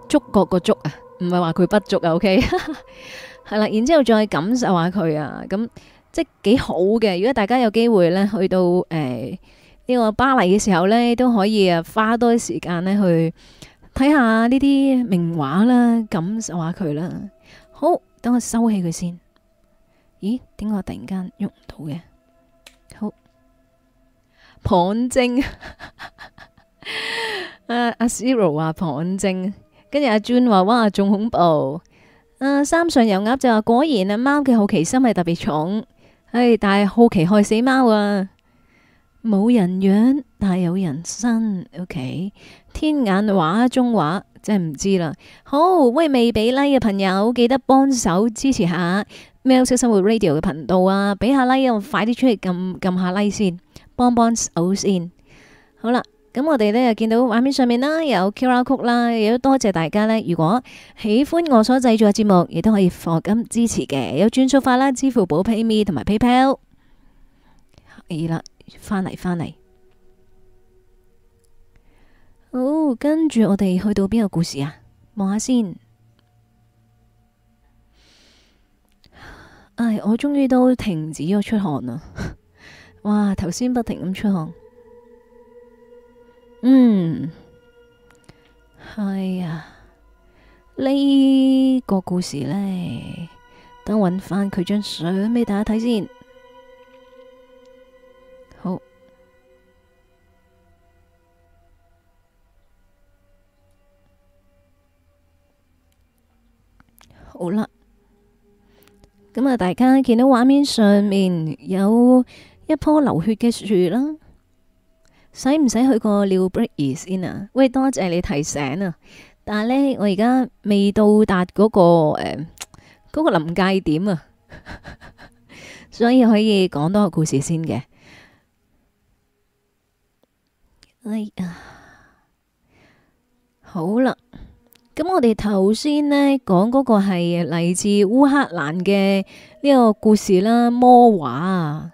足國個足啊，唔係話佢不足啊，OK，係啦，然之後再感受下佢啊，咁即係幾好嘅。如果大家有機會咧，去到誒呢個巴黎嘅時候咧，都可以啊花多啲時間咧去睇下呢啲名畫啦，感受下佢啦。好，等我收起佢先。咦？點解我突然間喐唔到嘅？好，旁證。阿阿 zero 話旁證，跟住阿 Jun 話哇，仲恐怖。阿、啊、三上油鴨就話果然啊，貓嘅好奇心係特別重。唉、哎，但係好奇害死貓啊，冇人養但係有人生。O、okay、K，天眼畫中畫真係唔知啦。好喂，未俾 like 嘅朋友記得幫手支持下喵式生活 radio 嘅頻道啊，俾下 like，我快啲出嚟撳撳下 like 先，幫幫手先。好啦。咁我哋呢，又見到畫面上面啦，有 Q R 曲啦，亦都多謝大家呢。如果喜歡我所製作嘅節目，亦都可以放金支持嘅，有轉數法啦，支付寶 PayMe 同埋 PayPal。可以啦，翻嚟翻嚟。好、哦，跟住我哋去到邊個故事啊？望下先。唉，我終於都停止咗出汗啦！哇，頭先不停咁出汗。嗯，係啊，呢、這個故事呢，等我揾翻佢張相俾大家睇先。好，好啦，咁啊，大家見到畫面上面有一棵流血嘅樹啦。使唔使去個 loo break 先啊？喂，多謝你提醒啊！但係呢，我而家未到達嗰、嗰個誒、欸嗰個臨界點啊呵呵，所以可以講多個故事先嘅。哎呀，好啦，咁我哋頭先呢講嗰個係嚟自烏克蘭嘅呢個故事啦，魔畫啊，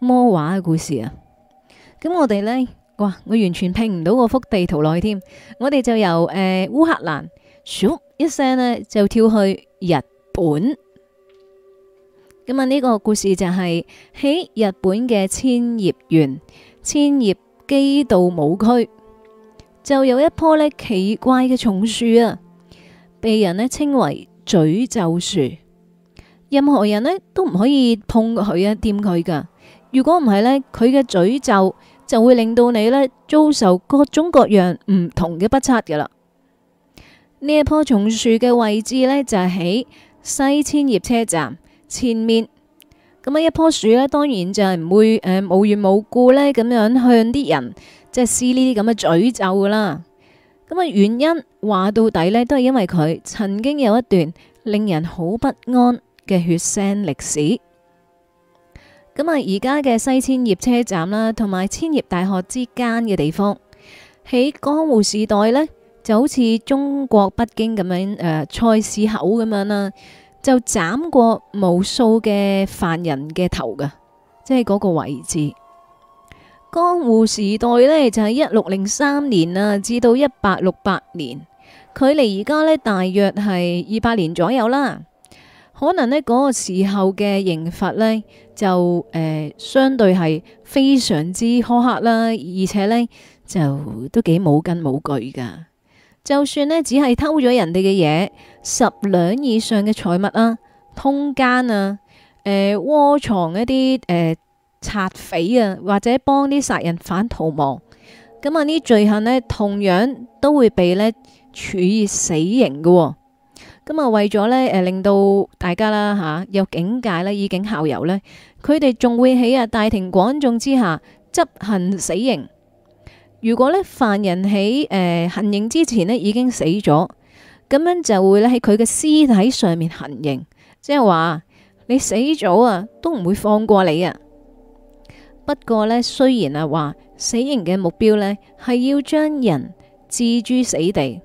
魔畫嘅故事啊。咁我哋呢，哇！我完全拼唔到嗰幅地圖內添。我哋就由誒、呃、烏克蘭咻一聲呢，就跳去日本。咁啊，呢個故事就係、是、喺日本嘅千葉縣千葉基道武區，就有一棵呢奇怪嘅松樹啊，被人呢稱為詛咒樹。任何人呢都唔可以碰佢啊，掂佢㗎。如果唔係呢，佢嘅詛咒。就會令到你咧遭受各種各樣唔同嘅不測噶啦。呢一棵松樹嘅位置呢，就喺、係、西千葉車站前面。咁啊，一棵樹呢，當然就係唔會誒、呃、無緣無故呢咁樣向啲人即係施呢啲咁嘅詛咒噶啦。咁啊，原因話到底呢，都係因爲佢曾經有一段令人好不安嘅血腥歷史。咁啊！而家嘅西千葉車站啦，同埋千葉大學之間嘅地方，喺江戶時代呢，就好似中國北京咁樣誒，呃、菜市口咁樣啦，就斬過無數嘅犯人嘅頭噶，即係嗰個位置。江戶時代呢，就係一六零三年啊，至到一八六八年，距離而家呢，大約係二百年左右啦。可能呢，嗰個時候嘅刑罰呢。就誒、呃，相對係非常之苛刻啦，而且咧就都幾冇根冇據噶。就算咧只係偷咗人哋嘅嘢十兩以上嘅財物啊，通奸啊，誒、呃、窩藏一啲誒賊匪啊，或者幫啲殺人犯逃亡，咁啊呢罪行咧同樣都會被咧處以死刑噶喎。咁啊，為咗呢，誒，令到大家啦吓，有警戒呢，以儆效尤呢，佢哋仲會喺啊大庭廣眾之下執行死刑。如果呢犯人喺誒行刑之前呢已經死咗，咁樣就會呢喺佢嘅屍體上面行刑，即係話你死咗啊，都唔會放過你啊。不過呢，雖然啊話死刑嘅目標呢係要將人置諸死地。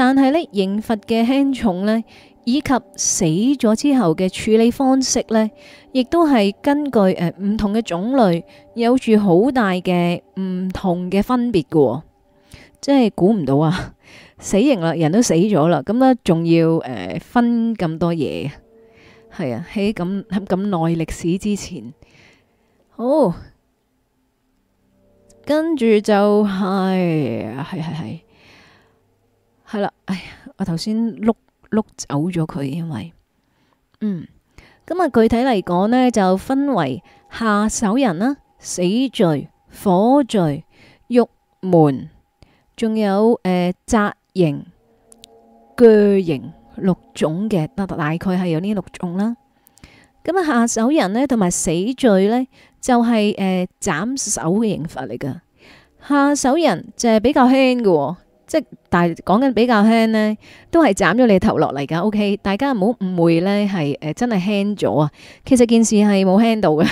但係呢，刑罰嘅輕重呢，以及死咗之後嘅處理方式呢，亦都係根據誒唔、呃、同嘅種類，有住好大嘅唔同嘅分別嘅。哦，即係估唔到啊！死刑啦，人都死咗啦，咁呢仲要誒、呃、分咁多嘢，係啊，喺咁咁耐歷史之前，好，跟住就係係係係。係啦，哎呀，我頭先碌碌走咗佢，因為嗯，咁啊具體嚟講呢，就分為下手人啦、死罪、火罪、獄門，仲有誒、呃、扎刑、鋸刑六種嘅，大大概係有呢六種啦。咁啊，下手人呢，同埋死罪呢，就係、是、誒、呃、斬首嘅刑罰嚟噶。下手人就係比較輕喎、哦。即係，但係講緊比較輕咧，都係斬咗你頭落嚟噶。OK，大家唔好誤會咧，係誒真係輕咗啊！其實件事係冇輕到嘅。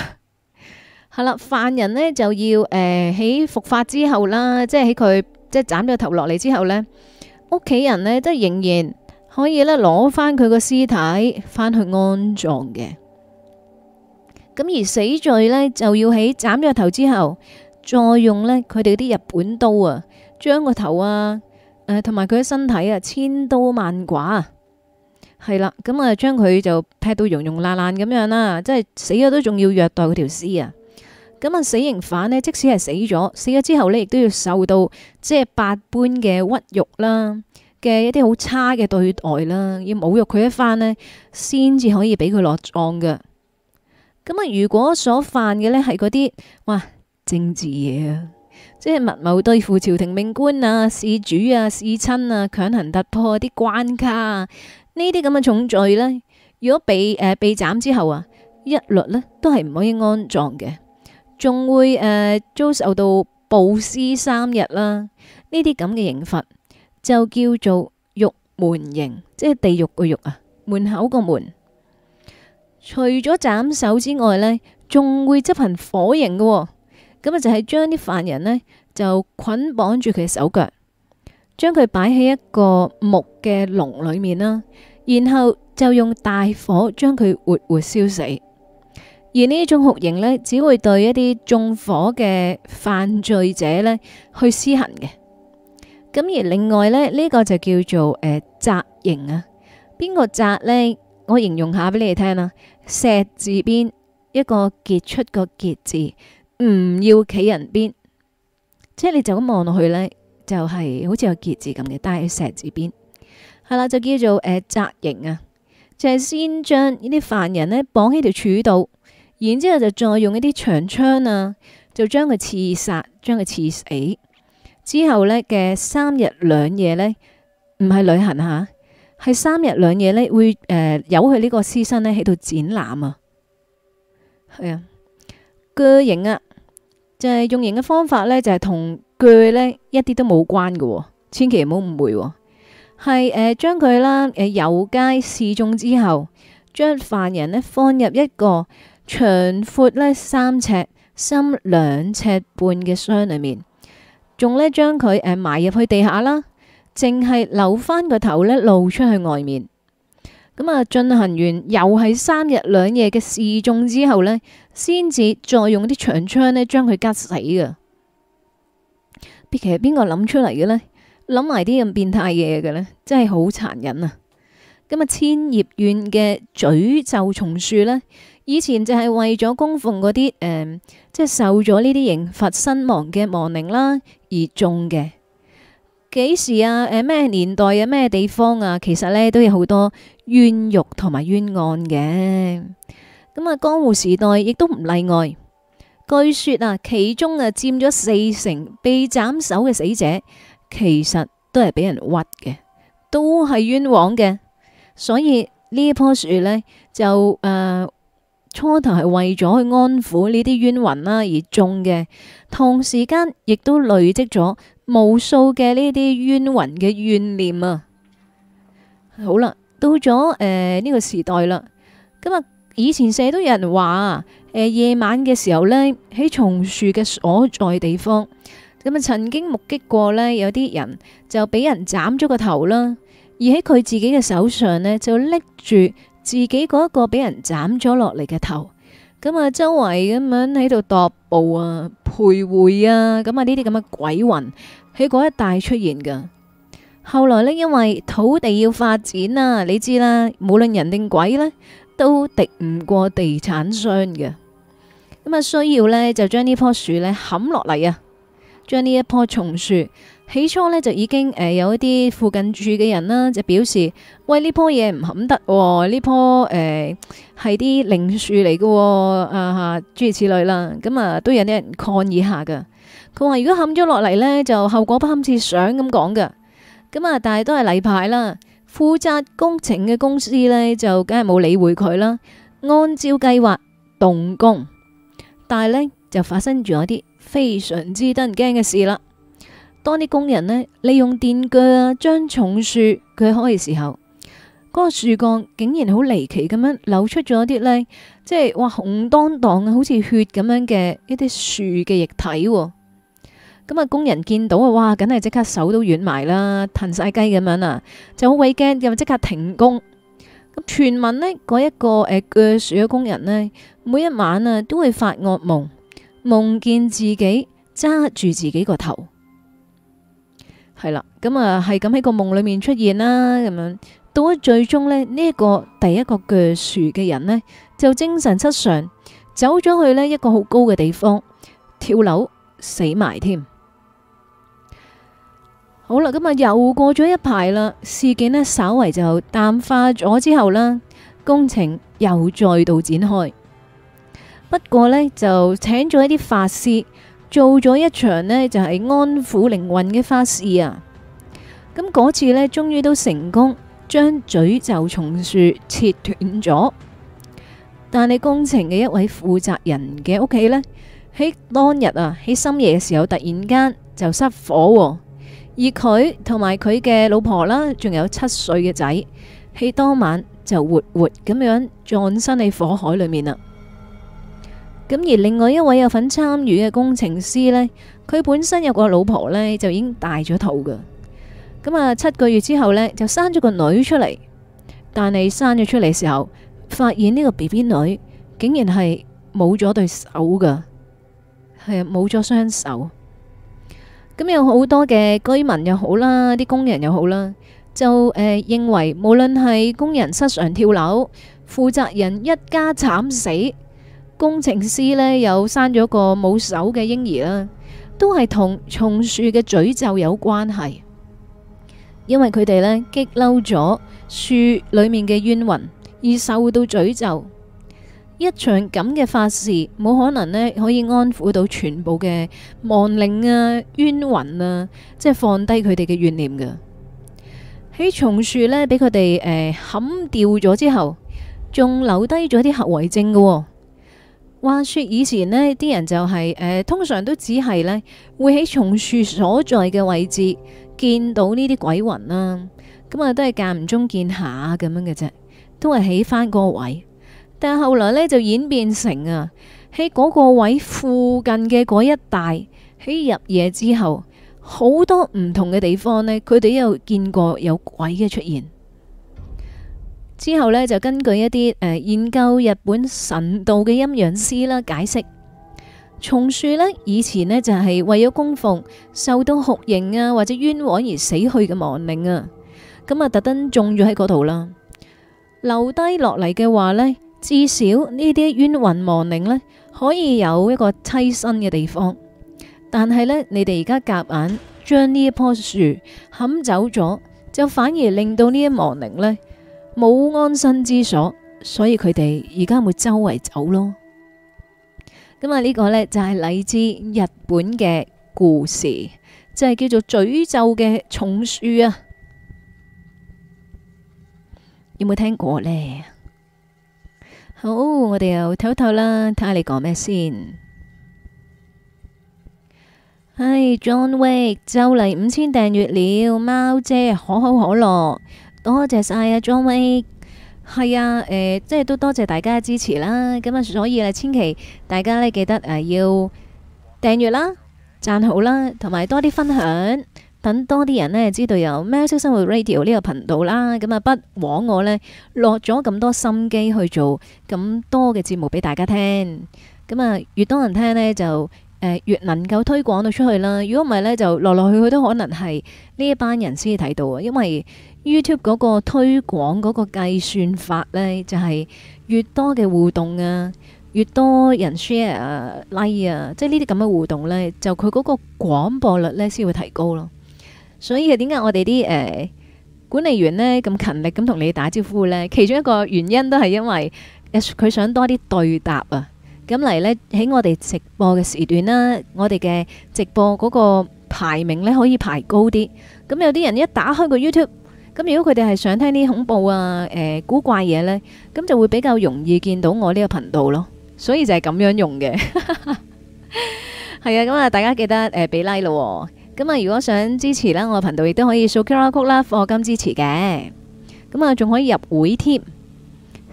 係啦，犯人咧就要誒喺伏法之後啦，即係喺佢即係斬咗頭落嚟之後咧，屋企人咧都仍然可以咧攞翻佢個屍體翻去安葬嘅。咁而死罪咧就要喺斬咗頭之後，再用咧佢哋啲日本刀啊，將個頭啊～誒，同埋佢嘅身體啊，千刀萬剮啊，係啦，咁啊，將佢就劈到融融爛爛咁樣啦，即係死咗都仲要虐待佢條屍啊。咁啊，死刑犯咧，即使係死咗，死咗之後呢亦都要受到即係百般嘅屈辱啦，嘅一啲好差嘅對待啦，要侮辱佢一番呢，先至可以俾佢落葬嘅。咁啊，如果所犯嘅呢係嗰啲哇政治嘢啊，即係密謀對付朝廷命官啊、事主啊、事親啊，強行突破啲、啊、關卡啊，呢啲咁嘅重罪呢，如果被誒、呃、被斬之後啊，一律呢都係唔可以安葬嘅，仲會誒、呃、遭受到暴屍三日啦、啊。呢啲咁嘅刑罰就叫做獄門刑，即係地獄個獄啊，門口個門。除咗斬首之外呢，仲會執行火刑喎、啊。咁啊，就係將啲犯人呢，就捆綁住佢嘅手腳，將佢擺喺一個木嘅籠裏面啦，然後就用大火將佢活活燒死。而呢一種酷刑呢，只會對一啲縱火嘅犯罪者呢去施行嘅。咁而另外呢，呢、這個就叫做誒砸、呃、刑啊。邊個砸呢？我形容下俾你哋聽啦、啊，石字邊一個傑出個傑字。唔、嗯、要企人邊，即係你就咁望落去呢，就係、是、好似有結字咁嘅，帶石字邊，係啦，就叫做誒、呃、磔刑啊，就係、是、先將呢啲犯人呢綁喺條柱度，然之後就再用一啲長槍啊，就將佢刺殺，將佢刺死，之後呢嘅三日兩夜呢，唔係旅行吓，係三日兩夜呢，會誒，由、呃、佢呢個屍身呢喺度展覽啊，係啊，磔刑啊。就係用刑嘅方法呢，就係同鋸呢一啲都冇關嘅喎，千祈唔好誤會喎。係誒將佢啦，誒、呃、遊街示眾之後，將犯人呢放入一個長闊呢三尺深兩尺半嘅箱裏面，仲呢將佢誒埋入去地下啦，淨係留翻個頭呢露出去外面。咁啊，進行完又係三日兩夜嘅示眾之後呢，先至再用啲長槍呢將佢拮死嘅。其實邊個諗出嚟嘅呢？諗埋啲咁變態嘢嘅呢，真係好殘忍啊！咁啊，千葉縣嘅詛咒松樹呢，以前就係為咗供奉嗰啲誒，即係受咗呢啲刑罰身亡嘅亡靈啦而種嘅。幾時啊？誒，咩年代啊？咩地方啊？其實呢，都有好多冤獄同埋冤案嘅。咁啊，江湖時代亦都唔例外。據說啊，其中啊佔咗四成被斬首嘅死者，其實都係俾人屈嘅，都係冤枉嘅。所以樹呢一棵樹呢，就誒、呃、初頭係為咗去安撫呢啲冤魂啦而種嘅，同時間亦都累積咗。無數嘅呢啲冤魂嘅怨念啊！好啦，到咗誒呢個時代啦，咁啊以前成日都有人話啊，誒、呃、夜晚嘅時候呢，喺松樹嘅所在地方，咁啊曾經目擊過呢，有啲人就俾人斬咗個頭啦，而喺佢自己嘅手上呢，就拎住自己嗰個俾人斬咗落嚟嘅頭，咁啊周圍咁樣喺度踱步啊、徘徊啊，咁啊呢啲咁嘅鬼魂。喺嗰一帶出現噶。後來呢，因為土地要發展啦、啊，你知啦，無論人定鬼呢，都敵唔過地產商嘅。咁、嗯、啊，需要呢，就將呢棵樹呢冚落嚟啊，將呢一棵松樹。起初呢，就已經誒、呃、有一啲附近住嘅人啦，就表示喂，呢棵嘢唔冚得，呢棵誒係啲靈樹嚟噶，啊諸、啊、如此類啦、啊，咁啊都有啲人抗議一下嘅。佢話如果冚咗落嚟，呢，就後果不堪設想咁講㗎。咁啊，但係都係例牌啦。負責工程嘅公司呢，就梗係冇理會佢啦。按照計劃動工，但係呢，就發生咗一啲非常之得人驚嘅事啦。當啲工人呢，利用電鋸啊，將重樹鋸開嘅時候，嗰個樹幹竟然好離奇咁樣扭出咗一啲呢，即係哇紅當當好似血咁樣嘅一啲樹嘅液體，啊。咁啊！工人見到啊，哇！梗係即刻手都軟埋啦，騰晒雞咁樣啊，就好鬼驚，又即刻停工。咁傳聞呢嗰一個誒鋸樹嘅工人呢，每一晚啊都會發惡夢，夢見自己揸住自己個頭。係啦，咁啊係咁喺個夢裏面出現啦，咁樣到咗最終呢，呢一個第一個鋸樹嘅人呢，就精神失常，走咗去呢一個好高嘅地方跳樓死埋添。好啦，咁啊，又過咗一排啦。事件呢，稍為就淡化咗之後呢，工程又再度展開。不過呢，就請咗一啲法師做咗一場呢就係安撫靈魂嘅法事啊。咁嗰次呢，終於都成功將詛咒松樹切斷咗。但係工程嘅一位負責人嘅屋企呢，喺當日啊，喺深夜嘅時候突然間就失火喎。而佢同埋佢嘅老婆啦，仲有七歲嘅仔，喺當晚就活活咁樣葬身喺火海裏面啦。咁而另外一位有份參與嘅工程師呢，佢本身有個老婆呢，就已經大咗肚噶。咁啊，七個月之後呢，就生咗個女出嚟。但係生咗出嚟時候，發現呢個 BB 女竟然係冇咗對手噶，係冇咗雙手。咁、嗯、有好多嘅居民又好啦，啲工人又好啦，就誒、呃、認為無論係工人失常跳樓，負責人一家慘死，工程師呢又生咗個冇手嘅嬰兒啦，都係同松樹嘅詛咒有關係，因為佢哋呢激嬲咗樹裏面嘅冤魂而受到詛咒。一場咁嘅法事，冇可能可以安撫到全部嘅亡靈啊、冤魂啊，即係放低佢哋嘅怨念嘅。喺松樹咧，俾佢哋誒冚掉咗之後，仲留低咗啲後遺症嘅、哦。話說以前呢啲人就係、是、誒、呃，通常都只係咧會喺松樹所在嘅位置見到呢啲鬼魂啦。咁啊，嗯、都係間唔中見下咁樣嘅啫，都係起翻嗰個位。但係後來咧就演變成啊喺嗰個位附近嘅嗰一帶喺入夜之後，好多唔同嘅地方呢，佢哋又見過有鬼嘅出現。之後呢，就根據一啲誒、呃、研究日本神道嘅陰陽師啦，解釋松樹呢，以前呢，就係為咗供奉受到酷刑啊或者冤枉而死去嘅亡靈啊，咁啊特登種咗喺嗰度啦，留低落嚟嘅話呢，至少呢啲冤魂亡靈呢，可以有一個棲身嘅地方，但係呢，你哋而家夾硬將呢一棵樹砍走咗，就反而令到呢一亡靈呢冇安身之所，所以佢哋而家會周圍走咯。咁啊，呢個呢，就係嚟自日本嘅故事，就係叫做詛咒嘅松樹啊，有冇聽過呢？好，我哋又唞唞啦，睇下你講咩先。唉、哎、John Wake 就嚟五千訂閱了，貓姐可口可樂，多謝晒啊，John Wake。係啊，誒、呃，即係都多謝大家支持啦。咁所以咧，千祈大家咧記得誒、啊、要訂閱啦、讚好啦，同埋多啲分享。等多啲人咧知道有喵式生活 Radio 呢個頻道啦，咁啊不枉我咧落咗咁多心機去做咁多嘅節目俾大家聽，咁啊越多人聽、呃、呢，就誒越能夠推廣到出去啦。如果唔係呢，就來來去去都可能係呢一班人先至睇到啊。因為 YouTube 嗰個推廣嗰個計算法呢，就係、是、越多嘅互動啊，越多人 share like 啊，啊，即係呢啲咁嘅互動呢，就佢嗰個廣播率呢先會提高咯。所以啊，點解我哋啲誒管理員呢咁勤力咁同你打招呼呢？其中一個原因都係因為佢、呃、想多啲對答啊，咁嚟呢，喺我哋直播嘅時段啦、啊，我哋嘅直播嗰個排名呢可以排高啲。咁有啲人一打開個 YouTube，咁如果佢哋係想聽啲恐怖啊、誒、呃、古怪嘢呢，咁就會比較容易見到我呢個頻道咯。所以就係咁樣用嘅。係啊，咁啊，大家記得誒俾、呃、like 咯。咁啊、嗯！如果想支持咧，我嘅頻道亦都可以掃 QR code 啦，課金支持嘅。咁、嗯、啊，仲可以入會添。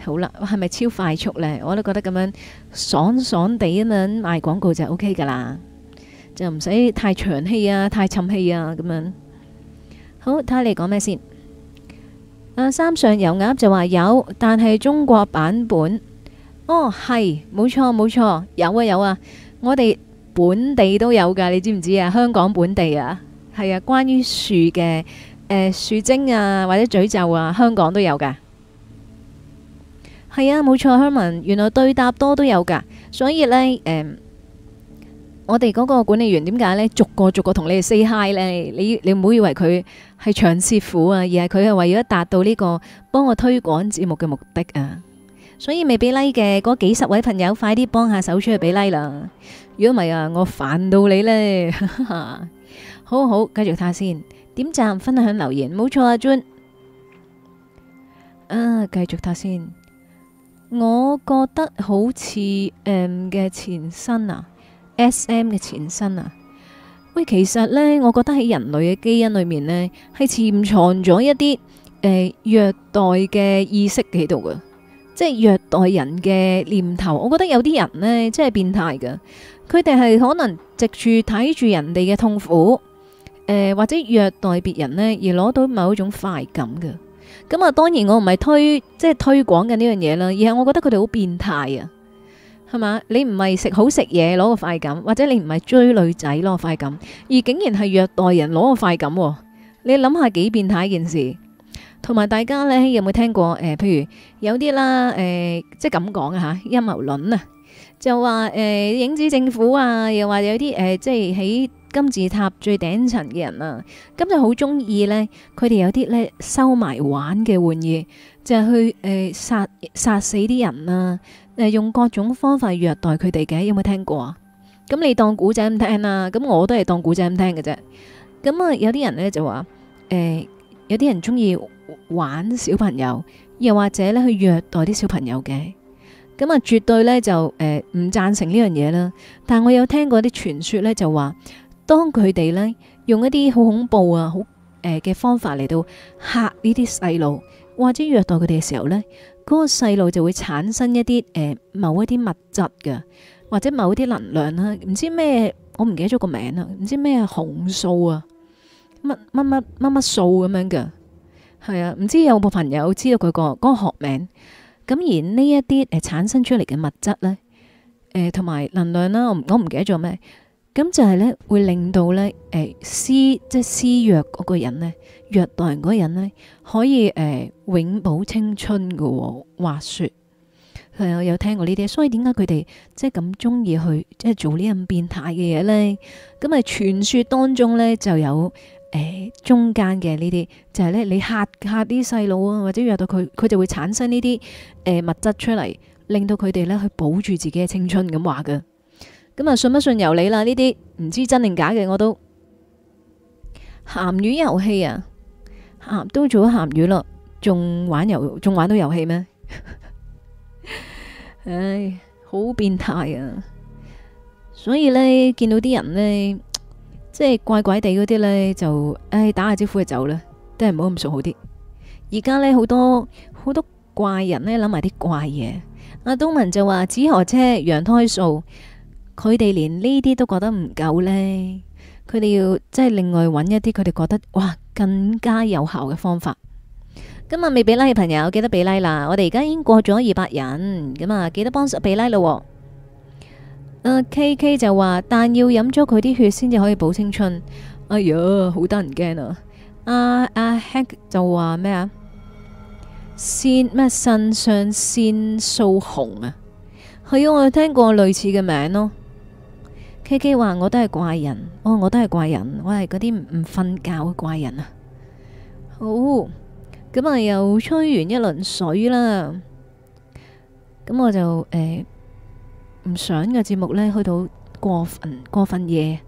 好啦，係咪超快速呢？我都覺得咁樣爽爽地啊嘛，賣廣告就 OK 噶啦，就唔使太長氣啊，太沉氣啊咁樣。好，睇下你講咩先。啊，三上油鴨就話有，但係中國版本。哦，係，冇錯冇錯，有啊有啊，我哋。本地都有噶，你知唔知啊？香港本地啊，係啊，關於樹嘅誒樹精啊或者詛咒啊，香港都有噶係啊，冇錯，Herman 原來對答多都有噶，所以呢，誒、嗯，我哋嗰個管理員點解呢？逐個逐個同你哋 say hi 呢？你你唔好以為佢係長舌婦啊，而係佢係為咗達到呢個幫我推廣節目嘅目的啊。所以未俾 like 嘅嗰幾十位朋友，快啲幫下手出去俾 like 啦！如果唔係啊，我煩到你呢。 好好，繼續睇先，點讚、分享、留言，冇錯啊，June。啊，繼續睇先。我覺得好似 M 嘅前身啊，SM 嘅前身啊。喂，其實呢，我覺得喺人類嘅基因裏面呢，係潛藏咗一啲、呃、虐待嘅意識喺度噶，即係虐待人嘅念頭。我覺得有啲人呢，真係變態噶。佢哋係可能藉住睇住人哋嘅痛苦，誒、呃、或者虐待別人咧而攞到某一種快感嘅。咁、嗯、啊，當然我唔係推即係推廣緊呢樣嘢啦，而係我覺得佢哋好變態啊，係嘛？你唔係食好食嘢攞個快感，或者你唔係追女仔攞個快感，而竟然係虐待人攞個快感，啊，你諗下幾變態一件事？同埋大家呢，有冇聽過？誒、呃，譬如有啲啦，誒、呃，即係咁講啊吓，陰謀論啊。就話誒、欸、影子政府啊，又話有啲誒、呃，即係喺金字塔最頂層嘅人啊，咁就好中意呢，佢哋有啲咧收埋玩嘅玩意，就係、是、去誒、欸、殺殺死啲人啊，誒用各種方法虐待佢哋嘅，有冇聽過啊？咁你當古仔咁聽啦，咁我都係當古仔咁聽嘅啫。咁啊，有啲人呢，就話誒、欸，有啲人中意玩小朋友，又或者咧去虐待啲小朋友嘅。咁啊，絕對呢，就誒唔贊成呢樣嘢啦。但我有聽過啲傳說呢，就話當佢哋呢，用一啲好恐怖啊、好誒嘅方法嚟到嚇呢啲細路，或者虐待佢哋嘅時候呢，嗰、那個細路就會產生一啲誒、呃、某一啲物質嘅，或者某一啲能量啦。唔知咩，我唔記得咗個名啊，唔知咩紅素啊，乜乜乜乜乜素咁樣嘅，係啊。唔知有冇朋友知道佢個嗰個學名。咁而呢一啲誒產生出嚟嘅物質咧，誒同埋能量啦，我我唔記得咗咩？咁就係咧會令到咧誒施即係施虐嗰個人咧，虐待嗰個人咧，可以誒、呃、永葆青春噶、哦。話説係我有聽過呢啲，所以點解佢哋即係咁中意去即係、即係、做呢咁變態嘅嘢咧？咁啊傳説當中咧就有，誒、哎，中間嘅呢啲就係、是、咧，你嚇嚇啲細路啊，或者約到佢，佢就會產生呢啲誒物質出嚟，令到佢哋呢去保住自己嘅青春咁話㗎。咁啊，信不信由你啦，呢啲唔知真定假嘅，我都鹹魚遊戲啊，鹹都做咗鹹魚咯，仲玩遊仲玩到遊戲咩？唉、 哎，好變態啊！所以呢，見到啲人呢。即係怪怪地嗰啲呢，就誒打下招呼就走啦，都係唔好咁熟好啲。而家呢，好多好多怪人呢，諗埋啲怪嘢。阿東文就話紫河車、羊胎素，佢哋連呢啲都覺得唔夠呢。佢哋要即係另外搵一啲佢哋覺得哇更加有效嘅方法。今日未俾拉嘅朋友記得俾拉啦，我哋而家已經過咗二百人，咁啊記得幫手俾拉咯。Uh, K K 就話，但要飲咗佢啲血先至可以補青春。哎呀，好得人驚啊！阿阿 Heck 就話咩啊？先咩腎上腺素紅啊？係啊，我聽過類似嘅名咯。K K 話我都係怪人，哦，我都係怪人，我係嗰啲唔瞓覺嘅怪人啊！好，咁啊又吹完一輪水啦，咁我就誒。欸唔想嘅節目呢，去到過分過分夜。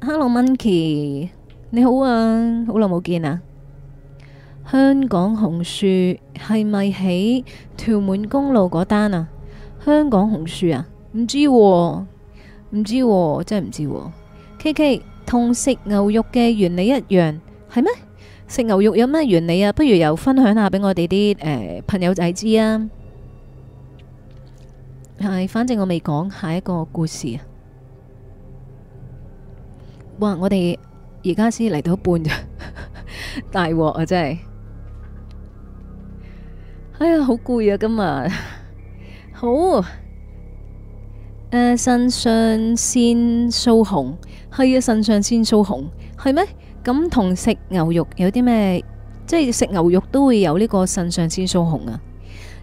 Hello，Minki，你好啊，好耐冇見啊。香港紅樹係咪喺屯門公路嗰單啊？香港紅樹啊，唔知，唔知，真係唔知。K K 同食牛肉嘅原理一樣，係咩？食牛肉有咩原理啊？不如又分享下俾我哋啲誒朋友仔知啊。係，反正我未講下一個故事啊！哇，我哋而家先嚟到一半啫，大鑊啊！真係，哎呀，好攰啊！今日好，誒，腎上腺素紅，係啊，腎上腺素紅，係咩？咁同食牛肉有啲咩？即係食牛肉都會有呢個腎上腺素紅啊！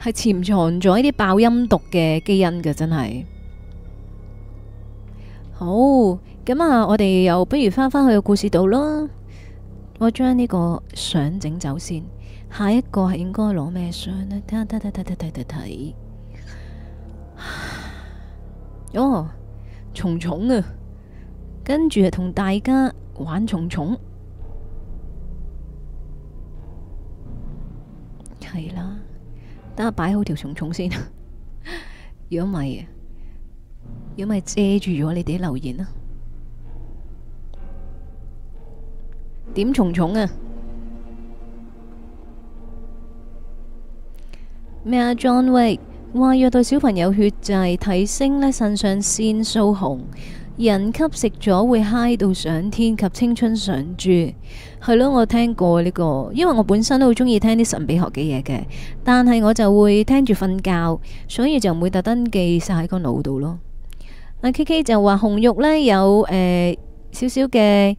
係潛藏咗呢啲爆音毒嘅基因嘅，真係好咁啊！我哋又不如返返去個故事度咯。我將呢個相整走先，下一個係應該攞咩相呢？睇下睇睇睇睇睇睇睇哦，蟲、oh, 蟲啊！跟住係同大家玩蟲蟲，係啦。等下擺好條蟲蟲先蟲蟲，如果唔係，如果唔係遮住咗你哋留言蟲蟲啊，點蟲蟲啊？咩 啊？John，喂，話虐待小朋友血祭提升呢腎上腺素紅。人吸食咗會嗨到上天及青春常駐，係咯？我聽過呢個，因為我本身都好中意聽啲神秘學嘅嘢嘅，但係我就會聽住瞓覺，所以就唔會特登記晒喺個腦度咯。阿 KK 就話紅肉呢有誒少少嘅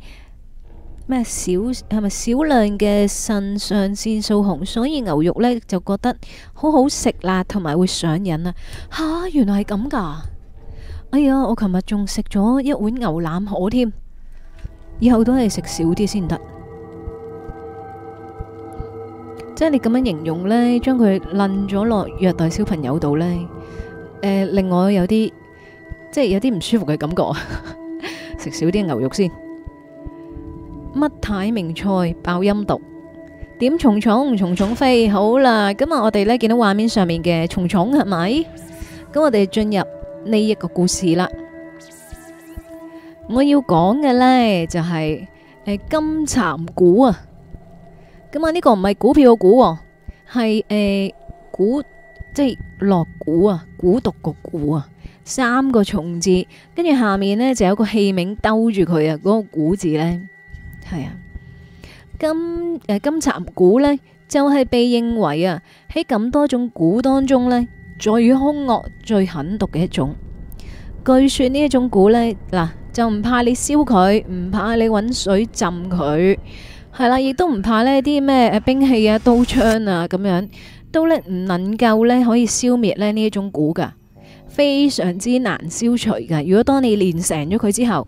咩，少係咪少量嘅腎上腺素紅，所以牛肉呢就覺得很好好食啦，同埋會上癮啊！嚇，原來係咁㗎～哎呀，我琴日仲食咗一碗牛腩河添，以後都係食少啲先得。即係你咁樣形容呢，將佢論咗落虐待小朋友度呢，誒，令我有啲即係有啲唔舒服嘅感覺啊！食少啲牛肉先。乜太明菜爆音毒，點蟲蟲，蟲蟲飛，好啦，今日我哋呢見到畫面上面嘅蟲蟲係咪？咁我哋進入。呢一個故事啦，我要講嘅呢就係誒金蠶蠱啊，咁啊呢個唔係股票嘅股，係誒蠱即係落蠱啊，蠱毒個蠱啊，三個蟲字，跟住下面呢就有個器皿兜住佢啊，嗰個蠱字呢係啊金誒金蠶蠱呢就係被認為啊喺咁多種蠱當中呢。最兇惡、最狠毒嘅一種，據說呢一種蠱呢嗱，就唔怕你燒佢，唔怕你搵水浸佢，係啦，亦都唔怕呢啲咩兵器啊、刀槍啊咁樣，都呢唔能夠呢可以消滅呢呢一種蠱噶，非常之難消除嘅。如果當你練成咗佢之後，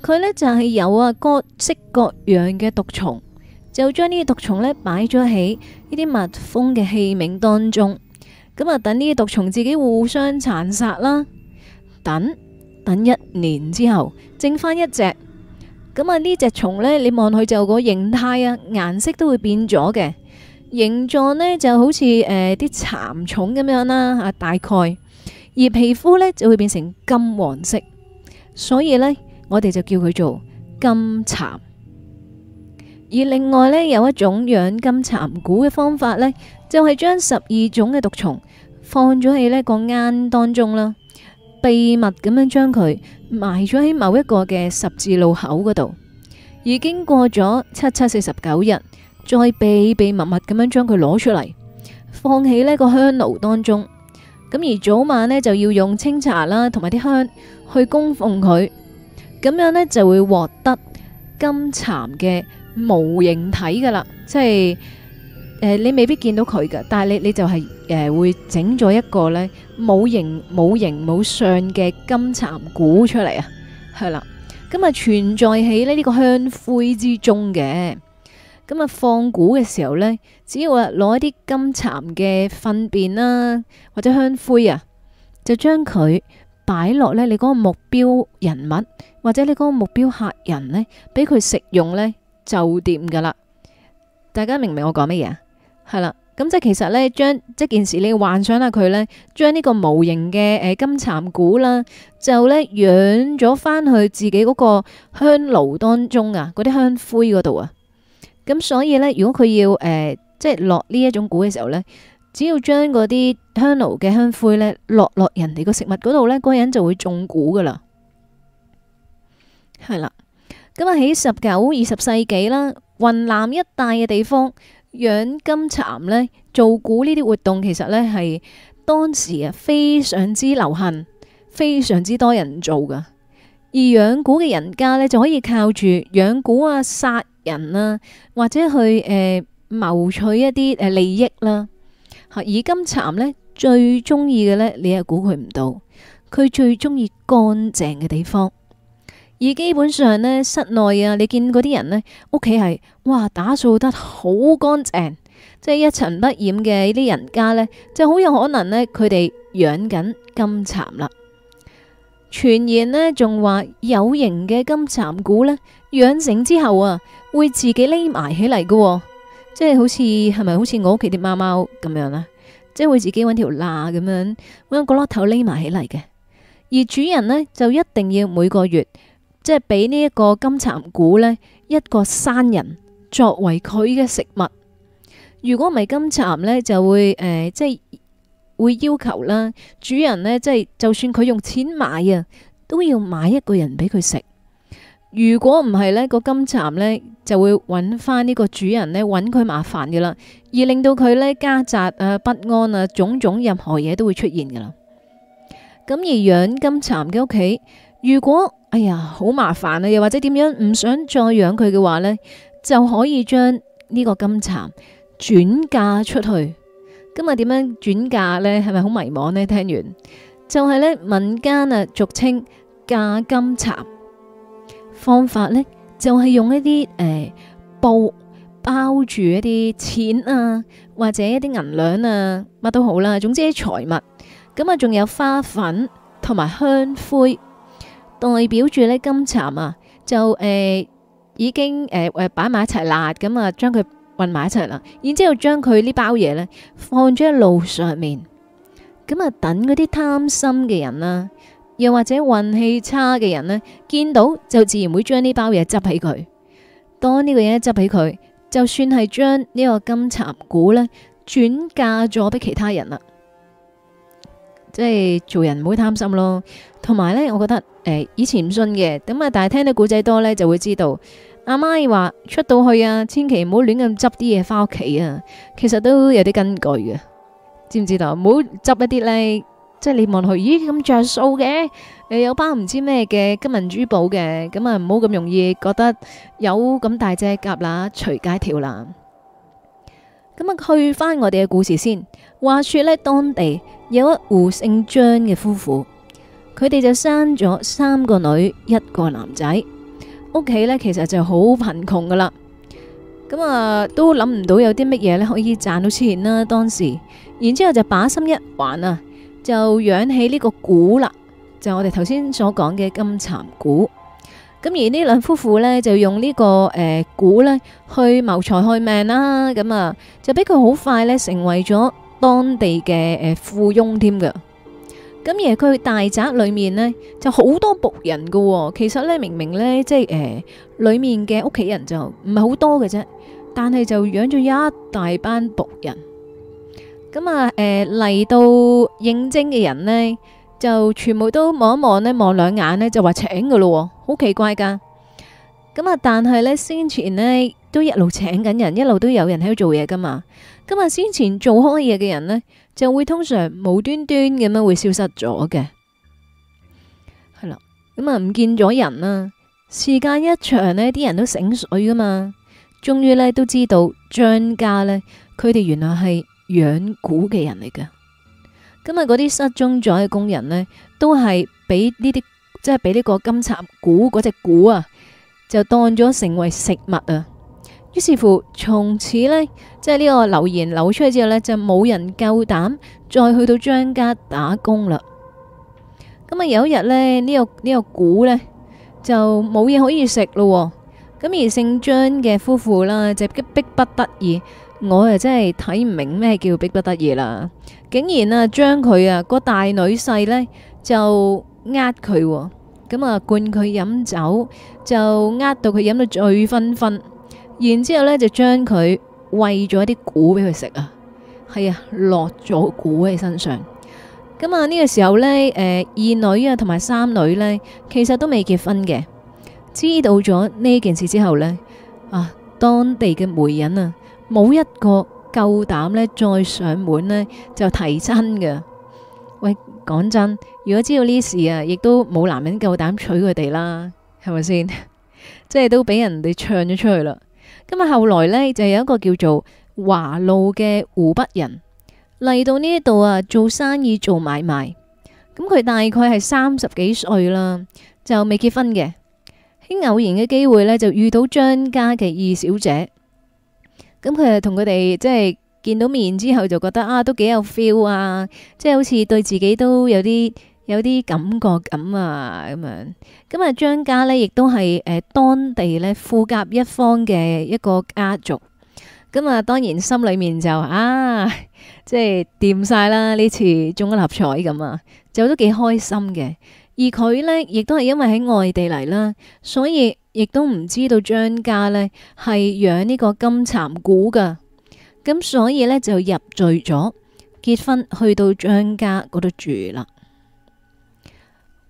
佢呢就係有啊各式各樣嘅毒蟲，就將呢啲毒蟲呢擺咗喺呢啲密封嘅器皿當中。咁啊，等呢啲毒蟲自己互相殘殺啦，等等一年之後，剩翻一隻。咁啊，呢隻蟲呢，你望佢就個形態啊，顏色都會變咗嘅，形狀呢就好似誒啲蠶蟲咁樣啦啊，大概，而皮膚呢就會變成金黃色，所以呢，我哋就叫佢做金蠶。而另外呢，有一種養金蠶蠱嘅方法呢，就係將十二種嘅毒蟲放咗喺呢個罌當中啦，秘密咁樣將佢埋咗喺某一個嘅十字路口嗰度。已經過咗七七四十九日，再秘秘密密咁樣將佢攞出嚟，放喺呢個香爐當中。咁而早晚呢，就要用清茶啦，同埋啲香去供奉佢，咁樣呢，就會獲得金蠶嘅。模型睇噶啦，即係誒、呃，你未必見到佢噶，但係你你就係、是、誒、呃、會整咗一個咧冇形冇形冇相嘅金蠶蠱出嚟啊。係啦，咁、嗯、啊、嗯、存在喺咧呢個香灰之中嘅，咁、嗯、啊放蠱嘅時候呢，只要話攞一啲金蠶嘅糞便啦、啊，或者香灰啊，就將佢擺落咧你嗰個目標人物或者你嗰個目標客人呢，俾佢食用呢。就掂噶啦！大家明唔明我講乜嘢啊？係啦，咁即係其實呢，將即這件事你幻想下佢呢，將呢個無形嘅金蠶蠱啦，就呢養咗翻去自己嗰個香爐當中啊，嗰啲香灰嗰度啊。咁所以呢，如果佢要誒、呃、即係落呢一種蠱嘅時候呢，只要將嗰啲香爐嘅香灰呢，落落人哋個食物嗰度呢，嗰人就會中蠱噶啦。係啦。咁啊，喺十九二十世紀啦，雲南一帶嘅地方養金蠶咧、做蠱呢啲活動，其實咧係當時啊非常之流行，非常之多人做噶。而養蠱嘅人家咧就可以靠住養蠱啊、殺人啊，或者去誒謀、呃、取一啲誒利益啦、啊。而金蠶咧最中意嘅咧，你又估佢唔到，佢最中意乾淨嘅地方。而基本上呢，室內啊，你見嗰啲人呢，屋企係哇，打掃得好乾淨，即係一塵不染嘅呢啲人家呢，就好有可能呢，佢哋養緊金蠶啦。傳言呢，仲話有形嘅金蠶蠱呢，養成之後啊，會自己匿埋起嚟嘅、哦，即係好似係咪好似我屋企啲貓貓咁樣啊？即係會自己揾條罅咁樣揾個角落頭匿埋起嚟嘅。而主人呢，就一定要每個月，即係俾呢一個金蠶蠱呢一個生人作為佢嘅食物。如果唔係金蠶呢、呃，就會誒，即係會要求啦，主人呢，即、就、係、是、就算佢用錢買啊，都要買一個人俾佢食。如果唔係呢個金蠶呢，就會搵翻呢個主人呢，搵佢麻煩嘅啦，而令到佢呢家宅啊不安啊，種種任何嘢都會出現嘅啦。咁而養金蠶嘅屋企，如果哎呀，好麻煩啊！又或者點樣唔想再養佢嘅話呢，就可以將呢個金蠶轉嫁出去。咁啊點樣轉嫁呢？係咪好迷惘呢？聽完就係、是、呢民間啊俗稱嫁金蠶方法呢就係、是、用一啲誒、呃、布包住一啲錢啊，或者一啲銀兩啊，乜都好啦，總之啲財物。咁啊，仲有花粉同埋香灰。代表住呢金蠶啊，就、呃、誒已經誒誒擺埋一齊辣，咁啊，將佢混埋一齊啦，然之後將佢呢包嘢呢放咗喺路上面，咁啊等嗰啲貪心嘅人啦，又或者運氣差嘅人呢，見到就自然會將呢包嘢執起佢，當呢個嘢執起佢，就算係將呢個金蠶蠱呢轉嫁咗俾其他人啦。即係做人唔好貪心咯，同埋呢，我覺得誒、欸、以前唔信嘅，咁啊但係聽到古仔多呢，就會知道，阿媽話出到去啊，千祈唔好亂咁執啲嘢翻屋企啊，其實都有啲根據嘅，知唔知道？唔好執一啲呢，即係你望落去，咦咁着數嘅，誒有包唔知咩嘅金銀珠寶嘅，咁啊唔好咁容易覺得有咁大隻蛤乸隨街跳啦。咁啊去翻我哋嘅故事先，話說呢，當地。有一戶姓張嘅夫婦，佢哋就生咗三個女一個男仔，屋企呢，其實就好貧窮噶啦，咁啊都諗唔到有啲乜嘢咧可以賺到錢啦。當時，然之後就把心一橫啊，就養起呢個蠱啦，就我哋頭先所講嘅金蠶蠱。咁而呢兩夫婦呢，就用、這個呃、呢個誒蠱咧去謀財害命啦，咁啊就俾佢好快呢成為咗。當地嘅誒富翁添噶，咁而佢大宅裏面咧就好多僕人噶。其實咧明明咧即係誒，裏面嘅屋企人就唔係好多嘅啫，但係就養咗一大班僕人。咁啊誒嚟到應徵嘅人咧，就全部都望一望咧，望兩眼咧就話請噶咯，好奇怪噶。咁啊，但係咧先前咧。都一路請緊人，一路都有人喺度做嘢噶嘛。咁啊，先前做開嘢嘅人呢，就會通常無端端咁樣會消失咗嘅，係啦。咁啊，唔見咗人啦。時間一長呢，啲人都醒水噶嘛。終於呢，都知道張家呢，佢哋原來係養蠱嘅人嚟噶。咁啊嗰啲失蹤咗嘅工人呢，都係俾呢啲即係俾呢個金插蠱嗰隻蠱啊，就當咗成為食物啊。於是乎，從此呢，即係呢個流言流出去之後呢，就冇人夠膽再去到張家打工啦。咁啊，有一日咧，呢、這個呢、這個股呢，就冇嘢可以食咯、哦。咁而姓張嘅夫婦啦，就逼逼不得已。我啊，真係睇唔明咩叫逼不得已啦，竟然啊，將佢啊個大女婿呢，就呃佢、哦，咁啊灌佢飲酒，就呃到佢飲到醉醺醺。然之後就將佢餵咗啲蠱俾佢食啊，係啊，落咗蠱喺身上。咁啊，呢個時候呢，誒二女啊同埋三女呢，其實都未結婚嘅。知道咗呢件事之後呢，啊當地嘅媒人啊，冇一個夠膽呢再上門呢就提親嘅。喂，講真，如果知道呢事啊，亦都冇男人夠膽娶佢哋啦，係咪先？ 即係都俾人哋唱咗出去啦。今日後來呢就有一個叫做華路嘅湖北人嚟到呢度啊，做生意做買賣，咁佢大概係三十幾歲啦，就未結婚嘅。喺偶然嘅機會呢，就遇到張家嘅二小姐，咁佢又同佢哋即係見到面之後就覺得啊都幾有 feel 啊，即係、啊就是、好似對自己都有啲有啲感覺咁啊咁樣。咁啊，張家呢亦都係誒、呃、當地呢富甲一方嘅一個家族。咁、嗯、啊，當然心裏面就啊，即係掂晒啦，呢次中咗六合彩咁啊，就都幾開心嘅。而佢呢，亦都係因為喺外地嚟啦，所以亦都唔知道張家呢係養呢個金蠶蠱㗎。咁、嗯、所以呢，就入贅咗，結婚去到張家嗰度住啦。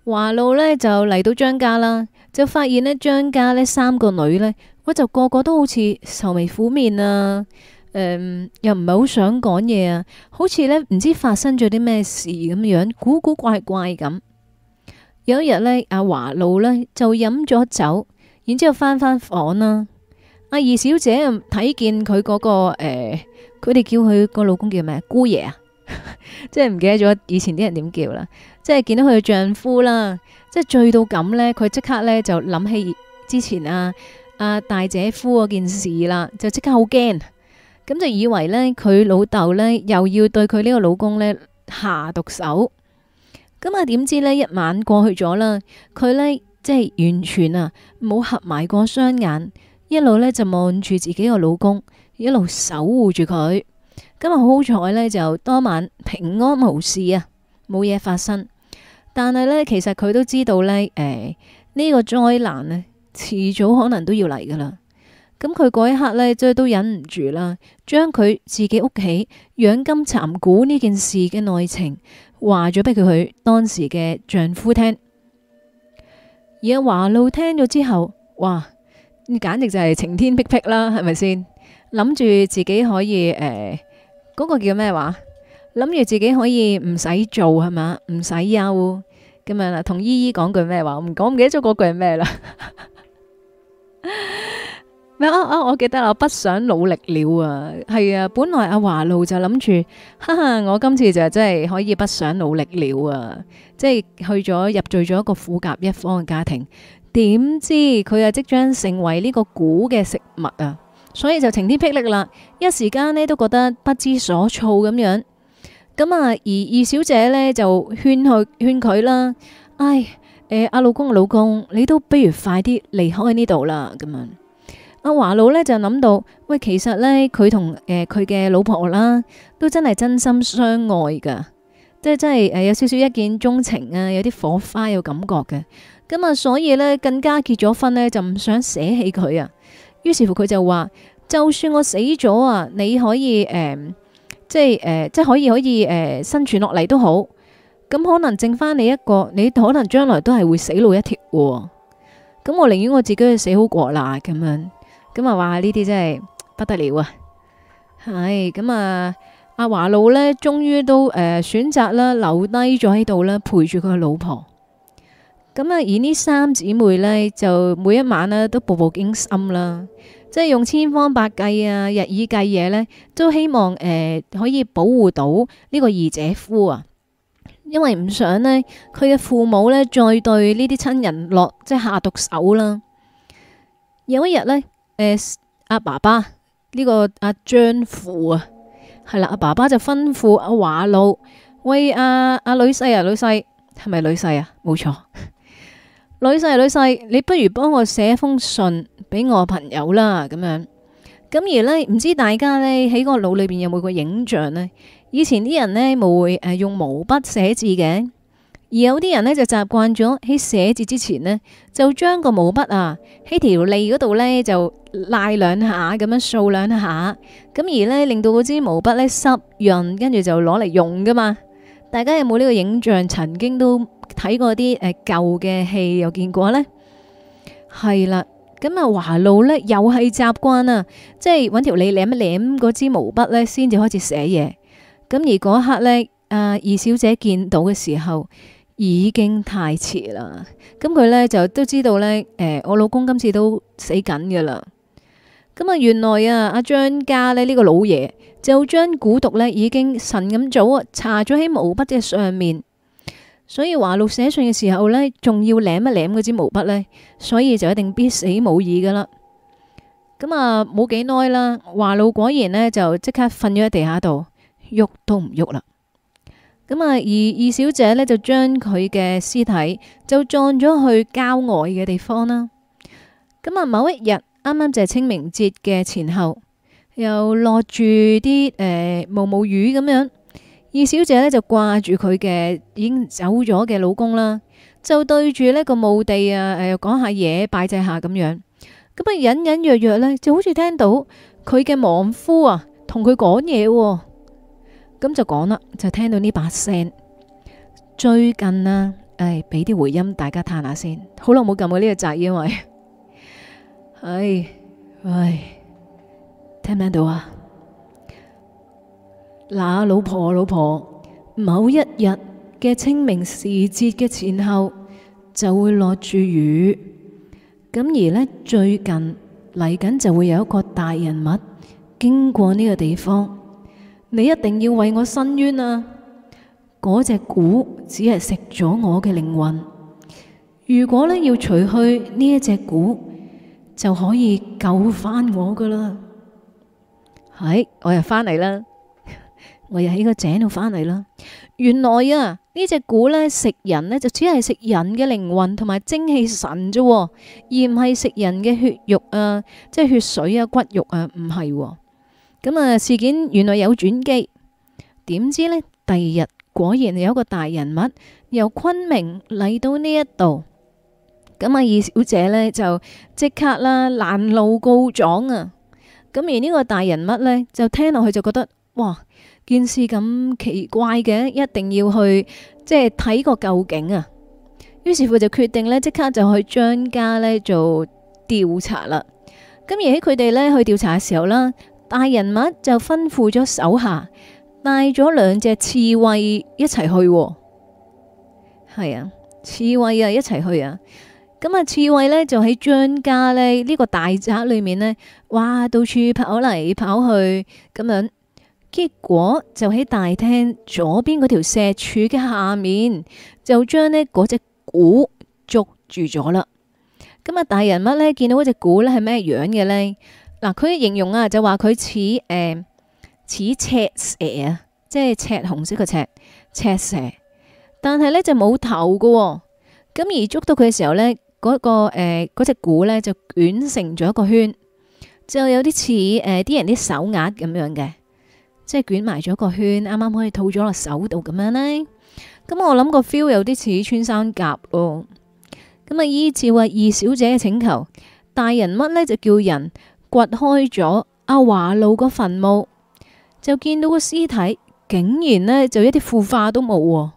華路呢就嚟到張家啦，就發現呢張家呢三個女呢，我就個個都好似愁眉苦面啊，誒、嗯，又唔係好想講嘢啊，好似呢唔知發生咗啲咩事咁樣，古古怪怪咁。有一日呢，阿華路呢就飲咗酒，然之後翻翻房啦，阿二小姐睇見佢嗰個誒，呃，佢哋叫佢個老公叫咩姑爺啊。 即係唔記得咗以前啲人點叫啦，即係見到佢嘅丈夫啦，即係醉到咁呢。佢即刻呢就諗起之前啊啊大姐夫嗰件事啦，就即刻好驚，咁就以為呢，佢老豆呢又要對佢呢個老公呢下毒手，咁啊點知呢一晚過去咗啦，佢呢即係完全啊冇合埋過雙眼，一路呢就望住自己個老公，一路守護住佢。今日好好彩呢，就當晚平安無事啊，冇嘢發生。但係呢，其實佢都知道呢，誒，呢個災難呢，遲早可能都要嚟噶啦。咁佢嗰一刻呢，即係都忍唔住啦，將佢自己屋企養金蠶蠱呢件事嘅內情話咗俾佢佢當時嘅丈夫聽。而阿華露聽咗之後，哇，簡直就係晴天霹靂啦，係咪先諗住自己可以誒？欸嗰個叫咩話？諗住自己可以唔使做係嘛，唔使休咁樣啦。同姨姨講句咩話？我唔講唔記得咗嗰句係咩啦。咩啊啊！我記得啦，我不想努力了啊，係啊。本來阿華路就諗住，哈哈，我今次就真係可以不想努力了啊。即係去咗入贅咗一個富甲一方嘅家庭，點知佢又即將成為呢個古嘅食物啊！所以就晴天霹靂啦，一時間呢都覺得不知所措咁樣。咁啊，而二小姐呢就勸佢勸佢啦。唉，誒、呃，阿老公啊，老公，你都不如快啲離開呢度啦。咁啊，阿華老呢就諗到，喂，其實呢，佢同誒佢嘅老婆啦，都真係真心相愛噶，即係真係誒、呃、有少少一見鍾情啊，有啲火花有感覺嘅。咁啊，所以呢，更加結咗婚呢，就唔想捨棄佢啊。於是乎佢就話：就算我死咗啊，你可以誒、呃，即係誒、呃，即係可以可以誒生存落嚟都好，咁可能剩翻你一個，你可能將來都係會死路一條喎。咁我寧願我自己去死好過啦。咁樣咁啊，話！呢啲真係不得了那啊。係咁啊，阿華露呢，終於都誒、呃、選擇啦，留低咗喺度啦，陪住佢老婆。咁啊，而呢三姊妹呢，就每一晚咧都步步驚心啦，即係用千方百計啊，日以繼夜呢，都希望誒、呃、可以保護到呢個二姐夫啊，因為唔想呢，佢嘅父母呢，再對呢啲親人落即係下毒手啦。有一日呢，誒、呃、阿、啊、爸爸呢、呢個阿、啊、張父啊，係啦、啊，阿、啊、爸爸就吩咐阿、啊、華佬，喂阿、啊、阿、啊、女婿啊，女婿係咪女婿啊？冇錯。女婿，女婿，你不如幫我寫封信俾我的朋友啦，咁樣。咁而呢，唔知大家呢喺個腦裏邊有冇個影像呢？以前啲人呢，冇會誒用毛筆寫字嘅，而有啲人呢，就習慣咗喺寫字之前呢，就將個毛筆啊喺條脷嗰度呢，就拉兩下咁樣掃兩下，咁而呢，令到嗰支毛筆呢濕潤，跟住就攞嚟用噶嘛。大家有冇呢個影像？曾經都睇過啲誒舊嘅戲又見過呢？係啦，咁啊華路呢又係習慣啊，即係搵條脷舐一舐嗰支毛筆呢先至開始寫嘢。咁而嗰刻呢，阿、啊、二小姐見到嘅時候已經太遲啦。咁佢呢就都知道呢，誒、呃、我老公今次都死緊噶啦。咁啊原來啊阿張家呢呢、這個老爺就將蠱毒呢已經神咁早啊搽咗喺毛筆嘅上面。所以華路寫信嘅時候呢，仲要舐一舐嗰支毛筆呢，所以就一定必死無疑噶啦。咁啊，冇幾耐啦，華路果然呢就即刻瞓咗喺地下度，喐都唔喐啦。咁啊，而二小姐呢就將佢嘅屍體就葬咗去郊外嘅地方啦。咁啊，某一日啱啱就係清明節嘅前後，又落住啲誒毛毛雨咁樣。二小姐咧就掛住佢嘅已經走咗嘅老公啦，就對住呢個墓地啊，誒，講下嘢，拜祭下咁樣，咁啊隱隱約約咧就好似聽到佢嘅亡夫啊同佢講嘢，咁就講啦，就聽到呢把聲。最近啊，誒，俾啲回音大家嘆下先，好耐冇撳過呢個掣，因為，唉，唉，聽唔聽到啊！那老婆，老婆，某一日嘅清明時節嘅前後就會落住雨。咁而呢，最近嚟緊就會有一個大人物經過呢個地方，你一定要為我伸冤啊！嗰隻蠱只係食咗我嘅靈魂。如果呢要除去呢一隻蠱，就可以救翻我噶啦。係、哎，我又返嚟啦。我又喺個井度翻嚟啦。原來啊，呢隻蠱呢，食人呢，就只係食人嘅靈魂同埋精氣神啫喎，而唔係食人嘅血肉啊，即係血水啊、骨肉啊，唔係喎。咁啊，事件原來有轉機，點知呢，第二日果然有一個大人物由昆明嚟到呢一度，咁啊，二小姐呢，就即刻啦、啊、攔路告狀啊。咁而呢個大人物呢，就聽落去就覺得哇！件事咁奇怪嘅，一定要去即係睇個究竟啊！於是乎就決定咧，即刻就去張家咧做調查啦。咁而喺佢哋咧去調查嘅時候啦，大人物就吩咐咗手下帶咗兩隻刺猬一齊去啊。係啊，刺猬啊，一齊去啊！咁啊，刺猬咧就喺張家咧呢個大宅裏面咧，哇，到處跑嚟跑去咁樣。結果就喺大廳左邊嗰條石柱嘅下面，就將呢嗰隻鼓捉住咗啦。咁啊，大人物咧見到嗰隻鼓咧係咩樣嘅咧？嗱，佢形容啊就話佢似誒似赤蛇啊，即係赤紅色嘅赤赤蛇，但係咧就冇頭㗎、哦。咁而捉到佢嘅時候咧，嗰、嗰個誒、呃、隻鼓咧就捲成咗一個圈，就有啲似誒啲人啲手鈪咁樣嘅。即係捲埋咗個圈，啱啱可以套咗落手度咁樣呢。咁我諗個 feel 有啲似穿山甲喎。咁啊，依照二小姐嘅請求，大人乜呢？就叫人掘開咗阿華路個墳墓，就見到個屍體竟然呢就一啲腐化都冇。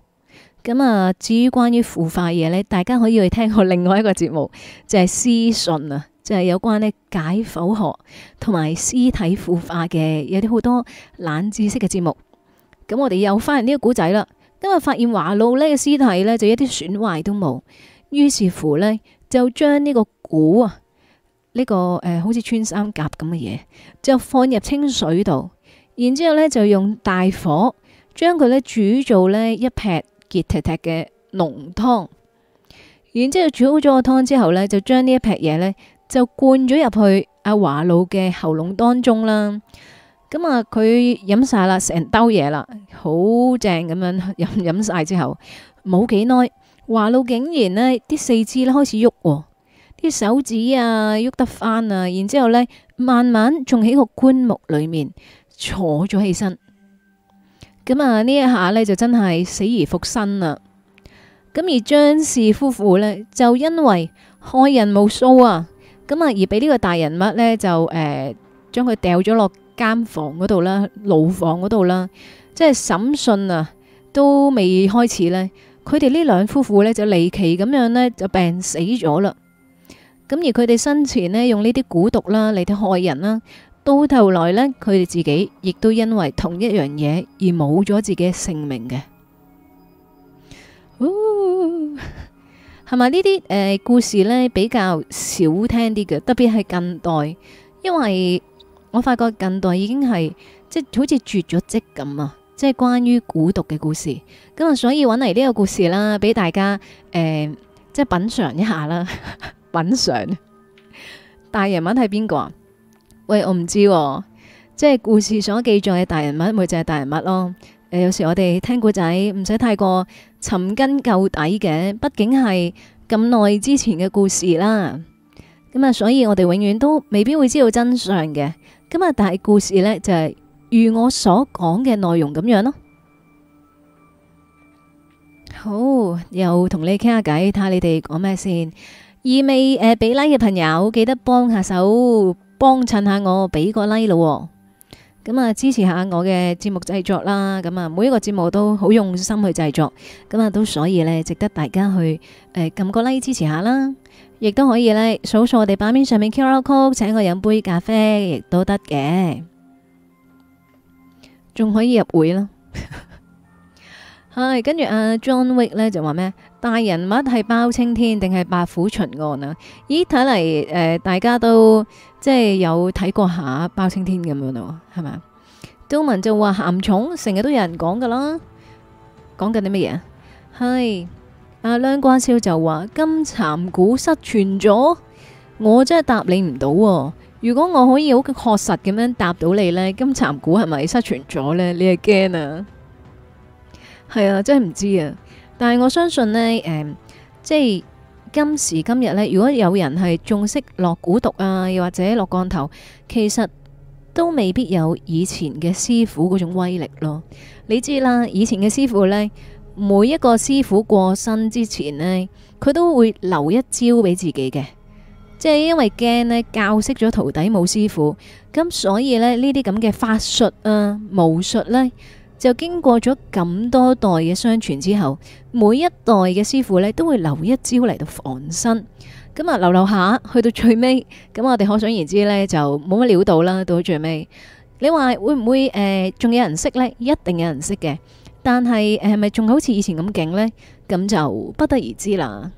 咁啊，至於關於腐化嘢呢，大家可以去聽我另外一個節目，就係「屍訊」啊。就係有關呢解剖學同埋屍體腐化嘅，有啲好多冷知識嘅節目。咁我哋又翻嚟呢個古仔啦。今日發現華路呢個屍體呢，就一啲損壞都冇。於是乎呢，就將呢個蠱啊，呢個誒好似穿山甲咁嘅嘢，就放入清水度。然之後呢，就用大火將佢呢煮做呢一劈結剔剔嘅濃湯。然之後煮好咗個湯之後呢，就將呢一劈嘢呢，就灌咗入去阿華老嘅喉嚨當中啦。咁啊，佢飲晒啦，成兜嘢啦，好正咁樣飲飲晒之後，冇幾耐，華老竟然呢啲四肢咧開始喐、哦，啲手指啊喐得翻啊。然之後呢，慢慢仲喺個棺木裏面坐咗起身。咁啊，呢一下呢，就真係死而復生啦。咁而張氏夫婦呢，就因為害人無數啊。咁啊，而俾呢個大人物呢，就誒，將佢掉咗落間房嗰度啦，牢房嗰度啦，即係審訊啊，都未開始呢。佢哋呢兩夫婦呢，就離奇咁樣呢，就病死咗啦。咁而佢哋生前呢，用呢啲蠱毒啦嚟啲害人啦，到頭來呢，佢哋自己亦都因為同一樣嘢而冇咗自己嘅性命嘅。 係咪呢啲誒故事咧比較少聽啲嘅？特別係近代，因為我發覺近代已經係即係好似絕咗跡咁啊！即係關於蠱毒嘅故事，咁啊，所以搵嚟呢個故事啦，俾大家誒、呃、即係品嚐一下啦， 品嚐大人物係邊個啊？喂，我唔知道、啊，即係故事所記載嘅大人物，咪就係、係、大人物咯。有時我哋聽故仔唔使太過尋根究底嘅，畢竟係咁耐之前嘅故事啦。咁啊，所以我哋永遠都未必會知道真相嘅。咁啊，但係故事呢，就係如我所講嘅內容咁樣咯。好，又同你傾下偈，睇下你哋講咩先。意味誒俾 Like 嘅朋友，記得幫下手，幫襯下我個、like，俾個 Like 咯。咁啊，支持下我嘅節目製作啦！咁啊，每一個節目都好用心去製作，咁啊，都所以咧，值得大家去誒撳個 like 支持下啦，亦都可以咧數數我哋版面上面 QR c o d e 請我飲杯咖啡，亦都得嘅，仲可以入會啦。 係，跟住阿、啊、John Wick 咧就話咩？大人物係包青天定係白虎巡案啊？咦，睇嚟，誒，大家都即係有睇過下包青天咁樣咯，係嘛？周文就話鹹重，成日都有人講噶啦。講緊啲乜嘢啊？係阿梁關超就話金蠶蠱失傳咗，我真係答你唔到喎。如果我可以好確實咁樣答到你呢，金蠶蠱係咪失傳咗呢？你係驚啊？係啊，真係唔知啊！但係我相信呢，誒、嗯，即係今時今日呢，如果有人係仲識落蠱毒，啊，又或者落降頭，其實都未必有以前嘅師傅嗰種威力咯。你知啦，以前嘅師傅呢，每一個師傅過身之前呢，佢都會留一招俾自己嘅，即係因為驚呢教識咗徒弟冇師傅，咁所以呢，呢啲咁嘅法術啊、巫術呢。就經過咗咁多代嘅相傳之後，每一代嘅師傅呢都會留一招嚟到防身，咁、嗯、啊留留下去到最尾，咁、嗯、我哋可想而知呢，就冇乜料到啦，到最尾，你話會唔會誒仲、呃、有人識呢？一定有人識嘅，但係誒係咪仲好似以前咁勁呢？咁就不得而知啦。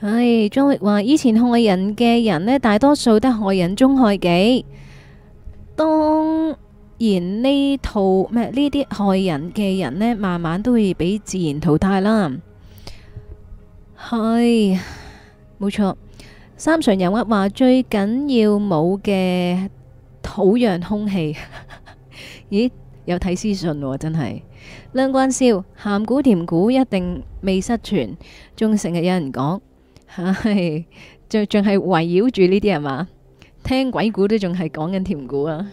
唉、哎，張力話以前控害人嘅人呢，大多數都係害人中害己。當然呢套咩呢啲害人嘅人呢，慢慢都會俾自然淘汰啦。係，冇錯。三上人物話最緊要冇嘅土壤空氣。 咦？有睇私信喎，真係。梁關少鹹古甜古一定未失傳，仲成日有人講，唉，仲仲係圍繞住呢啲係嘛？聽鬼故都仲係講緊甜故啊，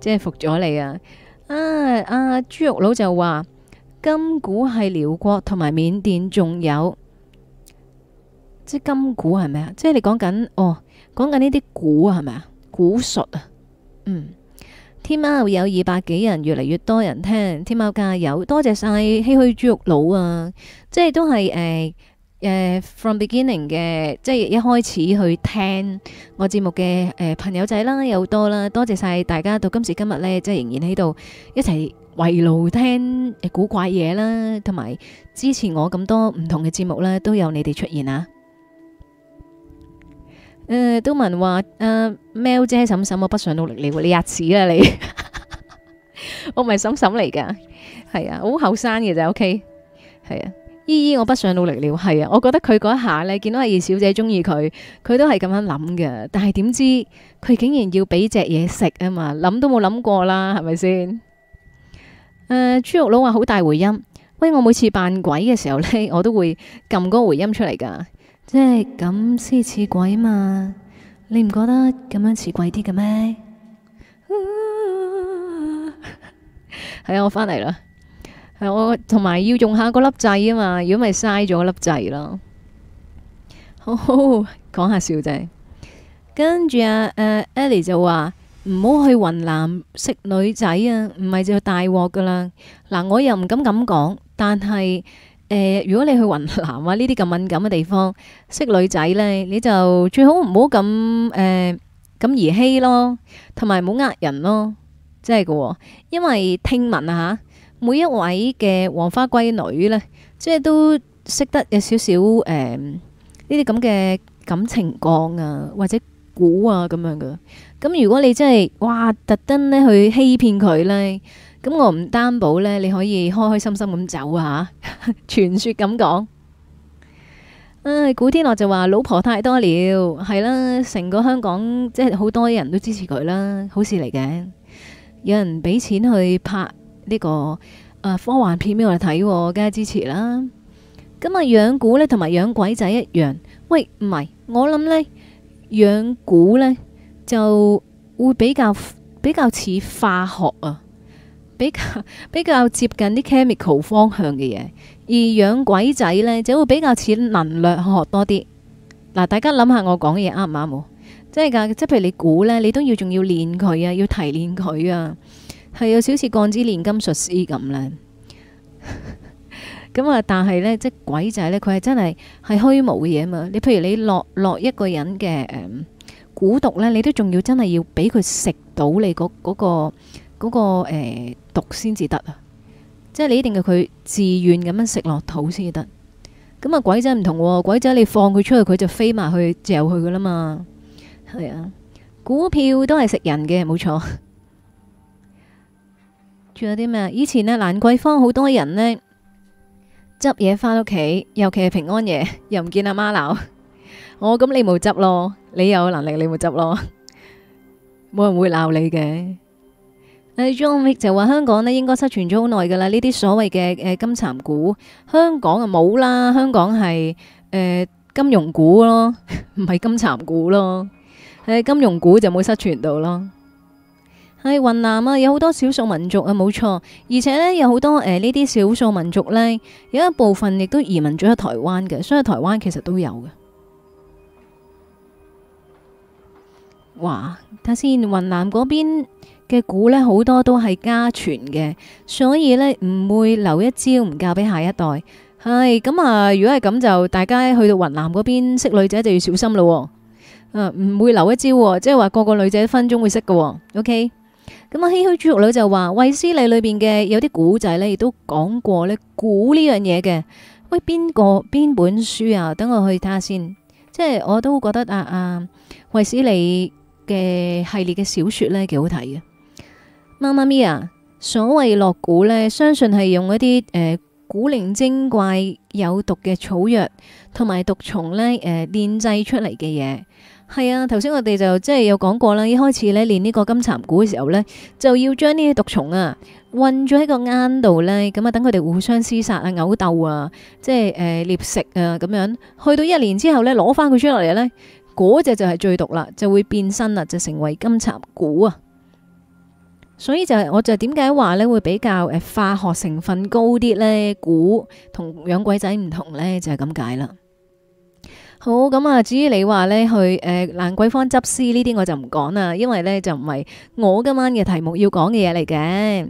即係服咗你啊！啊啊！豬肉佬就話金蠱係寮國、同埋緬甸，仲有即係金蠱係咪啊？即係你講緊哦，講緊呢啲蠱係咪啊？蠱術啊。嗯，天貓會有二百幾人，越嚟越多人聽天貓加油，多謝晒唏噓豬肉佬啊！即係都係誒。呃誒，from beginning 嘅，即係一開始去聽我節目嘅誒朋友仔啦，有好多啦，多謝晒大家到今時今日咧，即係仍然喺度一齊圍爐聽古怪嘢啦，同埋支持我咁多唔同嘅節目啦，都有你哋出現啊！誒，都文話誒，喵姐嬸嬸，我不想努力了，你吔屎啦你！我唔係嬸嬸嚟㗎，係啊，好後生嘅就，OK，係啊。姨姨，依依我不想努力了，係啊，我覺得佢嗰下咧，見到二小姐中意佢，佢都係咁樣諗嘅。但係點知佢竟然要俾隻嘢食啊嘛，諗都冇諗過啦，係咪先？誒、呃，豬肉佬話好大回音，喂，我每次扮鬼嘅時候呢，我都會撳個回音出嚟噶，即係咁先似鬼嘛，你唔覺得咁樣似鬼啲嘅咩？係 啊，我翻嚟啦。係我同埋要用下嗰粒掣啊嘛，如果咪嘥咗嗰粒掣咯。好好講下笑仔。跟住啊，誒，Ellie 就話唔好去雲南識女仔啊，唔係就大鑊噶啦。嗱，我又唔敢咁講，但係誒，如果你去雲南啊呢啲咁敏感嘅地方識女仔呢，你就最好唔好咁誒咁兒戲咯，同埋冇呃人咯，真係噶。因為聽聞啊吓。每一位嘅黃花閨女呢，即係都識得有少少誒呢啲咁嘅感情講啊，或者鼓啊咁樣嘅。咁如果你真係哇特登咧去欺騙佢呢，咁我唔擔保呢，你可以開開心心咁走啊！哈，傳説咁講。唉、啊，古天樂就話老婆太多了，係啦，成個香港即係好多人都支持佢啦，好事嚟嘅。有人俾錢去拍。呢、這個、呃、科幻片俾我哋睇、哦，梗係支持啦。咁啊，養蠱呢，同埋養鬼仔一樣。喂，唔係，我諗呢養蠱呢就會比較比較似化學啊，比較比較接近啲 chemical 方向嘅嘢。而養鬼仔呢，就會比較似能量學多啲。嗱，大家諗下我講嘢啱唔啱？真係㗎，即係、啊、譬如你蠱呢，你都要仲要練佢啊，要提煉佢啊。係有少少似鋼之煉金術師咁呢。咁啊，但係呢，即鬼仔呢，佢係真係係虛無嘅嘢啊嘛！你譬如你落落一個人嘅誒、嗯、蠱毒呢，你都仲要真係要俾佢食到你嗰、嗰、嗰個、嗰個嗰個欸、毒先至得啊！即係你一定要佢自願咁樣食落肚先至得。咁啊，鬼仔唔同喎、啊，鬼仔你放佢出去，佢就飛埋去嚼佢噶啦嘛。係啊，股票都係食人嘅，冇錯。仲有啲咩？以前呢，蘭桂坊好多人呢執嘢翻屋企，尤其係平安夜，又唔見阿媽鬧我。咁、哦嗯、你冇執咯，你有能力你冇執咯，冇人會鬧你嘅。誒、呃、John、Wick、就話香港呢應該失傳咗好耐噶啦，呢啲所謂嘅誒金蠶股，香港啊冇啦，香港係誒、呃、金融股咯，唔 係金蠶股咯，誒、呃、金融股就冇失傳到咯。係雲南啊，有好多少數民族啊，冇錯。而且呢，有好多誒呢啲少數民族呢，有一部分亦都移民咗喺台灣嘅，所以台灣其實都有嘅。哇，睇先雲南嗰邊嘅鼓呢，好多都係家傳嘅，所以呢唔會留一招唔教俾下一代。係、哎、咁啊，如果係咁就大家去到雲南嗰邊識女仔就要小心咯。誒、呃，唔會留一招，即係話個個女仔分鐘會識噶。OK。咁啊，唏噓豬肉女就話，衛斯理裏邊嘅有啲古仔呢亦都講過咧，蠱呢樣嘢嘅。喂，邊個邊本書啊？等我去睇下先。即係我都覺得啊啊，衛斯理嘅系列嘅小說呢幾好睇嘅。媽媽咪啊，所謂落蠱呢，相信係用一啲誒、呃、古靈精怪有毒嘅草藥同埋毒蟲呢誒煉製出嚟嘅嘢。係啊，頭先我哋就即係有講過啦，一開始呢，練呢個金蠶蠱嘅時候呢，就要將呢啲毒蟲啊混咗喺個罌度呢。咁啊等佢哋互相廝殺偶、呃、啊、毆鬥啊，即係誒獵食啊咁樣，去到一年之後呢，攞翻佢出嚟呢，嗰、那、隻、個、就係最毒啦，就會變身啦，就成為金蠶蠱啊。所以就係、是、我就點解話呢會比較誒化學成分高啲呢？蠱同養鬼仔唔同呢，就係、是、咁解啦。好噉啊！至於你話呢去誒蘭桂坊執屍呢啲，我就唔講啦，因為呢就唔係我今晚嘅題目要講嘅嘢嚟嘅。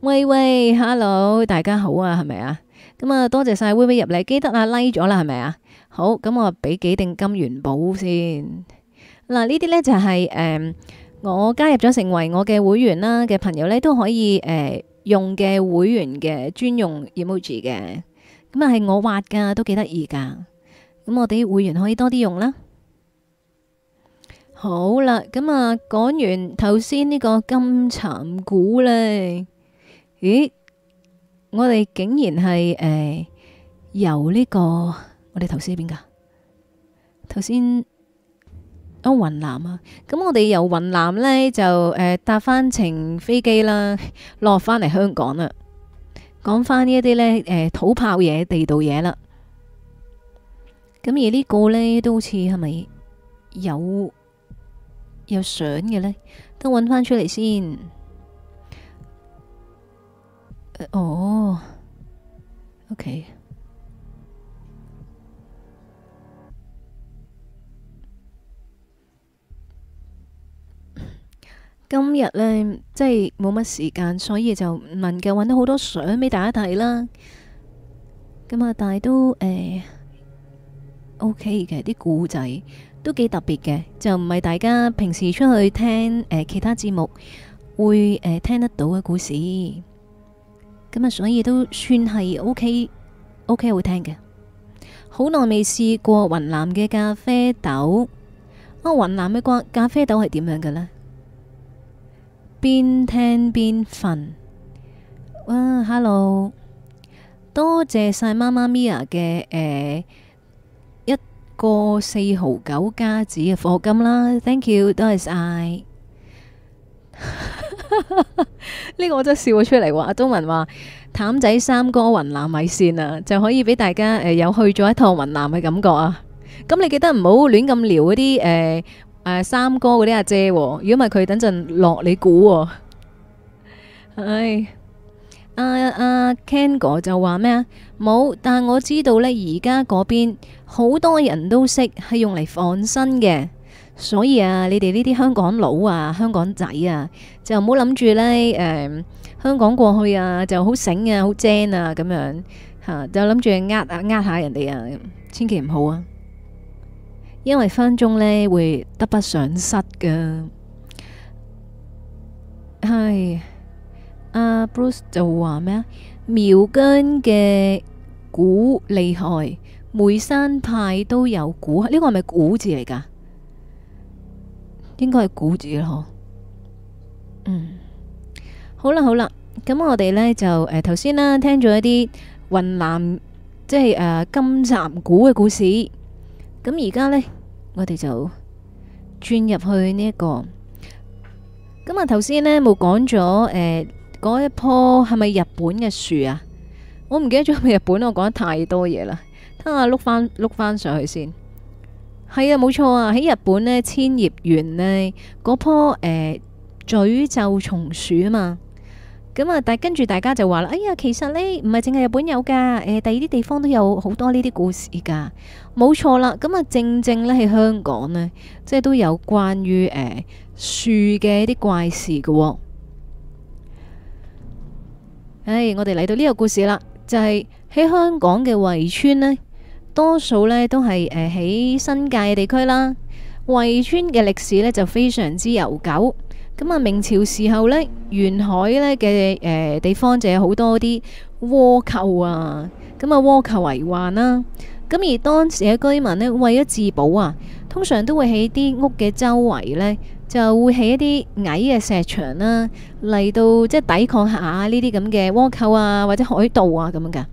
喂喂，Hello，大家好啊，係咪啊？咁啊，多謝晒威威入嚟，記得啊 like 咗啦，係咪啊？好，咁我俾幾錠金元寶先。嗱，呢啲呢就係誒我加入咗成為我嘅會員啦嘅朋友呢都可以誒用嘅會員嘅專用 emoji 嘅。咁啊係我畫㗎，都幾得意㗎。咁我哋會員可以多啲用啦。好啦，咁啊，講完頭先呢個金蠶蠱呢，咦，我哋竟然係誒、呃、由呢、呢個我哋頭先邊㗎，頭先哦，雲南啊，咁我哋由雲南呢，就誒、呃、搭翻程飛機啦，落翻嚟香港啦，講翻呢一啲呢，誒、呃、土炮嘢、地道嘢啦。咁而呢個呢都好似係咪有有相嘅呢？等搵翻出嚟先。哦，OK。今日呢即係冇乜時間，所以就唔能夠搵到好多相俾大家睇啦。咁啊，但係都誒。O K 嘅，啲、okay、故仔都幾特別嘅，就唔係大家平時出去聽誒、呃、其他節目會誒、呃、聽得到嘅故事。咁啊，所以都算係 O K O K 會聽嘅。好耐未試過雲南嘅咖啡豆。啊，雲南嘅瓜咖啡豆係點樣嘅呢？邊聽邊瞓。哇，Hello，多謝晒媽媽咪啊嘅誒。呃個四毫九加紙嘅貨金啦，thank you，多謝晒。呢個我真係笑咗出嚟喎。阿東文話：譚仔三哥雲南米線啊，就可以俾大家誒、呃、有去咗一趟雲南嘅感覺啊。咁你記得唔好亂咁撩嗰啲誒誒三哥嗰啲阿姐、啊，如果唔係佢等陣落你蠱喎、啊。唉。啊啊，Ken 哥就話咩啊？冇，啊，但係我知道呢而家嗰邊好多人都識係用嚟放生嘅，所以啊，你哋呢啲香港佬啊，香港仔啊，就唔好諗住呢誒，香港過去啊就好醒啊，好精啊咁樣吓，啊，就諗住呃啊呃下人哋啊，千祈唔好啊，因為返中呢會得不償失嘅，唉。阿 Bruce 就話咩啊？苗疆嘅蠱厲害，梅山派都有蠱。呢個係咪蠱字嚟㗎？應該係蠱字囉。嗯，好啦好啦，咁我哋呢就誒頭先啦，聽咗一啲雲南即係誒金蠶蠱嘅故事。咁而家呢，我哋就轉入去呢一個。咁啊，頭先呢冇講咗誒。嗰一棵，係咪日本嘅樹啊？我唔記得咗係咪日本，我講得太多嘢啦，等下碌翻碌翻上去先。係啊，冇錯啊，喺日本呢，千葉園呢，嗰棵誒、呃、詛咒松樹啊嘛。咁啊，但跟住大家就話啦，哎呀，其實呢，唔係淨係日本有噶，誒、呃，第二啲地方都有好多呢啲故事噶。冇錯啦，咁啊正正呢，喺香港呢，即係都有關於誒樹嘅一啲怪事噶，哦。唉，hey, 我哋嚟到呢個故事啦，就係、是，喺香港嘅圍村呢，多數呢都係誒喺新界地區啦。圍村嘅歷史呢就非常之悠久。咁啊，明朝時候呢，沿海呢嘅誒地方就有好多啲倭寇啊，咁啊倭寇為患啦，啊。咁而當時嘅居民呢，為咗自保啊，通常都會喺啲屋嘅周圍呢。就會起一啲矮嘅石牆啦，嚟到即係、就是、抵抗下呢啲咁嘅倭寇啊，或者海盜啊咁樣噶。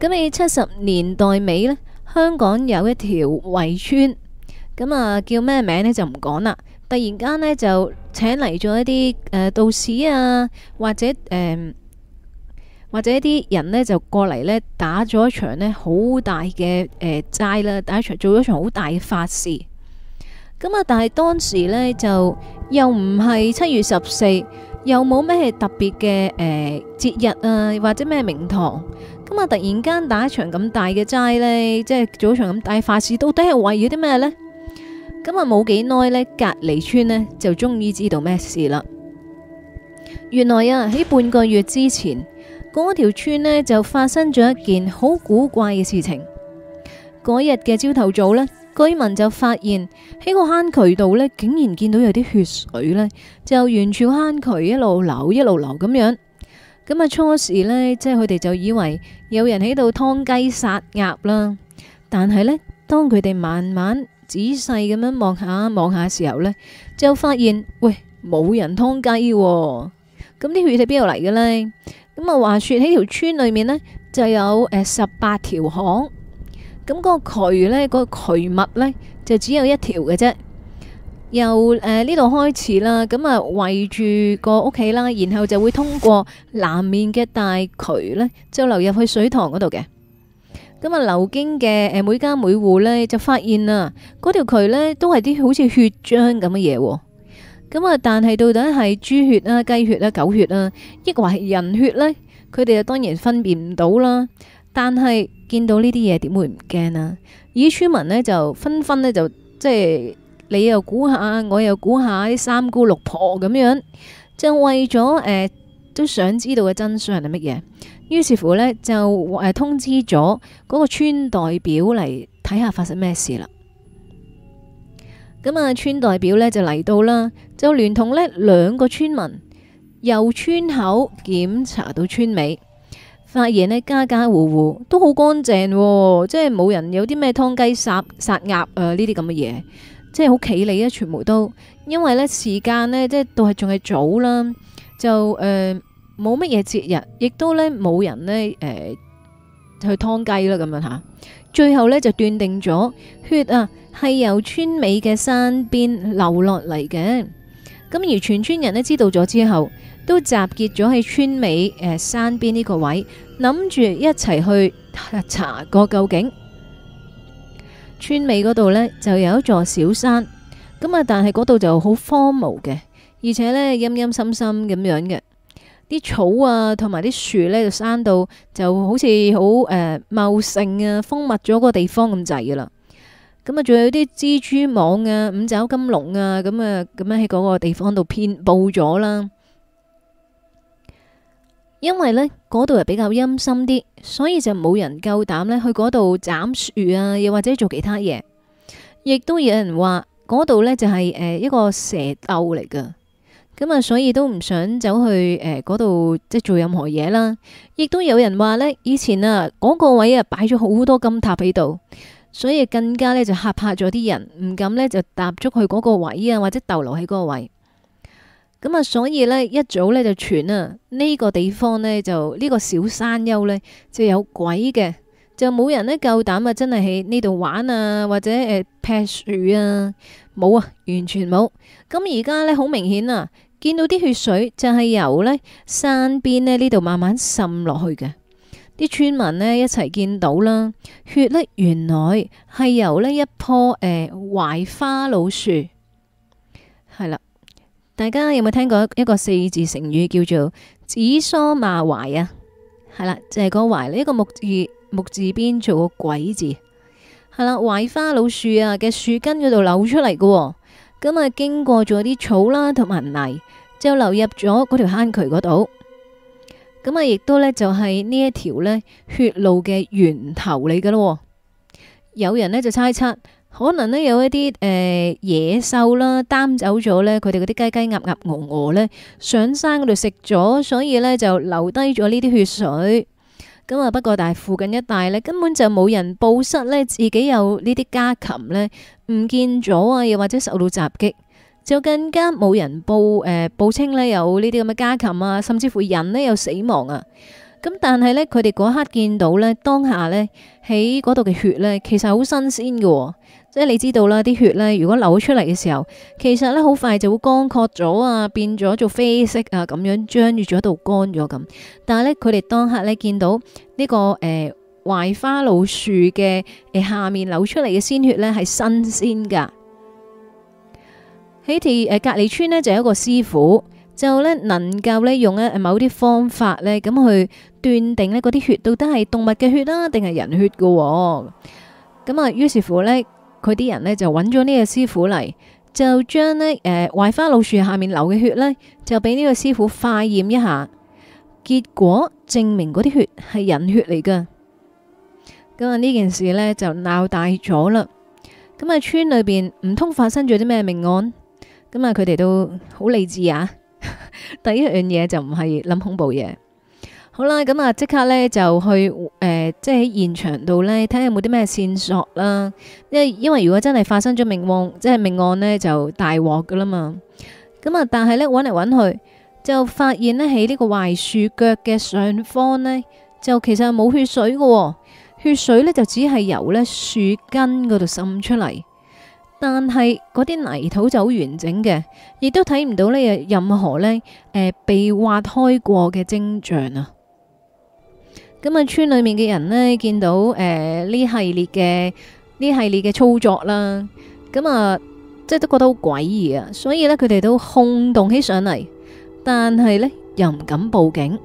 咁喺七十年代尾呢，香港有一條圍村，咁啊叫咩名呢？就唔講啦。突然間呢，就請嚟咗一啲誒、呃、道士啊，或者誒、呃、或者一啲人呢，就過嚟呢打咗場呢好大嘅誒齋啦，打了一場，很大的、呃、打了一場做咗場好大嘅法事。咁啊！但係當時呢，就又唔係七月十四，又冇咩特別嘅誒節日啊，或者咩名堂。咁、嗯、啊，突然間打一場咁大嘅齋呢，即係做場咁大法事，到底係為咗啲咩呢？咁、嗯、啊，冇幾耐呢，隔籬村呢，就終於知道咩事啦。原來啊，喺半個月之前，嗰條村呢，就發生咗一件好古怪嘅事情。嗰日嘅朝頭早呢。居民就發現喺個坑渠度咧，竟然見到有啲血水呢，就沿住坑渠一路流一路流咁樣。咁啊初時呢，即係佢哋就以為有人喺度劏雞殺鴨啦。但係呢，當佢哋慢慢仔細咁樣望下望下嘅時候呢，就發現喂，冇人劏雞喎，啊。咁啲血係邊度嚟嘅呢？咁啊話説喺條村裏面呢，就有十八條巷。咁嗰個渠呢，嗰、嗰個渠物呢，就只有一條嘅啫，由呢度、呃、開始啦，咁啊圍住個屋企啦，然後就會通過南面嘅大渠呢，就流入去水塘嗰度嘅。咁啊流經嘅每家每戶呢，就發現啊嗰條渠呢，都係啲好似血漿咁嘅嘢。咁啊，但係到底係豬血啦、雞血啦、狗血啦、啊，抑或係人血呢？佢哋就當然分辨唔到啦，但係。見到呢啲嘢，點會唔驚啊？而村民呢，就紛紛呢，就即係你又估下，我又估下啲三姑六婆咁樣，就為咗誒、呃、都想知道嘅真相係乜嘢。於是乎呢，就誒通知咗嗰個村代表嚟睇下發生咩事啦。咁啊，村代表呢，就嚟到啦，就連同呢兩個村民由村口檢查到村尾。發現呢，家家戶戶都好乾淨，即係冇人有啲咩湯雞殺殺鴨啊呢啲咁嘅嘢，即係好企理啊，全部都。因為呢時間呢，即係都係仲係早啦，就誒冇乜嘢節日，亦都呢冇人呢誒、呃、去湯雞啦咁樣吓。最後呢，就斷定咗血啊係由村尾嘅山邊流落嚟嘅。咁而全村人呢，知道咗之後。都集結咗喺村尾誒、呃、山邊呢個位置，諗住一齊去、啊、查個究竟。村尾嗰度呢，就有一座小山，咁啊，但係嗰度就好荒蕪嘅，而且呢，陰陰森森咁樣嘅。啲草啊，同埋啲樹呢，就生到就好似好誒茂盛啊，封密咗嗰個地方咁滯噶啦。咁啊，仲有啲蜘蛛網啊、五爪金龍啊，咁啊咁樣喺嗰個地方度遍佈咗啦。因為呢嗰度係比較陰森啲，所以就冇人夠膽咧去嗰度斬樹啊，又或者做其他嘢。亦都有人話嗰度呢就係誒一個蛇竇嚟噶，咁啊所以都唔想走去誒嗰度即係做任何嘢啦。亦都有人話呢，以前啊嗰個位啊擺咗好多金塔喺度，所以更加呢就嚇怕咗啲人，唔敢呢就踏足去嗰個位啊，或者逗留喺嗰個位。咁啊、嗯，所以呢，一早呢就傳啊呢個地方呢，就、這、呢個小山丘呢，就有鬼嘅，就冇人呢夠膽啊！真係喺呢度玩啊，或者誒、呃、劈樹啊，冇啊，完全冇。咁而家呢，好明顯啊，見到啲血水就係由呢山邊呢呢度慢慢滲落去嘅。啲村民呢，一齊見到啦，血呢，原來係由呢一棵誒槐、呃、花老樹係啦。大家有冇聽過一個四字成語叫做指桑罵槐啊？係啦，就係嗰槐呢一個木字木字邊做個鬼字，係啦，槐花老樹啊嘅樹根嗰度扭出嚟嘅，哦，咁啊經過咗啲草啦同埋泥，就流入咗嗰條坑渠嗰度，咁啊亦都呢，就係呢一條呢血路嘅源頭嚟噶咯。有人呢，就猜測。可能呢，有一啲誒、呃、野獸啦擔走咗呢佢哋嗰啲雞雞鴨鴨鵝鵝呢，上山嗰度食咗，所以呢就留低咗呢啲血水。咁啊，不過但係附近一帶呢，根本就冇人報失呢，自己有呢啲家禽呢，唔見咗啊，又或者受到襲擊，就更加冇人報誒、呃、報稱呢，有呢啲咁嘅家禽啊，甚至乎人呢，又死亡啊。咁但係呢，佢哋嗰刻見到呢，當下呢，喺嗰度嘅血呢，其實好新鮮嘅。即係你知道啦，啲血咧，如果流出嚟嘅時候，其實咧好快就會乾涸咗啊，變咗做啡色啊，咁樣張住咗度乾咗咁。但係咧，佢哋當刻咧見到呢、這個誒、呃、槐花老樹嘅下面流出嚟嘅鮮血咧係新鮮噶。喺條誒隔離村咧就有一個師傅，就咧能夠咧用咧某啲方法咧咁去斷定咧嗰啲血到底係動物嘅血啦、啊，定係人血噶咁啊。於是乎咧。佢啲人呢，就揾咗呢個師傅嚟，就將呢誒槐花老樹下面流嘅血呢，就俾呢個師傅化驗一下，結果證明嗰啲血係人血嚟噶。咁啊呢件事呢，就鬧大咗啦。咁啊，村裏邊唔通發生咗啲咩命案？咁啊，佢哋都好理智啊。 第一樣嘢就唔係諗恐怖嘢。好啦，咁啊，呃，即刻呢就去誒，即係喺現場度呢睇下有冇啲咩線索啦。因因為如果真係發生咗命案，即係命案呢就大鑊噶啦嘛。咁啊，但係呢，揾嚟揾去就發現呢，喺呢個槐樹腳嘅上方呢，就其實冇血水嘅哦。血水呢就只係由呢樹根嗰度滲出嚟，但係嗰啲泥土就好完整嘅，亦都睇唔到呢有任何呢誒、呃，被挖開過嘅徵象啊。咁啊，村裏面嘅人咧見到誒呢系列嘅呢系列嘅操作啦，咁啊，即係都覺得好詭異啊。所以咧，佢哋都轟動起上嚟，但係咧又唔敢報警。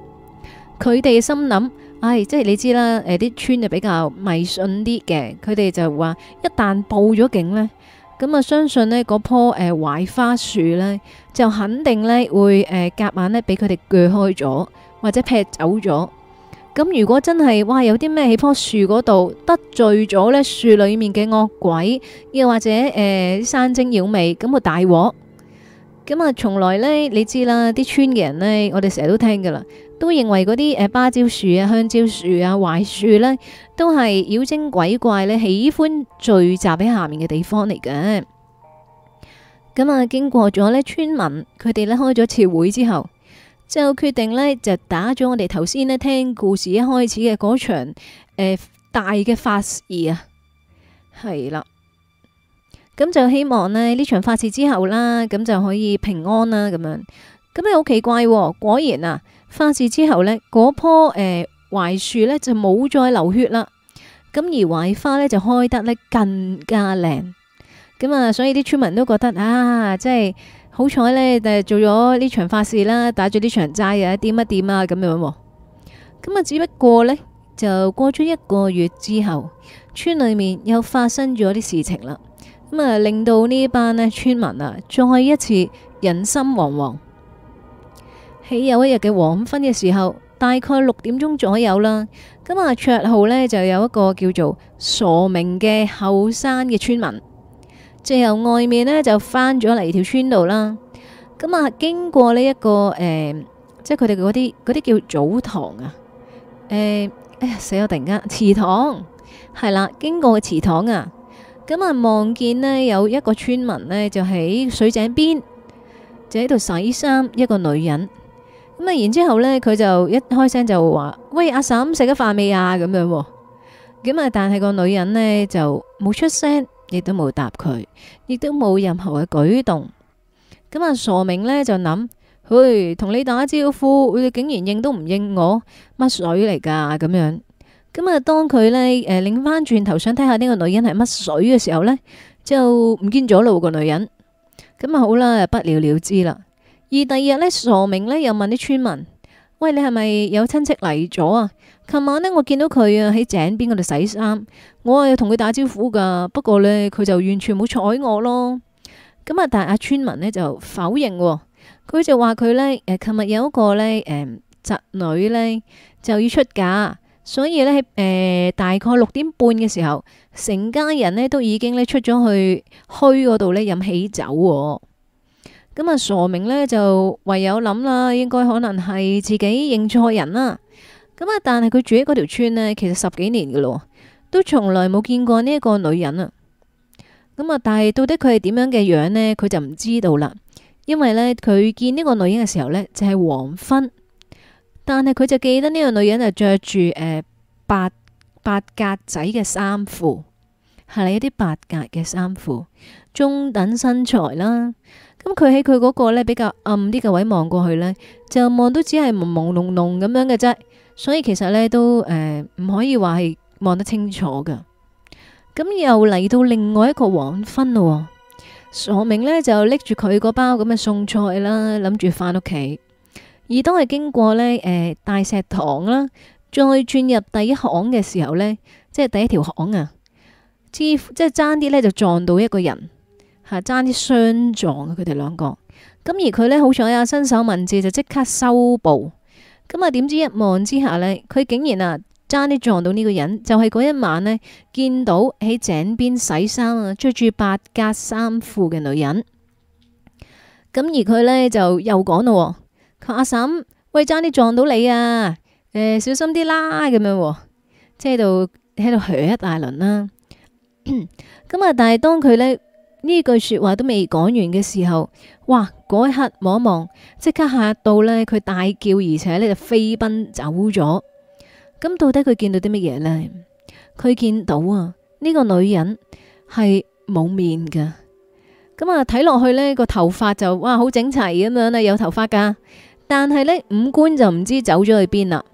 佢哋心諗，唉，即係你知啦，誒，啲村就比較迷信啲嘅。佢哋就話，一旦報咗警咧，咁啊，相信咧，嗰棵誒槐花樹咧，就肯定咧會誒夾硬咧，俾佢哋鋸開咗，或者劈走咗。咁如果真係哇，有啲咩喺樖樹嗰度得罪咗呢樹裏面嘅惡鬼，又或者誒、呃、山精妖魅，咁啊，大鑊。咁啊，從來呢，你知啦，啲村嘅人呢，我哋成日都聽噶啦，都認為嗰啲誒芭蕉樹啊、香蕉樹啊、槐樹呢，都係妖精鬼怪呢，喜歡聚集喺下面嘅地方嚟嘅。咁啊，經過咗呢，村民佢哋呢，開咗次會之後。就決定呢，就打咗我哋頭先呢，聽故事一開始嘅嗰場誒、呃、大嘅法事啊，係啦，咁就希望呢，呢場法事之後啦，咁就可以平安啦咁樣。咁咧好奇怪，哦，果然啊，法事之後呢，嗰棵誒槐樹呢就冇再流血啦，咁而槐花呢，就開得呢更加靚，咁啊，所以啲村民都覺得啊，即係。好彩呢，就係做咗呢場法事啦，打咗呢場齋啊，掂一掂啊，咁樣。咁啊，只不過呢，就過咗一個月之後，村裏面又發生咗啲事情啦。咁啊，令到呢班咧村民啊，再一次人心惶惶。喺有一日嘅黃昏嘅時候，大概六點鐘左右啦。咁啊，綽號呢，就有一個叫做傻明嘅後生嘅村民。最後外面呢，就翻咗嚟條村度啦，咁啊經過呢一個誒、欸，即係佢哋嗰啲啲叫澡堂啊，誒、欸，哎呀死咗突然間祠堂係啦，經過個祠堂啊，咁啊望見呢，有一個村民呢，就喺水井邊就喺度洗衫，一個女人咁啊，然之後呢佢就一開聲就話：，喂，阿嬸食咗飯未啊？咁樣、哦，咁啊但係個女人呢，就冇出聲。亦都冇答佢，亦都冇任何嘅舉動。咁啊，傻明呢就諗：，去，同你打招呼，佢竟然應都唔應我，乜水嚟噶？咁樣。咁啊，當佢呢誒擰翻轉頭想睇下呢個女人係乜水嘅時候呢，就唔見咗路個女人。咁、嗯、啊好啦，不了了之啦。而第二日呢，傻明呢又問啲村民：，喂，你係咪有親戚嚟咗啊？琴晚咧，我見到佢啊喺井邊嗰度洗衫，我啊同佢打招呼噶，不過呢，佢就完全冇睬我咯。咁啊，但係阿村民呢就否認。哦，佢就話佢呢，誒，琴日有一個呢誒、嗯、侄女呢就要出嫁，所以咧誒、呃、大概六點半嘅時候，成家人呢都已經咧出咗去墟嗰度呢飲喜酒。咁、嗯、啊，傻明呢就唯有諗啦，應該可能係自己認錯人啦。咁啊、嗯！但係佢住喺嗰條村呢，其實十幾年噶咯，都從來冇見過呢一個女人啊！咁、嗯、啊，但係到底佢係點樣嘅樣呢？佢就唔知道啦。因為呢，佢見呢個女人嘅時候呢，就係、是、黃昏。但係佢就記得呢個女人係着住誒白白格仔嘅衫褲，係一啲白格嘅衫褲，中等身材啦。咁佢喺佢嗰個呢比較暗啲嘅位望過去呢，就望到只係朦朦朧朧咁樣嘅啫。所以其實呢，都誒唔、呃、可以話係望得清楚噶，咁又嚟到另外一個黃昏咯，傻明呢，就拎住佢個包咁嘅送菜啦，諗住返屋企。而當係經過呢誒、呃、大石塘啦，再轉入第一巷嘅時候呢，即係第一條巷啊，之即係爭啲呢，就撞到一個人，吓爭啲相撞啊，佢哋兩個。咁而佢呢，好彩啊，身手敏捷就即刻收步。咁啊！點知一望之下咧，佢竟然啊，爭啲撞到呢個人，就係嗰一晚咧，見到喺井邊洗衫啊，著住八格衫褲嘅女人。咁而佢咧就又講咯，佢話阿嬸，喂，爭啲撞到你啊！誒，小心啲啦，咁樣喎，即係度喺度噓一大輪啦。咁啊， 但係當佢咧，呢句說話都未講完嘅時候，哇！嗰一刻望一望，即刻吓到呢。佢大叫，而且呢就飛奔走咗。咁到底佢見到啲乜嘢呢？佢見到啊，呢個女人係冇面噶。咁啊，睇落去呢個頭髮就哇好整齊咁樣咧，有頭髮噶，但係呢五官就唔知走咗去邊啦，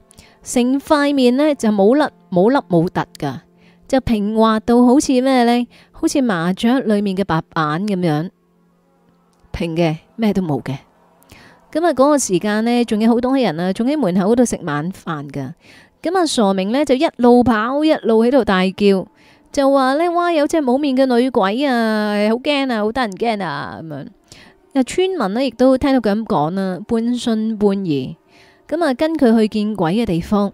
成塊面呢，就冇甩，冇粒冇突噶。就平滑到好似咩呢？好似麻雀裏面嘅白板咁樣平嘅，咩都冇嘅。咁啊，嗰個時間呢，仲有好多人啊，仲喺門口嗰度食晚飯噶。咁啊，傻明呢，就一路跑，一路喺度大叫，就話呢：「哇，有隻冇面嘅女鬼啊，好驚啊，好得人驚啊咁樣。」啊，村民呢亦都聽到佢咁講啊，半信半疑。咁啊，跟佢去見鬼嘅地方。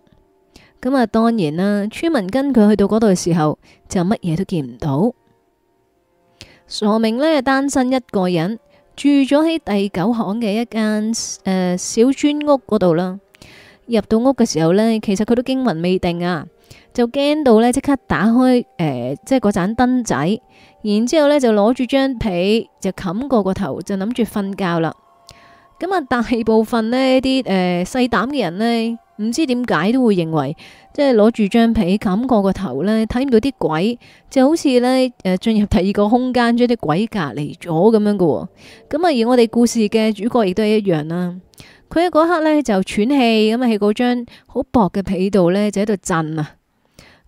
咁啊，當然啦、啊，村民跟佢去到嗰度嘅時候，就乜嘢都見唔到，傻明呢，單身一個人住咗喺第九巷嘅一間誒、呃、小磚屋嗰度啦。入到屋嘅時候呢，其實佢都驚魂未定啊，就驚到呢即刻打開誒，即係嗰盞燈仔，然之後呢就攞住張被就冚過個頭，就諗住瞓覺啦。咁啊，大部分呢啲誒、呃、細膽嘅人呢。唔知點解都會認為，即係攞住張被冚過個頭呢，睇唔到啲鬼，就好似呢誒進入第二個空間將啲鬼隔離咗咁樣噶。咁啊，而我哋故事嘅主角亦都係一樣啦。佢喺嗰刻呢就喘氣，咁喺嗰張好薄嘅被度呢，就喺度震啊。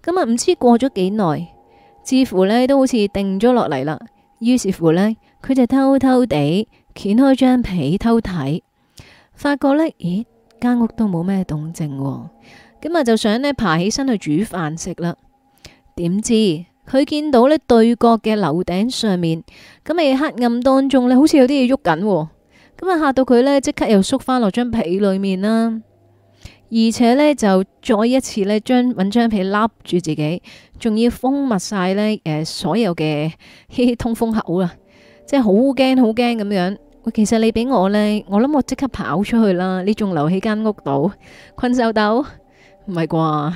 咁啊，唔知過咗幾耐，似乎呢都好似定咗落嚟啦。於是乎呢，佢就偷偷地掀開張被偷睇，發覺呢。咦？間屋都冇咩動靜，咁啊就想呢爬起身去煮飯食啦。點知佢見到呢對角嘅樓頂上面，咁你黑暗當中呢好似有啲嘢喐緊，咁啊吓到佢呢即刻又縮翻落張被裏面啦。而且呢就再一次呢將搵張被笠住自己，仲要封密晒呢誒，所有嘅啲 通風口啦，即係好驚好驚咁樣。我其實你俾我咧，我諗我即刻跑出去啦！你仲留喺間屋度困獸鬥，唔係啩？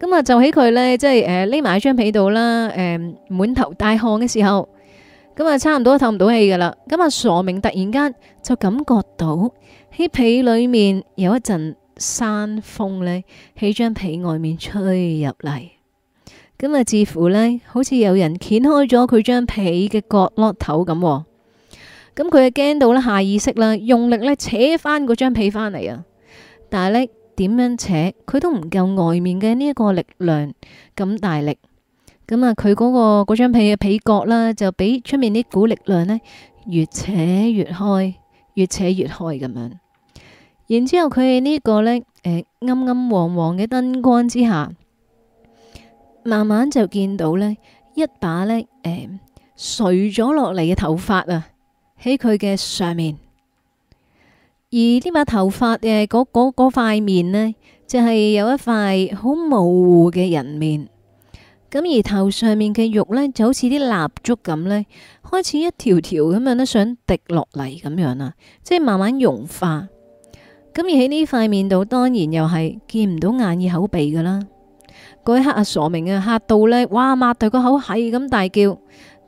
咁啊，就喺佢咧，即係誒，匿埋喺張被度啦，誒，滿頭大汗嘅時候，咁啊，差唔多透唔到氣噶啦。咁啊，傻明突然間就感覺到喺被裏面有一陣山風咧，喺張被外面吹入嚟。咁啊，似乎咧，好似有人掀開咗佢張被嘅角落頭咁。咁佢就驚到咧，下意識啦，用力咧扯翻嗰張被翻嚟啊！但係咧點樣扯，佢都唔夠外面嘅呢一個力量咁大力。咁啊、那個，佢嗰個嗰張被嘅被角啦，就俾出面呢股力量咧越扯越開，越扯越開咁樣。然之後佢喺呢個咧，誒、呃、暗暗黃黃嘅燈光之下，慢慢就見到咧一把咧誒、呃、垂咗落嚟嘅頭髮啊！喺佢嘅上面，而呢把頭髮嘅嗰嗰塊面呢，就係有一塊好模糊嘅人面。咁而頭上面嘅肉呢，就好似啲蠟燭咁呢，開始一條條咁樣咧，想滴落嚟咁樣啦，即係慢慢融化。咁而喺呢塊面度，當然又係見唔到眼耳口鼻噶啦。嗰一刻阿傻明啊，嚇到呢，哇，擘大個口係咁大叫。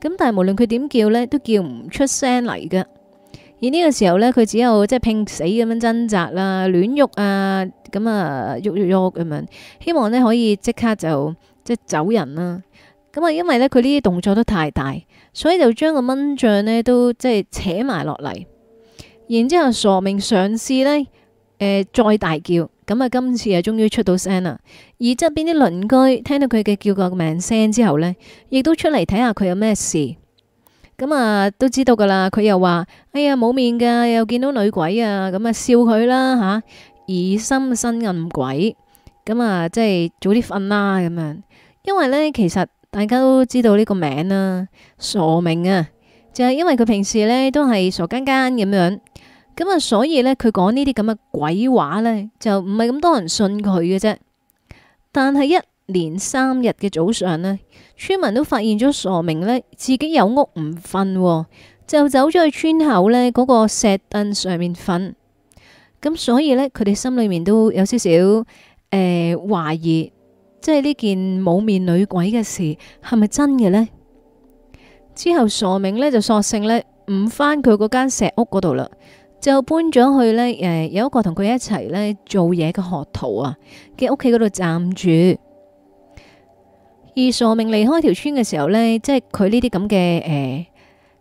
咁但係無論佢點叫呢，都叫唔出聲嚟㗎。而呢個時候呢，佢只有即係、就是、拼死咁樣掙扎啦，亂喐啊，咁啊喐喐喐咁樣，希望呢可以即刻就即係、就是、走人啦。咁啊，因為呢，佢呢啲動作都太大，所以就將個蚊帳呢都即係、就是、扯埋落嚟。然之後傻明嘗試呢、呃，再大叫。咁啊，今次啊，終於出到聲啦！而側邊啲鄰居聽到佢嘅叫個名聲之後呢，亦都出嚟睇下佢有咩事。咁啊，都知道噶啦。佢又話，哎呀，冇面噶，又見到女鬼啊！咁啊，笑佢啦吓，疑心生暗鬼。咁啊，即係早啲瞓啦咁樣。因為呢，其實大家都知道呢個名啊，傻名啊，就係、是、因為佢平時呢，都係傻更更咁樣。咁啊，所以呢，佢講呢啲咁嘅鬼話呢，就唔係咁多人信佢嘅啫。但係一連三日嘅早上呢，村民都發現咗傻明呢自己有屋唔瞓，哦，就走咗去村口呢嗰、嗰個石凳上面瞓。咁所以呢，佢哋心裏面都有少少誒懷疑，即係呢件冇面女鬼嘅事係咪真嘅呢？之後傻明呢就索性呢唔返佢嗰間石屋嗰度啦。就搬咗去呢，誒、呃，有一個同佢一齊呢做嘢嘅學徒啊，嘅屋企嗰度暫住。而傻明離開條村嘅時候呢，即係佢呢啲咁嘅誒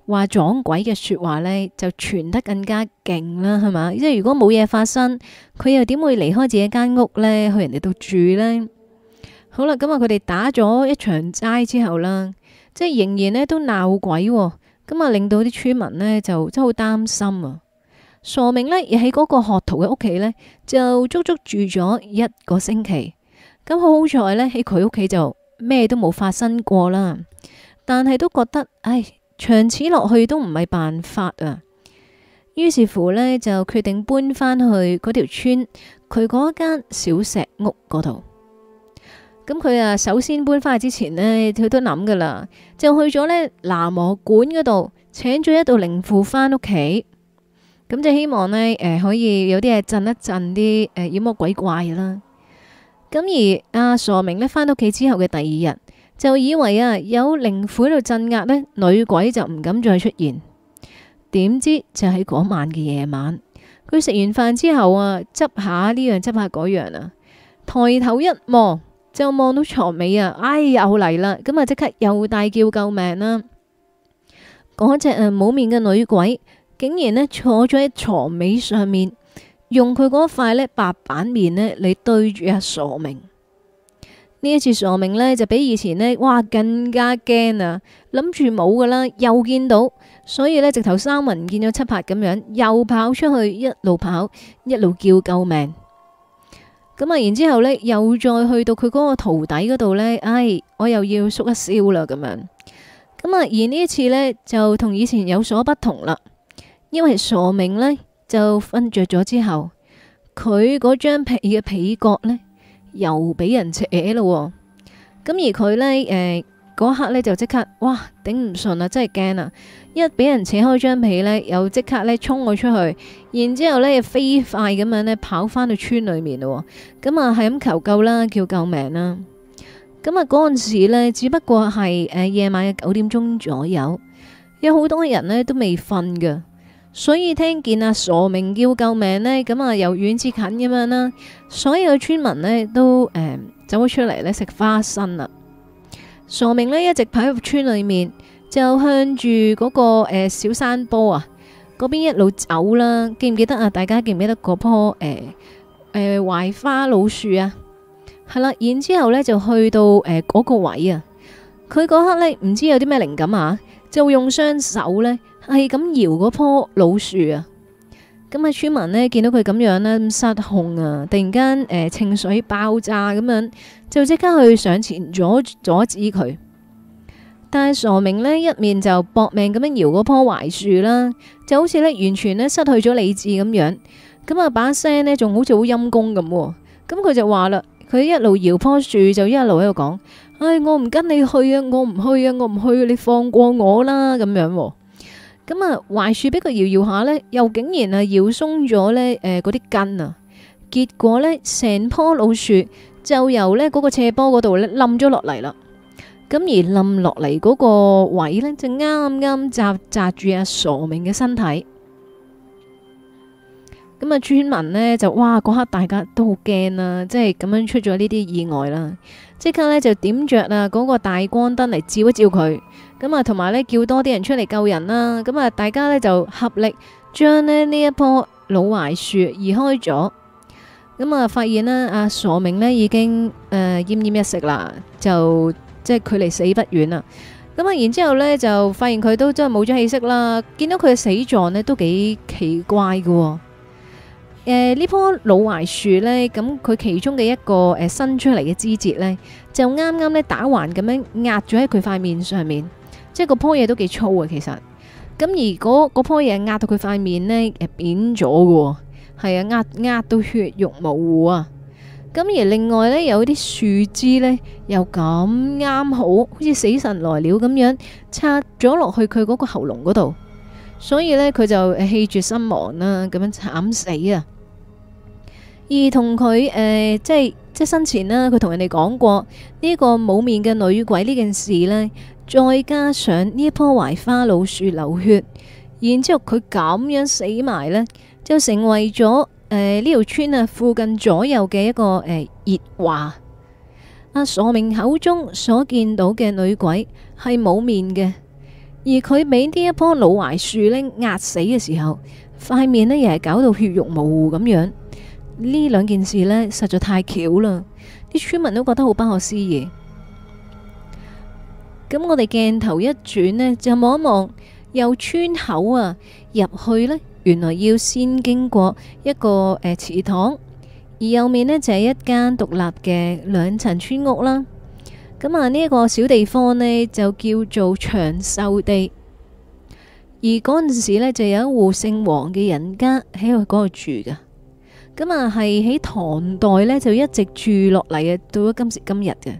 話撞鬼嘅說話呢，就傳得更加勁啦，係咪？即係如果冇嘢發生，佢又點會離開自己間屋呢？去人哋度住呢？好啦，咁啊，佢哋打咗一場齋之後啦，即係仍然呢都鬧鬼，咁啊，令到啲村民呢，就真係好擔心啊！傻明呢，亦喺嗰個學徒嘅屋企呢，就足足住咗一個星期。咁好好彩呢，喺佢屋企就咩都冇發生過啦。但係都覺得，唉，長此落去都唔係辦法啊。於是乎呢，就決定搬翻去嗰條村，佢嗰間小石屋嗰度。咁佢啊，首先搬翻去之前呢，佢都諗噶啦，就去咗呢喃嘸館嗰度，請咗一道靈符翻屋企。咁就希望呢，誒、呃，可以有啲嘢震一震啲誒、呃、妖魔鬼怪啦。咁而阿、啊、傻明呢，翻到屋企之後嘅第二日，就以為啊有靈符喺度鎮壓呢，女鬼就唔敢再出現。點知就喺嗰晚嘅夜晚，佢食完飯之後啊，執下呢樣執下嗰樣啊，抬頭一望就望到床尾啊，哎又嚟啦！咁啊即刻又大叫救命啦、啊！嗰隻誒冇面嘅女鬼，竟然咧坐咗喺床尾上面，用佢嗰塊咧白板面咧嚟對住阿傻明。呢一次傻明呢，就比以前呢，哇更加驚啊！諗住冇㗎啦，又見到，所以呢，直頭三文唔見咗七拍咁樣，又跑出去，一路跑，一路叫救命。咁啊，然之後咧又再去到佢嗰個徒弟嗰度呢，唉、哎，我又要縮一燒啦咁樣。咁啊，而呢一次呢，就同以前有所不同啦。因為傻明呢，就瞓着咗之後，佢嗰張被嘅被角呢，又俾人扯咯，咁而佢呢，誒、呃、嗰刻呢，就即刻哇頂唔順啊，真係驚啊！一俾人扯開張被呢，又即刻呢，衝咗出去，然之後咧飛快咁樣呢，跑翻去村裏面咯，咁、嗯、啊係咁求救啦，叫救命啦！咁啊嗰陣時咧只不過係誒、呃、夜晚嘅九點鐘左右，有好多人呢，都未瞓噶。所以聽見阿傻明叫救命呢，咁啊由遠至近咁樣啦，所有村民呢，都誒走咗出嚟呢食花生啦。傻明呢，一直跑入村裏面，就向住嗰個誒、呃、小山坡啊嗰邊一路走啦。記唔記得啊？大家記唔記得嗰棵誒誒槐花老樹啊？係啦，然之後呢就去到誒嗰、呃個位啊。佢嗰刻呢，唔知有啲咩靈感啊，就用雙手呢。係咁搖嗰棵老樹啊，咁啊，村民呢，見到佢咁樣咁失控啊，突然間誒情緒爆炸咁樣，就即刻去上前阻阻止佢。但係傻明呢，一面就搏命咁樣搖嗰棵槐樹啦，就好似呢，完全呢，失去咗理智咁樣。咁啊，把聲呢，仲好似好陰功咁。咁佢就話啦，佢一路搖棵樹就一路喺度講：唉、哎，我唔跟你去啊，我唔去啊，我唔去啊，我唔去，你放過我啦咁樣哦。咁啊，槐樹俾佢搖搖下呢，又竟然啊搖鬆咗呢誒嗰啲根啊，結果呢，成棵老樹就由呢嗰、嗰個斜坡嗰度呢冧咗落嚟啦。咁而冧落嚟嗰個位呢，就啱啱砸砸住阿傻明嘅身體。咁啊，村民呢就哇，嗰刻大家都好驚啦，即係咁樣出咗呢啲意外啦，即刻呢，就點着啊嗰個大光燈嚟照一照佢。咁啊，同埋咧叫多啲人出嚟救人啦！咁啊，大家咧就合力將咧呢一棵老槐樹移開咗。咁啊，發現咧阿傻明咧已經誒奄奄一息啦，就即係距離死不遠啦。咁啊，然之後咧就發現佢都真係冇咗氣息啦。見到佢嘅死狀咧都幾奇怪嘅。誒、呃，呢棵老槐樹呢，咁佢其中嘅一個誒、呃、伸出嚟嘅枝節呢，就啱啱咧打橫咁樣壓咗喺佢塊面上面。即係個棵嘢，都幾粗啊。其實，咁而嗰、嗰個、棵嘢壓到佢塊面呢，誒扁咗嘅。係啊，壓壓到血肉模糊啊，咁而另外呢，有啲樹枝呢，又咁啱好，好似死神來了咁樣插咗落去佢嗰個喉嚨嗰度，所以呢，佢就氣絕身亡啦，咁樣慘死啊。而同佢誒，即係即係生前啦，佢同人哋講過呢、呢個冇面嘅女鬼呢件事呢。再加上呢一棵槐花老樹流血，然之後佢咁樣死埋呢就成為咗誒呢條村啊附近左右嘅一個誒、呃、熱話。阿索明口中所見到嘅女鬼係冇面嘅，而佢俾呢一棵老槐樹呢壓死嘅時候，塊面呢又係搞到血肉模糊咁樣。呢兩件事呢，實在太巧啦，啲村民都覺得好不可思議。咁我哋鏡頭一轉呢，就望一望，由村口啊入去呢，原來要先經過一個誒祠堂，而右面呢，就係一間獨立嘅兩層村屋啦。咁啊，呢一個小地方呢，就叫做長壽地，而嗰陣時呢就有一戶姓黃嘅人家喺嗰度住噶。咁啊，係喺唐代呢，就一直住落嚟嘅，到咗今時今日嘅。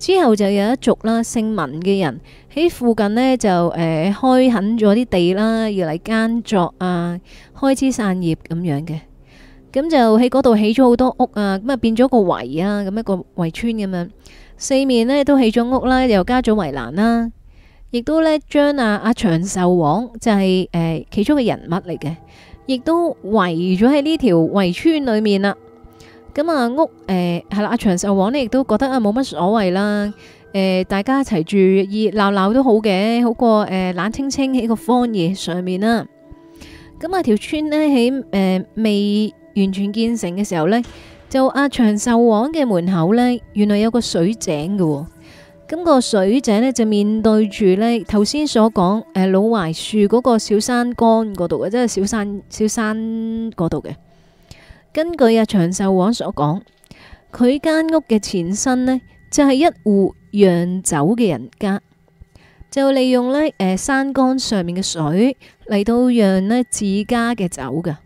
之後就有一族啦，姓文嘅人喺附近呢就誒、呃、開墾咗啲地啦，要嚟耕作啊，開枝散葉咁樣嘅，咁就喺嗰度起咗好多屋啊，咁啊變咗個圍啊，咁一個圍村咁樣，四面呢都起咗屋啦，又加咗圍欄啦，亦都呢將阿阿長壽王就係、是、誒、呃、其中嘅人物嚟嘅，亦都圍咗喺呢條圍村裏面啦。咁啊屋，誒係啦，阿、啊、長壽王呢亦都覺得啊冇乜所謂啦，誒、呃、大家一齊住熱鬧鬧都好嘅，好過誒、呃、冷清清喺個荒野上面啦。咁啊條村呢，喺誒、呃、未完全建成嘅時候呢，就阿、啊、長壽王嘅門口呢，原來有個水井嘅、哦。咁、那個水井呢，就面對住呢頭先所講誒、呃、老槐樹嗰個小山崗嗰度嘅，即、就、係、是、小山小山嗰度嘅。根據啊長壽王所講，佢間屋嘅前身呢，就係一戶釀酒嘅人家，就利用呢誒山崗上面嘅水嚟到釀咧自家嘅酒噶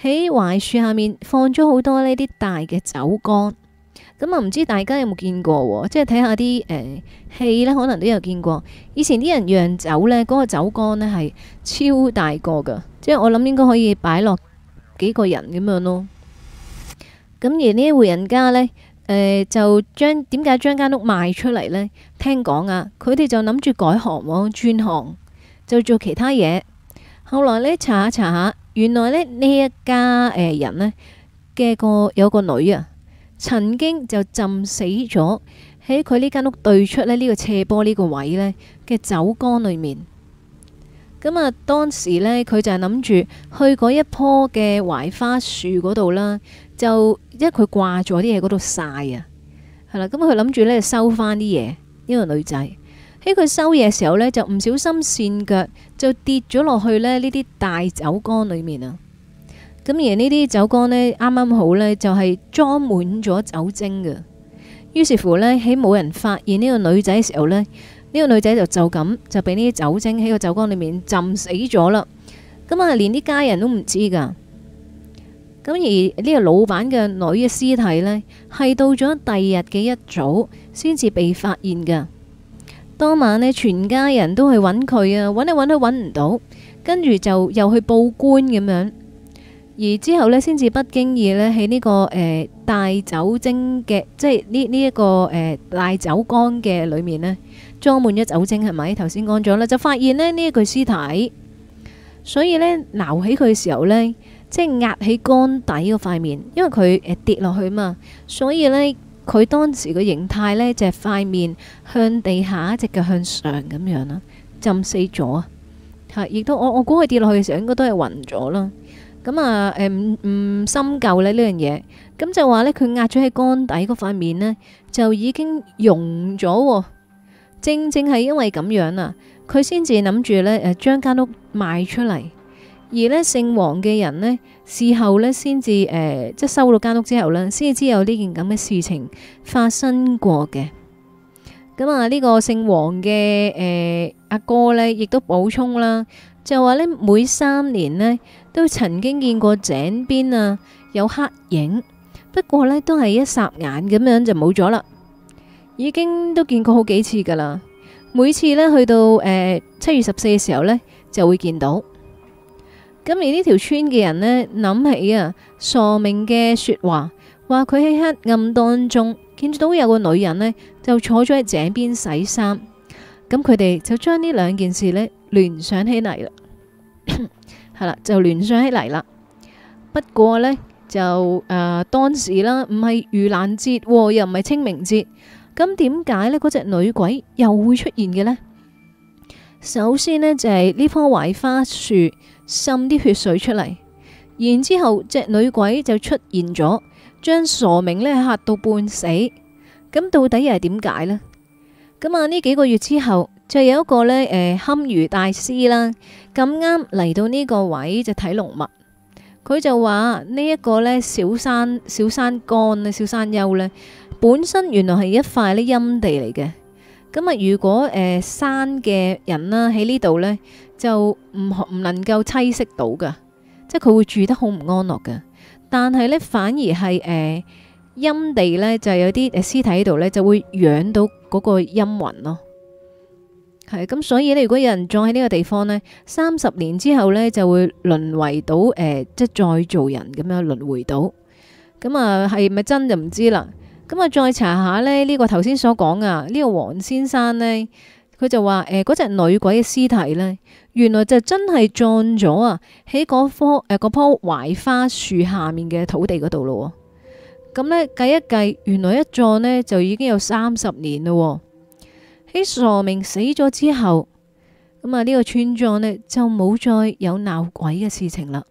喺槐樹下面放咗好多呢啲大嘅酒缸，咁啊唔知大家有冇見過喎？即係睇下啲誒戲咧，可能都有見過。以前啲人釀酒呢，嗰、嗰個酒缸呢係超大個噶，即係我諗應該可以擺落。幾個人咁樣咯，咁而呢一戶人家呢，誒、呃、就將點解將間屋賣出嚟呢？聽講啊，佢哋就諗住改行喎，轉行就做其他嘢。後來呢查下查下，原來呢呢一家誒人呢嘅個有個女啊，曾經就浸死咗喺佢呢間屋對出呢呢個斜坡呢個位呢嘅酒缸裏面。咁啊，當時呢，佢就係諗住去嗰一棵嘅槐花樹嗰度啦，就因為佢掛咗啲嘢嗰度晒啊，係啦，咁佢諗住呢，收翻啲嘢，呢個女仔喺佢收嘢嘅時候呢，就唔小心跣腳就，就跌咗落去呢呢啲大酒缸裏面啊！咁而呢啲酒缸呢，啱啱好呢，就係、是、裝滿咗酒精嘅，於是乎呢，喺冇人發現呢個女仔嘅時候呢。呢個女仔就就咁就俾呢啲酒精喺個酒缸裏面浸死咗啦。咁啊，連啲家人都唔知噶。咁而呢個老闆嘅女嘅屍體呢，係到咗第二日嘅一早先至被發現噶。當晚呢，全家人都去揾佢啊，揾嚟揾都揾唔到，跟住就又去報官咁樣。而之後呢，先至不經意呢，喺呢、呢個誒帶、呃、酒精嘅，即係呢呢一個誒帶、呃、酒缸嘅裏面呢。裝滿咗酒精，係咪頭先講咗啦？就發現咧呢一具屍體，所以呢，撈起佢嘅時候呢，即係壓起缸底嗰塊面，因為佢、呃、跌落去嘛，所以呢，佢當時個形態呢，就係塊面向地下，一隻腳向上咁樣啦，浸死咗吓，亦都我我估佢跌落去嘅時候應該都係暈咗啦。咁啊，唔、嗯、唔、嗯、深究呢呢樣嘢，咁就話呢，佢壓咗喺缸底嗰塊面呢，就已經溶咗。正正係因為咁樣啊，佢先至諗住咧，誒，將間屋賣出嚟。而咧姓黃嘅人呢，事後咧先至誒，即收到間屋之後呢，先至知有呢件咁嘅事情發生過嘅。咁、呃、啊，呢、呢個姓黃嘅誒阿哥呢，亦都補充啦，就話呢，每三年呢，都曾經見過井邊啊有黑影，不過呢，都係一霎眼咁樣就冇咗啦。已經都見過好幾次噶啦。每次咧去到誒七，呃、月十四嘅時候呢，就會見到。而呢條村嘅人呢，諗起啊，傻明嘅說話，話佢喺黑暗當中見到有個女人呢，就坐咗喺井邊洗衫。咁佢哋就將呢兩件事呢聯想起嚟啦，係 啦就聯想起嚟啦。不過呢，就誒、呃、當時啦，唔係盂蘭節，又唔係清明節。咁點解呢，嗰隻女鬼又會出現嘅呢？首先呢，就係呢棵槐花樹滲啲血水出嚟，然之後隻女鬼就出現咗，將傻明呢嚇到半死。咁到底又係點解呢？咁啊呢幾個月之後，就有一個呢誒堪輿大師啦，咁啱嚟到呢個位就睇龍脈。佢就話呢，一個呢，小山，小山崗呢，小山丘呢，本身原來係一塊呢陰地嚟嘅。咁啊，如果誒、呃、山嘅人啦，喺呢度呢，就唔唔能夠棲息到㗎，即係佢會住得好唔安樂㗎。但係呢，反而係誒陰地呢，就有啲誒屍體喺度呢，就會養到嗰個陰魂咯。係咁，所以咧，如果有人葬喺呢個地方呢，三十年之後呢，就會輪回到誒、呃，即係再做人咁樣輪回到。咁、嗯、啊，係咪真就唔知啦。咁、嗯、啊，再查下呢，呢、這個頭先所講啊，呢、這個黃先生呢，佢就話誒，嗰、呃、隻女鬼嘅屍體呢，原來就真係葬咗啊，喺嗰棵棵槐花樹下面嘅土地嗰度咯。咁呢計一計，原來一葬呢，就已經有三十年咯。啲傻明死咗之後，咁啊呢個村莊呢，就冇再有鬧鬼嘅事情啦。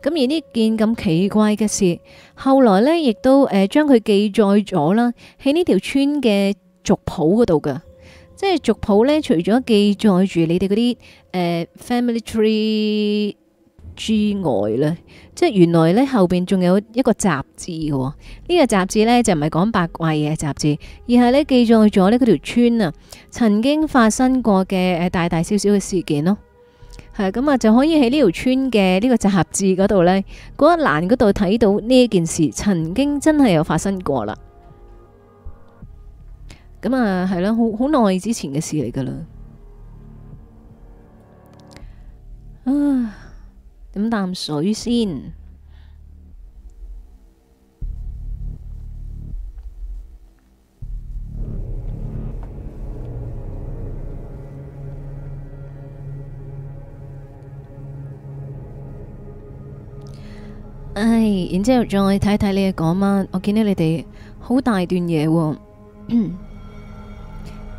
咁而呢件咁奇怪嘅事，後來呢，亦都誒將佢記載咗啦喺呢條村嘅族譜嗰度噶，即係族譜呢，除咗記載住你哋嗰啲誒 family tree。之外呢，即係原來呢後邊仲有一個雜誌喎、哦，呢、呢個雜誌呢，就唔係講八卦嘢嘅雜誌，而係呢記載咗呢嗰條村啊曾經發生過嘅大大小小嘅事件咯，係咁啊就可以喺呢條村嘅呢個雜誌嗰度呢，嗰一欄嗰度睇到呢件事曾經真係有發生過啦，咁啊係啦，好好耐之前嘅事嚟噶啦，啊。點啖水先？唉，然之後再睇睇你哋講乜？我見到你哋好大段嘢，啊。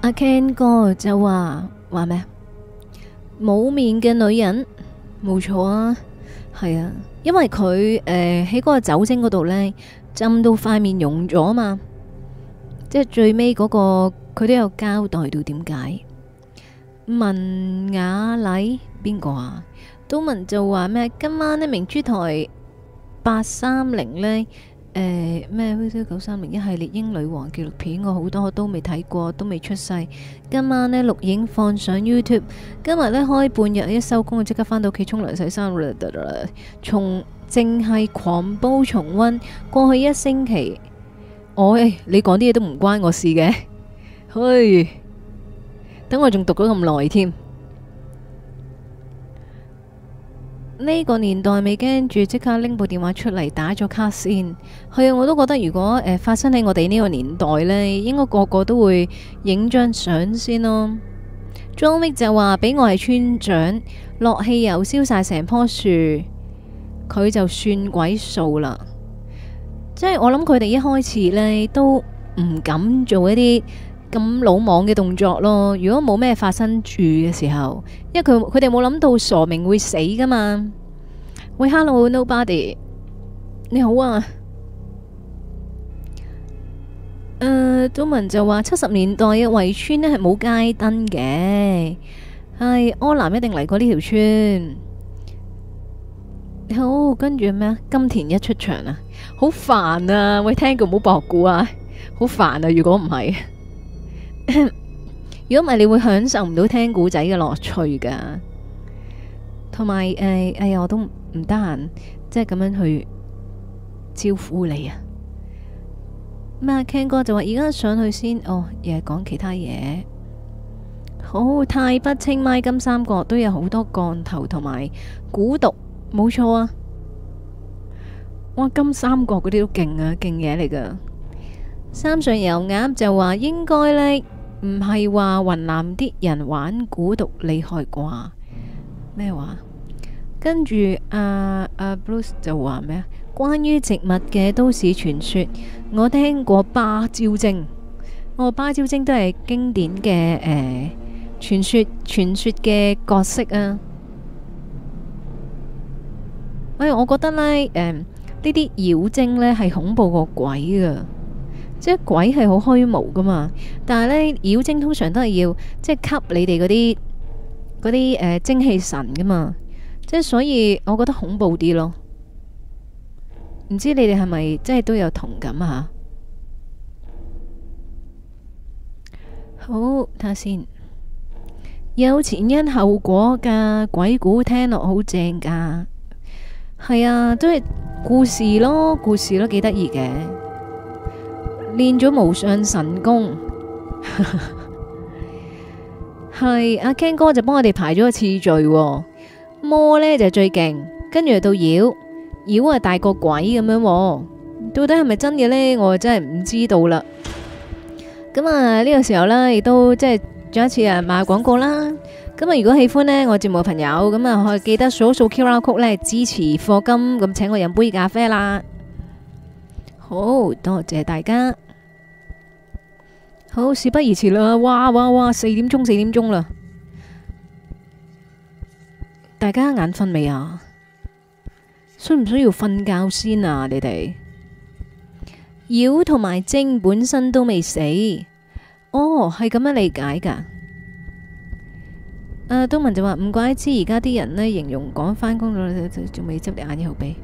阿、啊、Ken 哥就話話咩？冇面嘅女人。冇錯啊，係啊，因為佢誒喺嗰個酒精嗰度呢浸到塊面溶咗啊嘛，即係最尾嗰、嗰個佢都有交代到點解。文雅禮邊個啊？都文就話咩？今晚呢明珠台八三零呢。誒咩？YouTube 九三零一系列英女王紀錄片，我好多都未睇過，都未出世。今晚咧，錄影放上 YouTube，今日咧開半日，一收工就即刻返到屋企沖涼洗衫啦。從淨係狂煲重溫過去一星期，我誒你講啲嘢，都唔關我事嘅，嘿，等我仲讀咗咁耐添。呢個年代未驚住，即刻拎部電話出嚟打咗卡先。係啊，我都覺得如果誒發生喺我哋呢個年代呢，應該個個都會影張相先咯。Joey 就話俾我係村長落汽油燒晒成棵樹，佢就算鬼數啦。即係我諗佢哋一開始呢都唔敢做一啲。咁魯莽嘅動作咯。如果冇咩發生住嘅時候，因為佢，佢哋冇諗到傻明會死噶嘛。喂，Hello，Nobody，你好啊。誒、呃，司徒文就話七十年代嘅圍村呢係冇街燈嘅。係、哎、柯南一定嚟過呢條村。好，跟住咩？金田一出場啊，好煩啊！喂，聽過唔好博估啊，好煩啊。如果唔係。如果唔係， 你會享受唔到聽古仔嘅樂趣噶，同埋誒，哎呀、哎，我都唔得閒，即係咁樣去招呼你啊。咩啊 Ken 哥就話而家上去先，哦，又係講其他嘢。好，泰北清邁金三角都有好多降頭同埋蠱毒，冇錯啊。哇，金三角嗰啲都勁啊，勁嘢嚟噶。三上油鴨就話應該咧。唔係話雲南啲人玩蠱毒厲害啩？咩話？跟住啊啊，Bruce 就話咩啊？關於植物嘅都市傳說，我聽過芭蕉精，我芭蕉精都係經典嘅誒、呃、傳說，傳說嘅角色啊。哎，我覺得呢，誒呢啲妖精呢係恐怖過鬼噶。即係鬼係好虛無噶嘛，但係呢妖精通常都係要即係吸你哋嗰啲嗰啲誒精氣神噶嘛，即係所以我覺得恐怖啲咯。唔知你哋係咪即係都有同感啊？好，睇下先，有前因後果噶鬼故聽很正的，聽落好正噶。係啊，都係故事咯，故事都幾得意嘅。練咗無上神功， 係阿 Ken 哥，就幫我哋排咗個次序。哦，魔呢就是最勁，跟住到妖，妖啊大過鬼咁樣。哦，到底係咪真嘅呢？我真係唔知道啦。咁啊呢個時候呢，亦都即係再一次啊賣下廣告啦。咁啊，如果喜歡呢，我節目嘅朋友咁啊，記得掃一掃 QR code 呢支持課金，咁請我飲杯咖啡啦。好多謝大家，好事不宜遲啦！哇哇哇，四點鐘，四點鐘啦！大家眼瞓未啊？需唔需要瞓覺先啊？你哋妖同埋精本身都未死，哦，係咁樣理解噶？啊、呃，東文就話唔怪之而家啲人呢，形容趕翻工咗，仲未執啲眼耳鼻。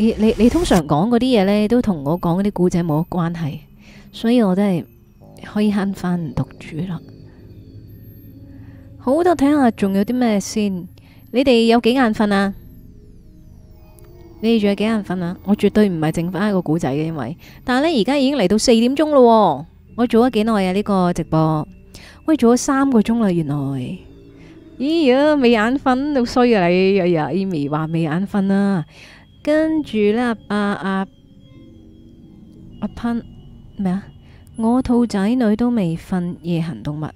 你你，你通常講嗰啲嘢呢，都同我講嗰啲古仔冇乜關係，所以我真係可以慳翻唔讀住啦。好多睇下仲有啲咩先？你哋有幾眼瞓啊？你哋仲有幾眼瞓啊？我絕對唔係剩翻一個古仔嘅，因為但係呢，而家已經嚟到四點鐘咯。我做咗幾耐啊？呢、這個直播喂做咗三個鐘啦，原來咦、哎、呀，未眼瞓，好衰啊你！哎、呀，Amy 話未眼瞓啊？跟住咧，阿阿阿噴咩啊,啊,啊？我兔仔女都未瞓，夜行動物。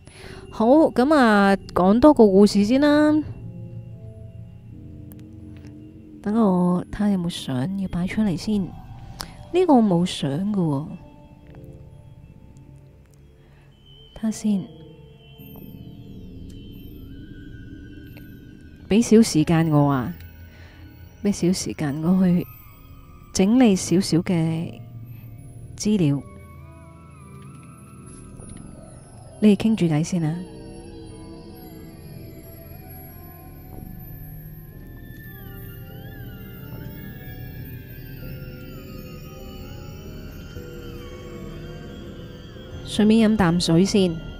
好咁啊，講多個故事先啦。等我睇下有冇相要擺出嚟先。呢、這個我冇相噶，睇下先。畀少時間我啊。畀少時間我去整理少少嘅資料，你哋傾住偈先啊，順便飲啖水先。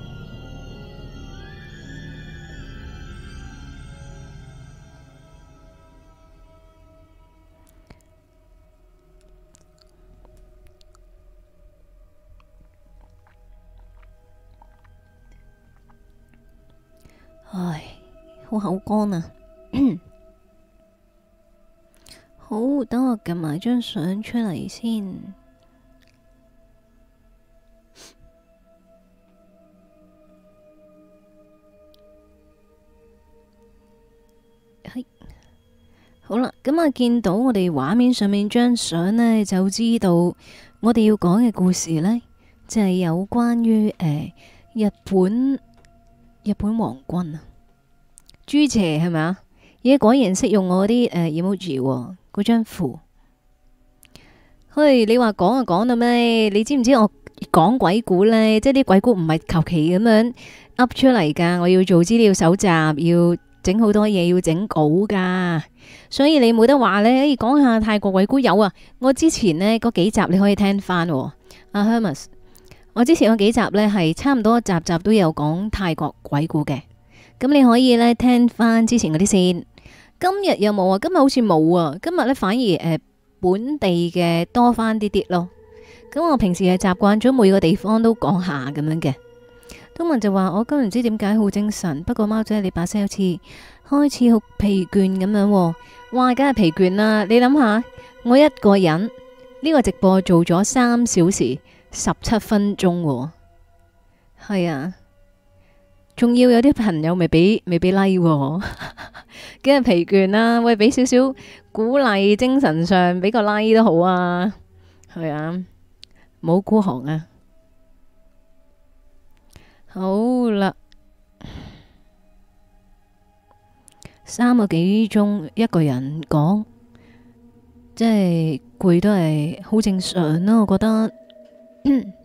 好口乾啊！ 好，等我撳埋張相出嚟先。好啦，咁啊，見到我哋畫面上面張相呢，就知道我哋要講嘅故事呢，就係、是、有關於誒、呃、日本日本皇軍啊！朱邪係咪啊？咦果然識用我啲誒 emoji 喎、哦，嗰張符。嘿、hey,，你話講就講到咩？你知唔知我講鬼故呢？即係啲鬼故唔係求其咁樣噏出嚟噶，我要做資料搜集，要整好多嘢，要整稿噶。所以你冇得話呢？可以講下泰國鬼故有啊。我之前呢嗰幾集你可以聽翻喎、哦，阿、ah, Hermes。我之前嗰幾集呢，係差唔多集集都有講泰國鬼故嘅。咁你可以咧，聽翻之前嗰啲先，今日有冇啊？今日好似冇啊，今日咧，反而誒本地嘅多翻啲啲咯。咁我平時係習慣咗每個地方都講下咁樣嘅。東文就話我今日唔知點解好精神，不過貓仔你把聲好似開始好疲倦咁樣喎。哇，梗係疲倦啦！你諗下，我一個人呢個直播做咗三小時十七分鐘，係啊。仲要有啲朋友未俾未俾拉 i k e 喎，今日、like、疲倦啦、啊，喂，俾少少鼓勵，精神上俾個拉、like、都好啊，係啊，冇孤寒啊，好啦，三個幾鐘一個人講，即係攰都係好正常啦、啊，我覺得。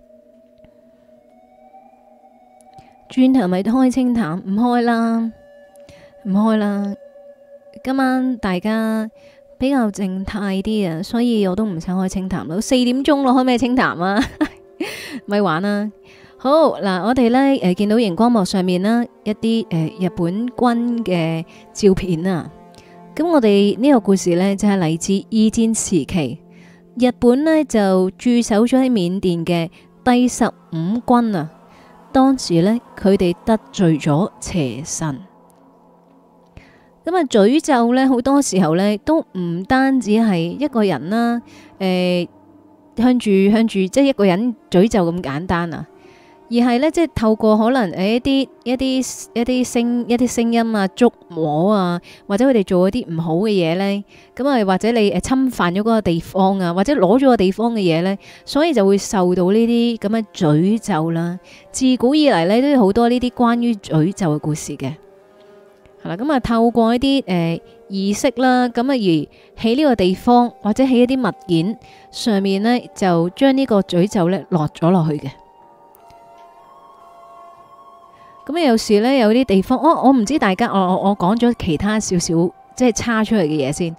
轉頭咪開清談，唔開啦，唔開啦。今晚大家比較靜態啲啊，所以我都唔想開清談咯。四點鐘咯，開咩清談啊？咪 玩啦。好嗱，我哋呢，誒、呃、見到熒光幕上面啦一啲誒、呃、日本軍嘅照片啊。咁我哋呢個故事呢，就係、是、嚟自二戰時期，日本呢，就駐守咗喺緬甸嘅第十五軍啊。當時呢，佢哋得罪咗邪神。咁啊，詛咒呢，好多時候呢，都唔單止係一個人啦、啊，誒、呃，向住向住，即係一個人詛咒咁簡單啊。而係呢，即係透過可能誒一啲一啲一啲聲一啲聲音啊，觸摸啊，或者佢哋做一啲唔好嘅嘢呢，咁啊，或者你侵犯咗嗰個地方啊，或者攞咗個地方嘅嘢呢，所以就會受到呢啲咁樣詛咒啦。自古以嚟呢，都有好多呢啲關於詛咒嘅故事嘅，係啦。咁啊，透過一啲誒儀式啦，咁、呃、啊而喺呢個地方或者喺一啲物件上面呢，就將呢個詛咒呢落咗落去嘅。咁、嗯、有時咧，有啲地方，哦、我我唔知大家，哦、我我我講咗其他少少即係差出嚟嘅嘢先，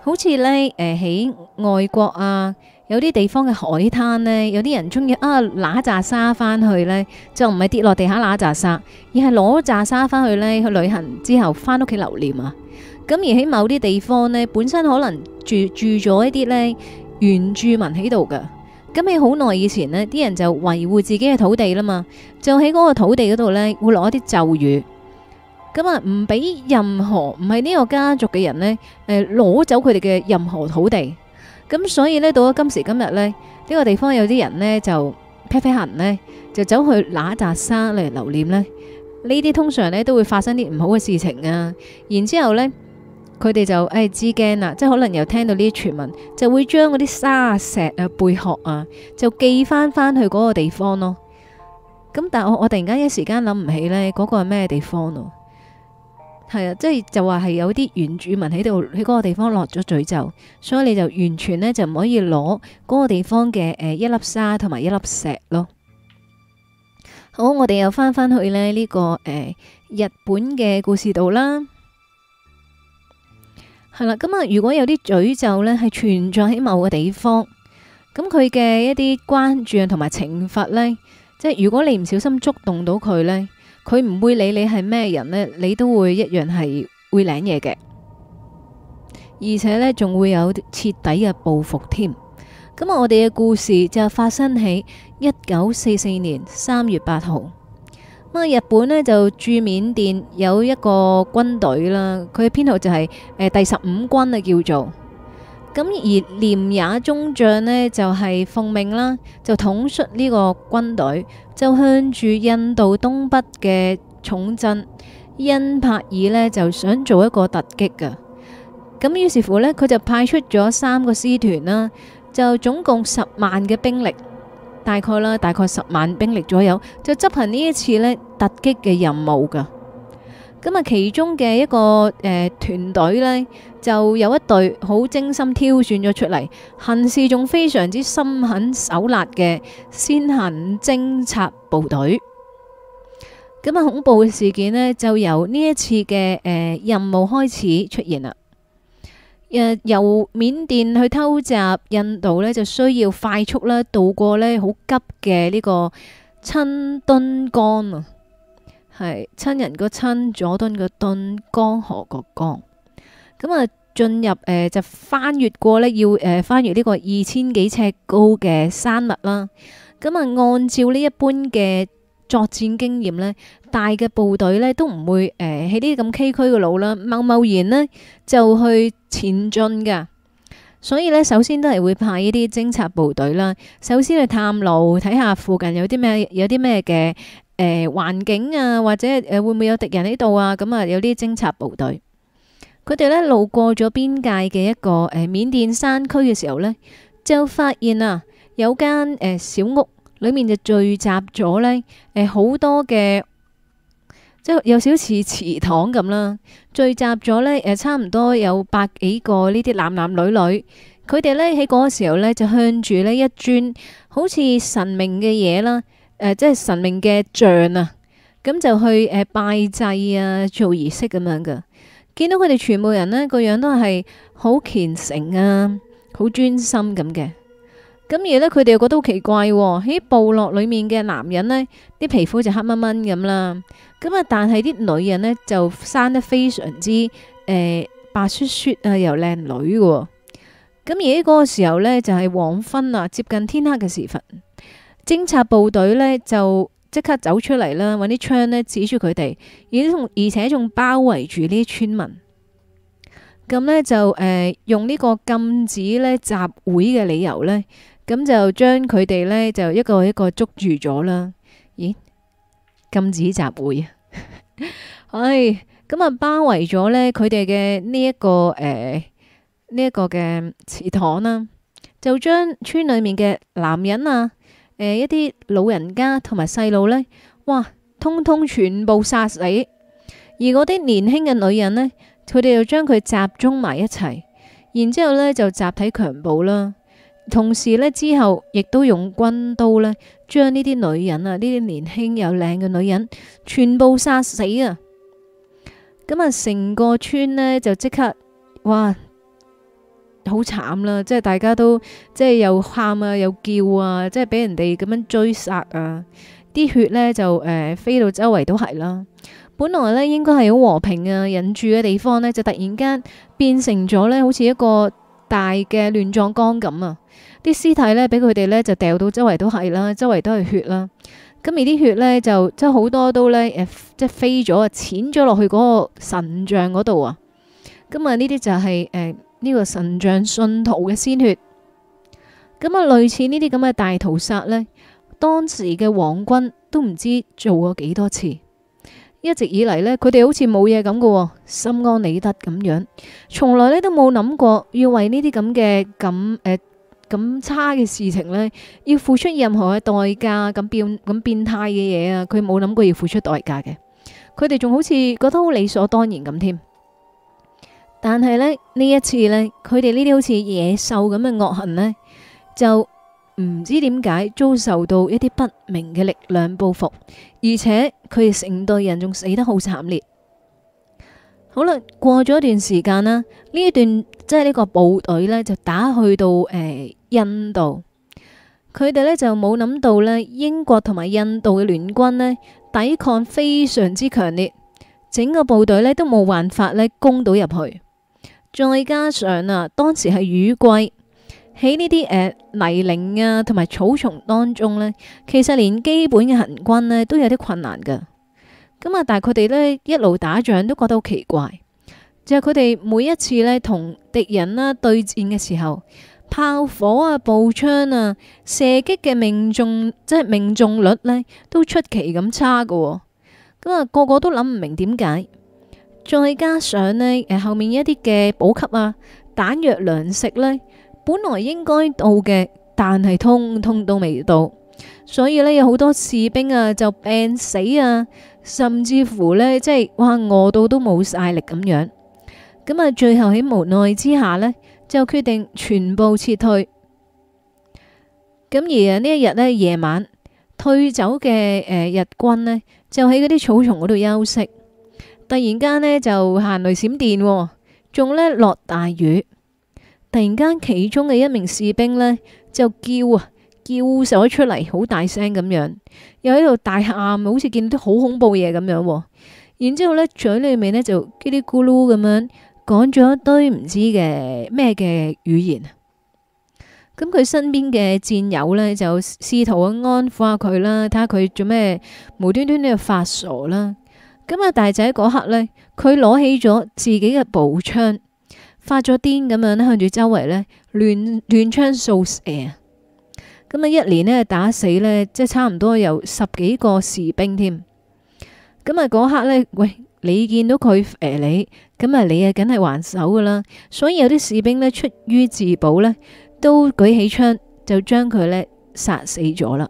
好似呢，誒、呃、喺外國啊，有啲地方嘅海灘呢，有啲人中意啊攞紮沙翻去呢，就唔係跌落地下攞紮沙，而係攞紮沙翻去呢，去旅行之後翻屋企留念啊。咁、嗯、而喺某啲地方呢，本身可能住住咗一啲呢，原住民喺度噶。咁喺好耐以前咧，啲人就維護自己嘅土地啦嘛，就喺嗰個土地嗰度咧，會落一啲咒語，咁啊唔俾任何唔係呢個家族嘅人咧，誒攞走佢哋嘅任何土地。咁所以咧，到咗今時今日咧，呢個地方有啲人咧就劈劈痕咧，就走去那扎沙嚟留念咧，呢啲通常咧都會發生啲唔好嘅事情啊，然之後咧。佢哋就誒知驚啦，即係可能又聽到呢啲傳聞，就會將嗰啲沙石啊、貝殼啊，就寄翻翻去嗰個地方咯。咁但係我我突然間一時間諗唔起呢嗰、嗰個係咩地方咯。係啊，即係就話係有啲原住民喺度喺嗰個地方落咗詛咒，所以你就完全呢，就唔可以攞嗰個地方嘅誒、呃、一粒沙同埋一粒石咯。好，我哋又翻翻去咧呢、呢個誒、呃、日本嘅故事度啦。係啦，咁啊，如果有啲詛咒咧，係存在喺某個地方，咁佢嘅一啲關注啊，同埋懲罰咧，即係如果你唔小心觸動到佢咧，佢唔會理你係咩人咧，你都會一樣係會領嘢嘅，而且咧仲會有徹底嘅報復添。咁啊，我哋嘅故事就發生喺一九四四年三月八號。咁日本咧就駐緬甸有一個軍隊啦，佢編號就係、是、誒、呃、第十五軍啊，叫做咁而廉也中將呢就係、是、奉命啦，就統率呢個軍隊，就向住印度東北嘅重鎮因帕爾呢，就想做一個突擊噶。咁於是乎呢，佢就派出咗三個師團啦，就總共十萬嘅兵力。大概啦，大概十萬兵力左右就執行呢一次呢突擊嘅任務㗎。咁、嗯、啊，其中嘅一個誒、呃、團隊呢，就有一隊好精心挑選咗出嚟，行事仲非常之心狠手辣嘅先行偵察部隊。咁、嗯、啊，恐怖事件呢，就由呢一次嘅誒、呃、任務開始出現啦。誒由緬甸去偷襲印度咧，就需要快速咧渡過咧好急嘅呢個親敦江啊，係親人個親，佐敦個敦，江河個江。咁啊，進入誒、呃、就翻越過咧，要誒、呃、翻越呢個二千幾尺高嘅山脈啦。咁啊，按照呢一般嘅作戰經驗咧。大嘅部隊呢都唔會誒喺啲咁崎嶇嘅路啦，貿貿然呢就去前進㗎。所以呢，首先都係會派呢啲偵察部隊啦，首先去探路，睇下附近有啲咩有啲咩嘅誒環境啊，或者誒會唔會有敵人喺度啊？咁啊，有啲偵察部隊佢哋呢路過咗邊界嘅一個誒、呃、緬甸山區嘅時候呢，就發現啊有間誒、呃、小屋，裡面就聚集咗呢誒好、呃、多嘅。即係有少似祠堂咁啦，聚集咗呢，誒，差唔多有百幾個呢啲男男女女，佢哋呢喺嗰個時候呢，就向住呢一尊好似神明嘅嘢啦，誒、呃、即係神明嘅像啊，咁就去誒拜祭啊，做儀式咁樣噶，見到佢哋全部人呢，個樣都係好虔誠啊，好專心咁嘅。咁而咧，佢哋又覺得好奇怪喎、哦。喺部落裏面嘅男人呢，啲皮膚就黑掹掹咁啦。咁啊，但係啲女人呢，就生得非常之誒、呃、白雪雪啊，又靚女嘅。咁而家嗰個時候呢，就係、是、黃昏啊，接近天黑嘅時分，偵察部隊呢，就即刻走出嚟啦，揾啲槍呢，指住佢哋，而且仲包圍住呢啲村民。咁呢，就誒、呃、用呢個禁止呢集會嘅理由呢。咁就將佢哋呢，就一個一個捉住咗啦。咦？禁止集會啊！唉、 哎，咁啊包圍咗呢，佢哋嘅呢一個誒呢一個嘅祠堂啦，就將村裏面嘅男人啊，誒、呃、一啲老人家同埋細路呢，哇，通通全部殺死。而嗰啲年輕嘅女人呢，佢哋就將佢集中埋一齊，然之後呢就集體強暴啦。同時呢，之後亦都用軍刀呢，將呢啲女人啊，呢啲年輕又靚嘅女人，全部殺死啊！咁啊，成個村呢，就即刻，哇，好慘啦！即係大家都即係又喊啊，又叫啊，即係俾人哋咁樣追殺啊！啲血呢就，就、呃、誒飛到周圍都係啦。本來呢，應該係好和平啊，人住嘅地方呢，就突然間變成咗呢，好似一個大嘅亂葬崗咁啊！啲屍體呢，俾佢哋呢，就掉到周圍都係啦，周圍都係血啦。咁而啲血呢，就即係好多都呢，誒、呃、即係飛咗啊，濺咗落去嗰個神像嗰度啊。咁啊、就是，呢啲就係誒呢個神像信徒嘅鮮血。咁啊，類似呢啲咁嘅大屠殺呢，當時嘅皇軍都唔知做過幾多次。一直以嚟呢，佢哋好似冇嘢咁嘅，心安理得咁樣，從來呢，都冇諗過要為呢啲咁嘅咁誒，咁差嘅事情呢，要付出任何嘅代價，咁變咁變態嘅嘢啊，佢冇諗過要付出代價嘅，佢哋仲好似覺得好理所當然咁添。但係呢，呢一次呢，佢哋呢啲好似野獸咁嘅惡行呢，就唔知點解遭受到一啲不明嘅力量報復，而且佢哋成隊人仲死得好慘烈。好啦，過咗一段時間啦，呢一段即係呢個部隊呢，就打去到誒。欸印度佢哋呢就冇諗到呢，英國同埋印度嘅聯軍呢抵抗非常之強烈，整個部隊呢都冇辦法呢攻到入去。再加上啊，當時係雨季喺呢啲誒泥嶺啊，同埋草叢當中呢，其實連基本嘅行軍呢都有啲困難㗎。咁啊，但係佢哋呢一路打仗都覺得好奇怪，就係佢哋每一次呢同敵人啊對戰嘅時候。炮火啊、步槍啊、射擊嘅命中，即係命中率呢都出奇咁差㗎喎。咁啊，個個都諗唔明點解。再加上呢，誒後面一啲嘅補給啊、彈藥糧食呢，本來應該到嘅，但係通通都未到。所以呢，有好多士兵啊就病死啊，甚至乎呢，即係哇餓到都冇晒力咁樣。咁啊，最後喺無奈之下呢。就決定全部撤退。咁而一天呢一日咧，夜晚退走嘅誒、呃、日軍呢，就喺嗰啲草叢嗰度休息。突然間呢，就行雷閃電、哦，仲呢落大雨。突然間其中嘅一名士兵呢，就叫啊叫咗出嚟，好大聲咁樣，又喺度大喊，好似見到好恐怖嘢咁樣、哦。然之後咧，嘴裏面呢，就嘰哩咕嚕咁樣。講咗一堆唔知嘅咩嘅語言，咁佢身邊嘅戰友呢，就試圖去安撫下佢啦，睇下佢做咩無端端呢發傻啦。咁啊大仔嗰刻呢，佢攞起咗自己嘅步槍，發咗癲咁樣向住周圍呢亂亂槍掃射咁啊，一年呢，打死呢，即係差唔多有十幾個士兵添。咁啊，嗰刻呢。喂。你見到佢，誒，你咁啊，你啊，梗係還手噶啦。所以有啲士兵呢，出於自保呢，都舉起槍就將佢呢殺死咗啦。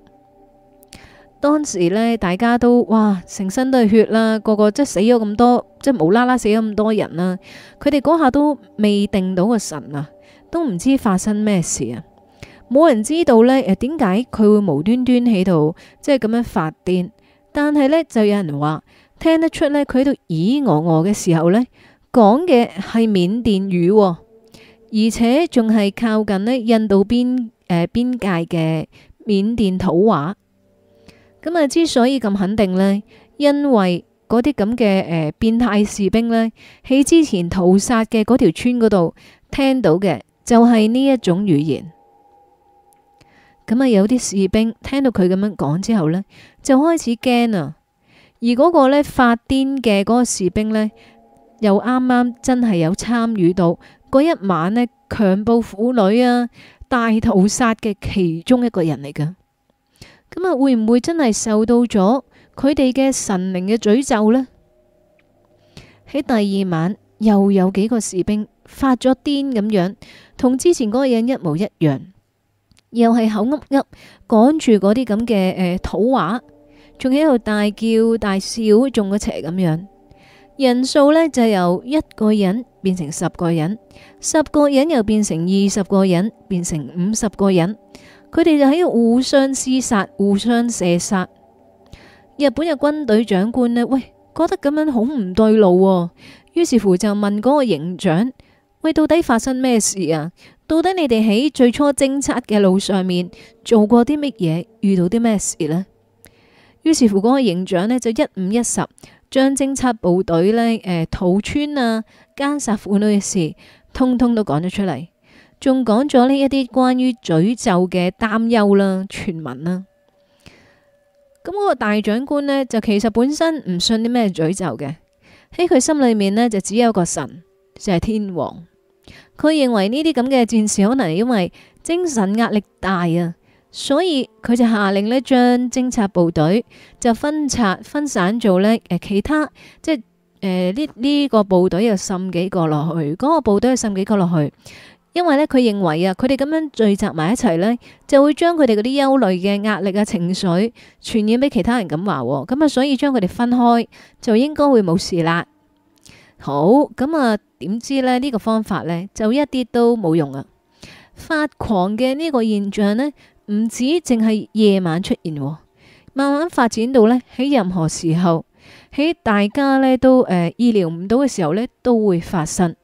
當時呢，大家都哇，成身都係血啦，個個即係死咗咁多，即係無啦啦死咗咁多人啦。佢哋嗰下都未定到個神啊，都唔知發生咩事啊，冇人知道呢，誒，點解佢會無端端喺度即係咁樣發癲？但係呢，就有人話。聽得出呢，佢喺度咦咿俄俄嘅時候呢，講嘅係緬甸語喎，而且仲係靠近呢印度邊誒、呃、邊界嘅緬甸土話。咁啊，之所以咁肯定呢，因為嗰啲咁嘅誒變態士兵呢，喺之前屠殺嘅嗰條村嗰度聽到嘅就係呢一種語言。咁啊，有啲士兵聽到佢咁樣講之後呢，就開始驚啊！而嗰個呢發癲嘅嗰個士兵呢，又啱啱真係有參與到嗰一晚呢強暴婦女啊、大屠殺嘅其中一個人嚟㗎。咁啊，會唔會真係受到咗佢哋嘅神靈嘅詛咒呢？喺第二晚又有幾個士兵發咗癲咁樣，同之前嗰個人一模一樣，又係口噏噏講住嗰啲咁嘅誒土話。仲喺度大叫大笑，中咗邪咁樣，人數呢就由一個人變成十個人，十個人又變成二十個人，變成五十個人，佢哋就喺度互相廝殺、互相射殺。日本嘅軍隊長官呢，喂，覺得咁樣好唔對路喎，於是乎就問嗰個營長：喂，到底發生咩事啊？到底你哋喺最初偵察嘅路上面做過啲乜嘢，遇到啲咩事呢？」於是乎，嗰個營長呢，就一五一十將偵察部隊呢、誒，屠村啊、姦殺婦女嘅事，通通都講咗出嚟，仲講咗呢一啲關於詛咒嘅擔憂啦、傳聞啦。咁、那、嗰個大長官呢，就其實本身唔信啲咩詛咒嘅，喺佢心裏面呢，就只有一個神，就係、是、天王。佢認為呢啲咁嘅戰士可能係因為精神壓力大啊。所以佢就下令呢，將偵察部隊就分拆分散做呢誒，其他即係誒呢呢個部隊又滲幾個落去，嗰個部隊又滲幾個落去。因為呢，佢認為啊，佢哋咁樣聚集埋一齊呢，就會將佢哋嗰啲憂慮嘅壓力啊、情緒傳染俾其他人。咁話咁啊，所以將佢哋分開就應該會冇事啦。好咁啊，點知呢？呢個方法呢，就一啲都冇用啊！發狂嘅呢個現象呢。唔止淨係夜晚出現，慢慢發展到呢，喺任何時候，喺大家呢都誒意料唔到嘅時候呢都會發生。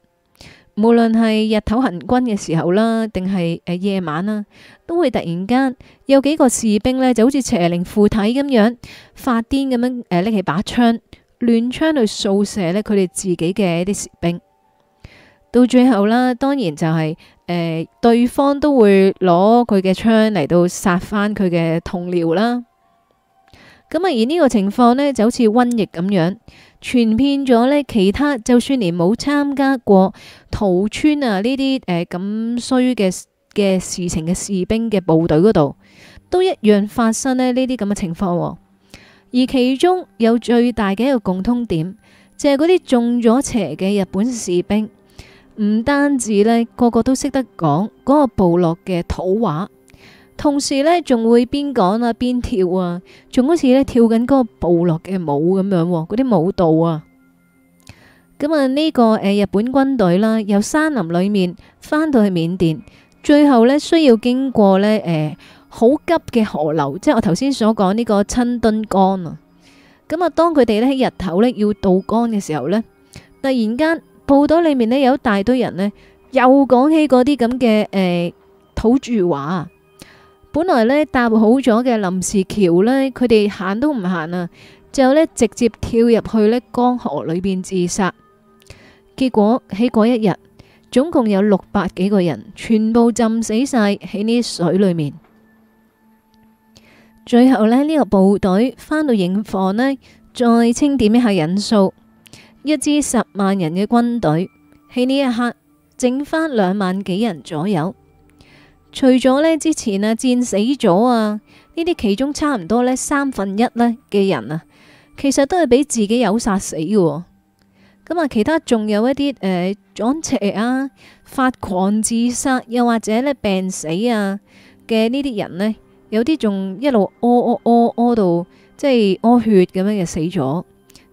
無論係日頭行軍嘅時候啦，定係誒夜晚啦，都會突然間有幾個士兵呢就好似邪靈附體咁樣發癲咁樣誒拎起把槍亂槍去掃射呢佢哋自己嘅啲士兵。到最後啦，當然就係、是、誒、呃，對方都會攞佢嘅槍嚟到殺翻佢嘅同僚啦。咁啊，而呢個情況呢，就好似瘟疫咁樣，傳遍咗呢其他，就算連冇參加過屠村啊呢啲誒咁衰嘅嘅事情嘅士兵嘅部隊嗰度，都一樣發生咧呢啲咁嘅情況。而其中有最大嘅一個共通點，就係嗰啲中咗邪嘅日本士兵。唔單止呢，個個都識得講嗰個部落嘅土話，同時呢仲會邊講啊邊跳啊，仲、啊、好似呢跳緊嗰個部落嘅舞咁樣喎，嗰啲舞蹈啊。咁啊，呢個誒、呃、日本軍隊啦，由山林裏面翻到去緬甸，最後呢需要經過呢誒好、呃、急嘅河流，即係我頭先所講呢個親敦江啊。咁、嗯、啊，當佢哋呢日頭呢要渡江嘅時候呢，突然間，部隊裏面呢，有一大堆人呢，又講起嗰啲咁嘅誒土著話。本來呢，搭好咗嘅臨時橋呢，佢哋行都唔行啊，就呢直接跳入去呢江河裏邊自殺。結果喺嗰一日，總共有六百幾個人全部浸死晒喺呢水裏面。最後呢，呢個部隊返到營房呢，再清點一下人數。一支十萬人嘅軍隊喺呢一刻剩翻兩萬幾人左右，除咗咧之前啊戰死咗啊呢啲，這其中差唔多咧三分一咧嘅人啊，其實都係俾自己友殺死嘅。咁啊，其他仲有一啲誒，撞、呃、邪啊、發狂自殺，又或者咧病死啊嘅呢啲人呢，有啲仲一路屙屙屙屙到即係屙血咁樣嘅死咗。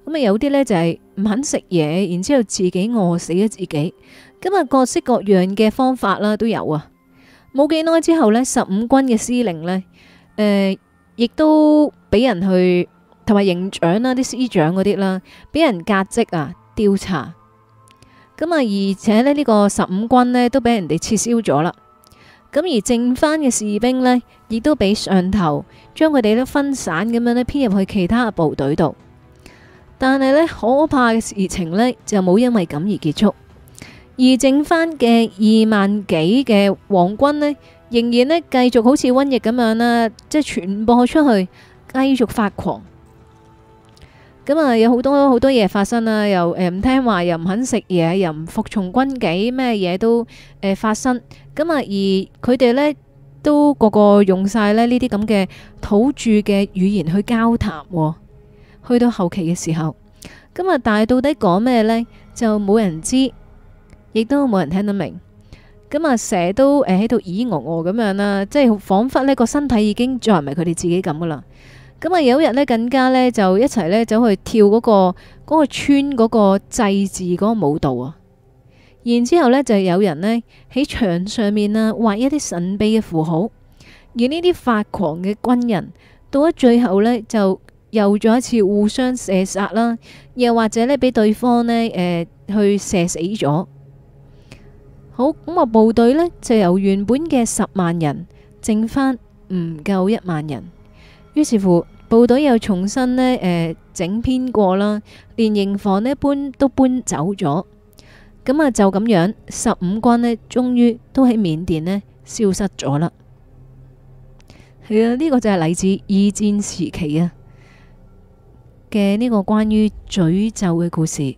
咁啊，有啲呢就係、是、唔肯食嘢，然之後自己餓死咗自己。咁啊，各式各樣嘅方法啦，啊，都有啊。冇幾耐之後呢，十五軍嘅司令呢，誒、呃，亦都俾人去同埋營長啦，啲師長嗰啲啦，俾人革職啊，調查。咁啊，而且呢，呢、這個十五軍呢都俾人哋撤銷咗啦。咁而剩翻嘅士兵呢，亦都俾上頭將佢哋都分散咁樣呢編入去其他部隊度。但係呢，可怕嘅事情呢就冇因為咁而結束，而剩翻嘅二萬幾嘅皇軍呢，仍然呢繼續好似瘟疫咁樣啦，即係傳播出去，繼續發狂。咁啊，有好多好多嘢發生啦，又誒唔聽話，又唔肯食嘢，又唔服從軍紀，咩嘢都誒發生。咁啊，而佢哋呢，都個個用晒呢呢啲咁嘅土著嘅語言去交談。去到後期嘅時候，咁啊，但係到底講咩呢？就冇人知，亦都冇人聽得明。咁、嗯、啊，成日都誒喺度咿咿俄俄咁樣啦，即係仿佛呢個身體已經再唔係佢哋自己咁噶啦。咁、嗯、啊，有一日呢，更加呢，就一齊呢走去跳嗰、嗰個、嗰個村嗰個祭祀嗰個舞蹈啊。然之後呢就有人呢喺牆上面啊畫一啲神秘嘅符號，而呢啲發狂嘅軍人到咗最後呢，就。又再一次互相射殺啦，又或者咧，俾對方咧，誒、呃、去射死咗。好，咁啊，部隊呢，就由原本嘅十萬人，剩翻唔夠一萬人。於是乎，部隊又重新呢誒、呃、整編過啦，連營房呢搬都搬走咗。咁啊，就咁樣，十五軍呢終於都喺緬甸咧消失咗啦。係啊，呢、這個就係嚟自二戰時期啊。嘅呢個關於詛咒嘅故事，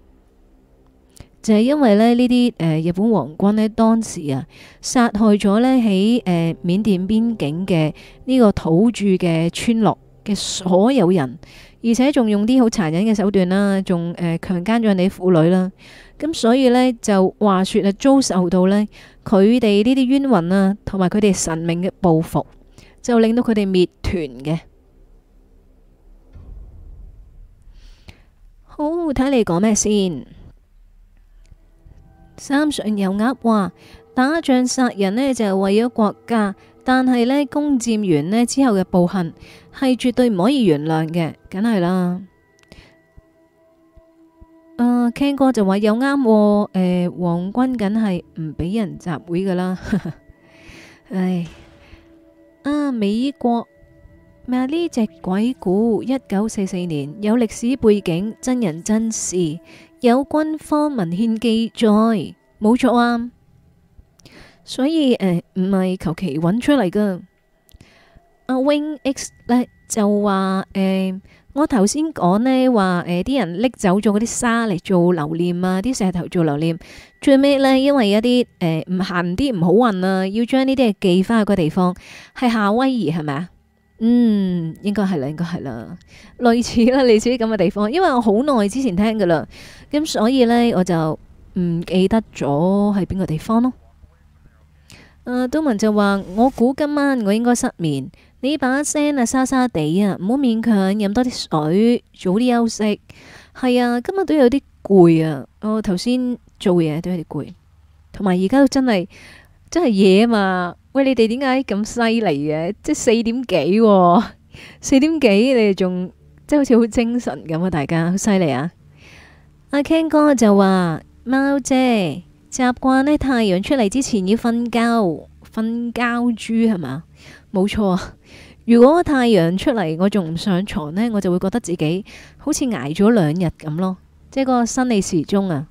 就係因為咧呢啲誒、呃、日本皇軍咧當時啊殺害咗咧喺誒緬甸邊境嘅呢個土著嘅村落嘅所有人，而且仲用啲好殘忍嘅手段啦，仲誒強姦咗人哋婦女啦，咁所以呢，就話說啊遭受到呢佢哋呢啲冤魂啊同埋佢哋神明嘅報復，就令到佢哋滅團嘅。好睇你講咩先？三信油鴨話打仗殺人呢就係，為咗國家，但係呢攻佔完呢之後嘅暴行係絕對唔可以原諒嘅，梗係啦。啊 Ken 哥就話又啱，哦、誒、呃，皇軍梗係唔俾人集會噶啦。唉，哎，啊美國。咩呢隻鬼故一九四四年有歷史背景，真人真事，有軍方文獻記載，冇錯啊。所以誒，唔係求其揾出嚟噶。阿 Wing X 咧、呃、就話誒、呃，我頭先講呢話誒，啲、呃、人拎走咗嗰啲沙嚟做留念啊，啲石頭做留念。最尾呢，因為一啲誒唔行啲唔好運啊，要將呢啲嘢寄翻去個地方，係夏威夷係咪啊？嗯，應該係啦，應該係啦，類似啦，類似啲咁嘅地方。因為我好耐之前聽噶啦，咁所以呢，我就唔記得咗喺邊個地方咯。誒、啊，東文就話我估今晚我應該失眠。你把聲啊沙沙地啊，唔好勉強飲多啲水，早啲休息。係啊，今日都有啲攰啊。我頭先做嘢都有啲攰，同埋而家都真係真係夜啊嘛。喂，你哋點解咁犀利嘅？即係四點幾，哦，四點幾，你哋仲即係好似好精神咁啊！大家好犀利啊！阿 Ken 哥就話貓姐習慣呢，太陽出嚟之前要瞓覺，瞓覺豬係嘛？冇錯啊！如果太陽出嚟，我仲唔上床呢，我就會覺得自己好似挨咗兩日咁咯。即係個生理時鐘啊！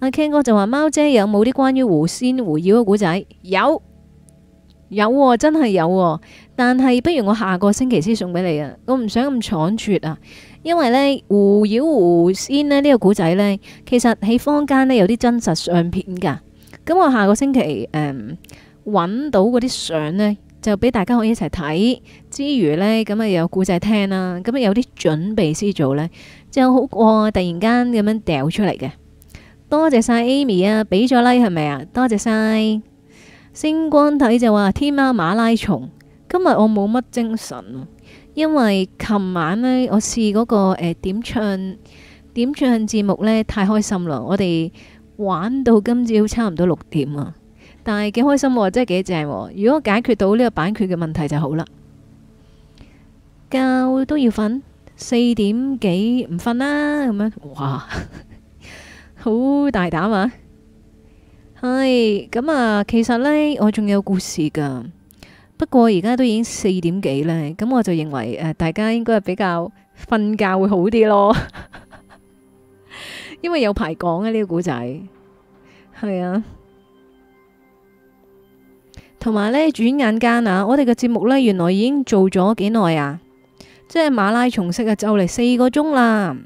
阿 Ken 哥就話貓姐有冇啲關於狐仙狐妖嘅故仔？有，有胡胡。有有、啊、真係有、啊，但係不如我下個星期先送俾你啊！我唔想咁倉促啊，因為呢狐妖狐仙咧呢、呢個古仔呢，其實喺坊間呢有啲真實相片噶。咁我下個星期揾、嗯、到嗰啲相呢，就俾大家可以一齊睇之餘呢，咁啊有古仔聽啦。咁啊有啲準備先做咧，就好過突然間咁樣掉出嚟嘅。多謝晒 Amy 啊，俾咗 like 係咪啊？多謝晒。星光體就話天貓馬拉松，今日我冇乜精神，因為琴晚呢，我試嗰個、那個、呃、點唱點唱節目呢，太開心啦，我哋玩到今朝差唔多六點啊，但係幾開心喎，真係幾正喎，如果解決到呢個版權嘅問題就好啦。覺都要瞓四點幾唔瞓啦，咁樣哇， 好大膽啊！唉，咁啊、哎，其實呢，我仲有故事噶。不過而家都已經四點幾啦，咁我就認為大家應該係比較瞓覺會好啲咯， 因為有排講、這個、啊。呢個故仔，係啊。同埋呢，轉眼間啊，我哋嘅節目呢，原來已經做咗幾耐啊，即係馬拉松式啊，就嚟四個鐘啦。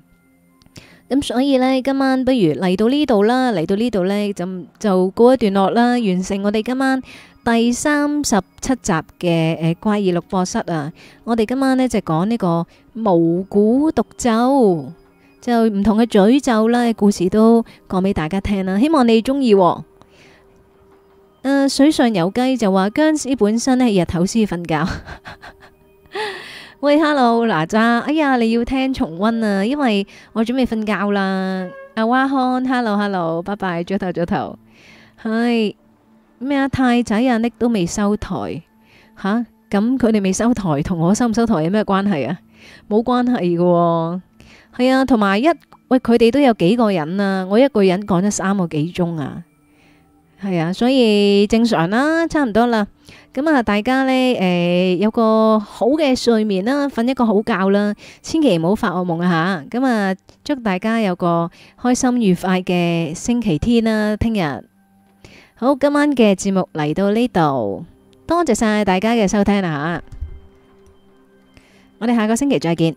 咁所以呢，今晚不如嚟到呢度啦，嚟到呢度呢就就告一段落啦，完成我哋今晚第三十七集嘅誒怪異錄播室啊！我哋今晚呢就講呢個蒙古毒咒，就唔同嘅詛咒啦，故事都講俾大家聽啦，希望你中意。誒，水上有雞就話僵屍本身呢日頭先瞓覺。喂，hello，娜吒，哎呀，你要聽重温啊，因為我準備瞓覺啦。阿、啊、蛙康，hello，hello，拜拜，早頭早頭。係咩啊？太仔啊，呢都未收台吓，咁佢哋未收台，同、啊、我收唔收台有咩關係、哦、啊？冇關係嘅，係啊，同埋一喂，佢哋都有幾個人啊，我一個人講咗三個幾鐘啊，係啊，所以正常啦，差唔多啦。咁啊，大家呢，誒，有個好嘅睡眠啦，瞓一個好覺啦，千祈唔好發噩夢啊吓！咁啊，祝大家有個開心愉快嘅星期天啦，聽日好，今晚嘅節目嚟到呢度，多謝晒大家嘅收聽啊吓，我哋下個星期再見。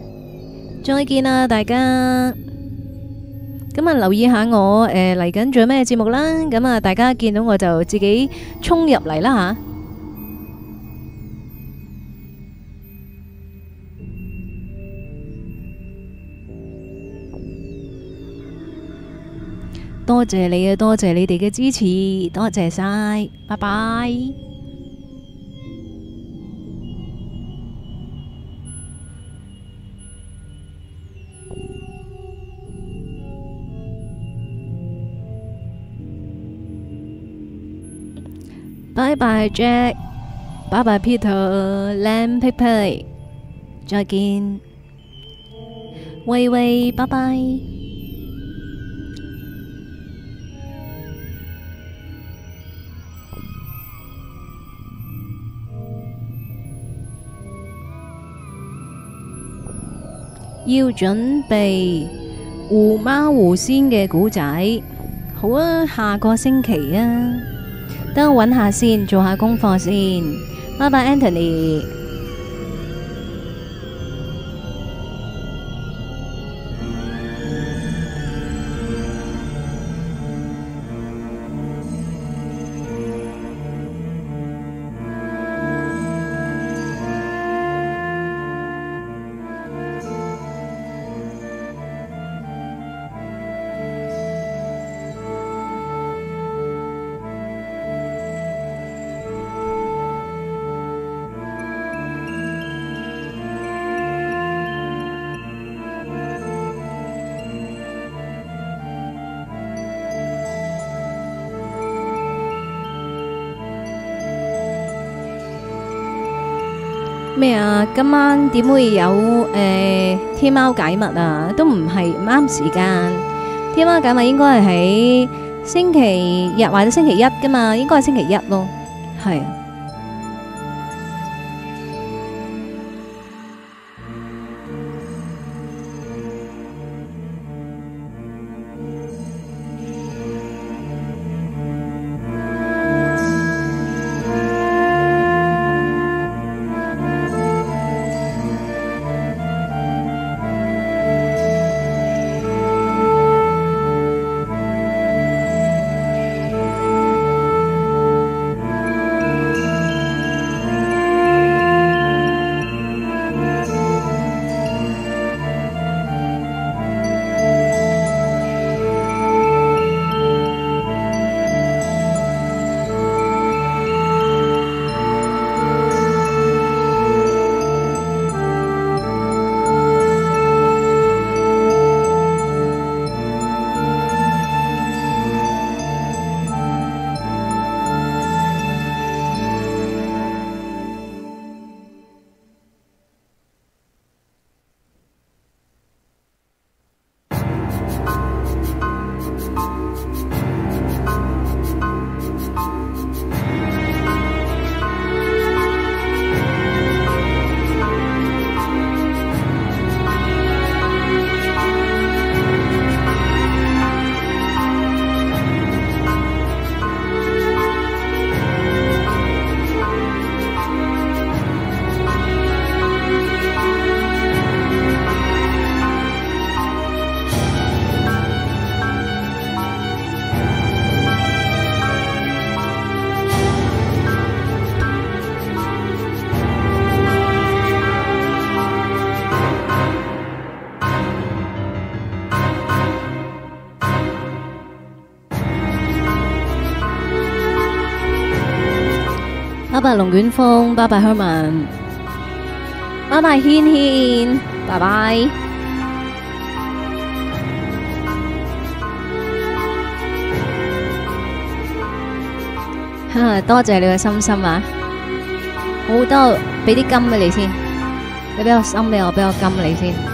再見啦，大家！咁啊，留意下我誒嚟緊仲有咩節目啦！咁啊，大家見到我就自己沖入嚟啦吓！多謝你啊，多謝你哋嘅支持，多謝晒，拜拜。拜拜，Jack！拜拜，Peter！蘭佩佩，再見。喂喂，拜拜。要準備狐貓狐仙嘅古仔，好啊，下個星期啊。等我揾下先，做下功課先。拜拜，Anthony。今晚點會有誒、呃、天貓解密啊？都唔係唔啱時間，天貓解密應該係喺星期日或者星期一嘅嘛，應該係星期一咯，係。拜龍捲風，拜拜，Herman，拜拜，軒軒，拜拜。哈，多謝你嘅心心啊！好多，俾啲金俾你先，你俾我心俾我，俾我金俾你先。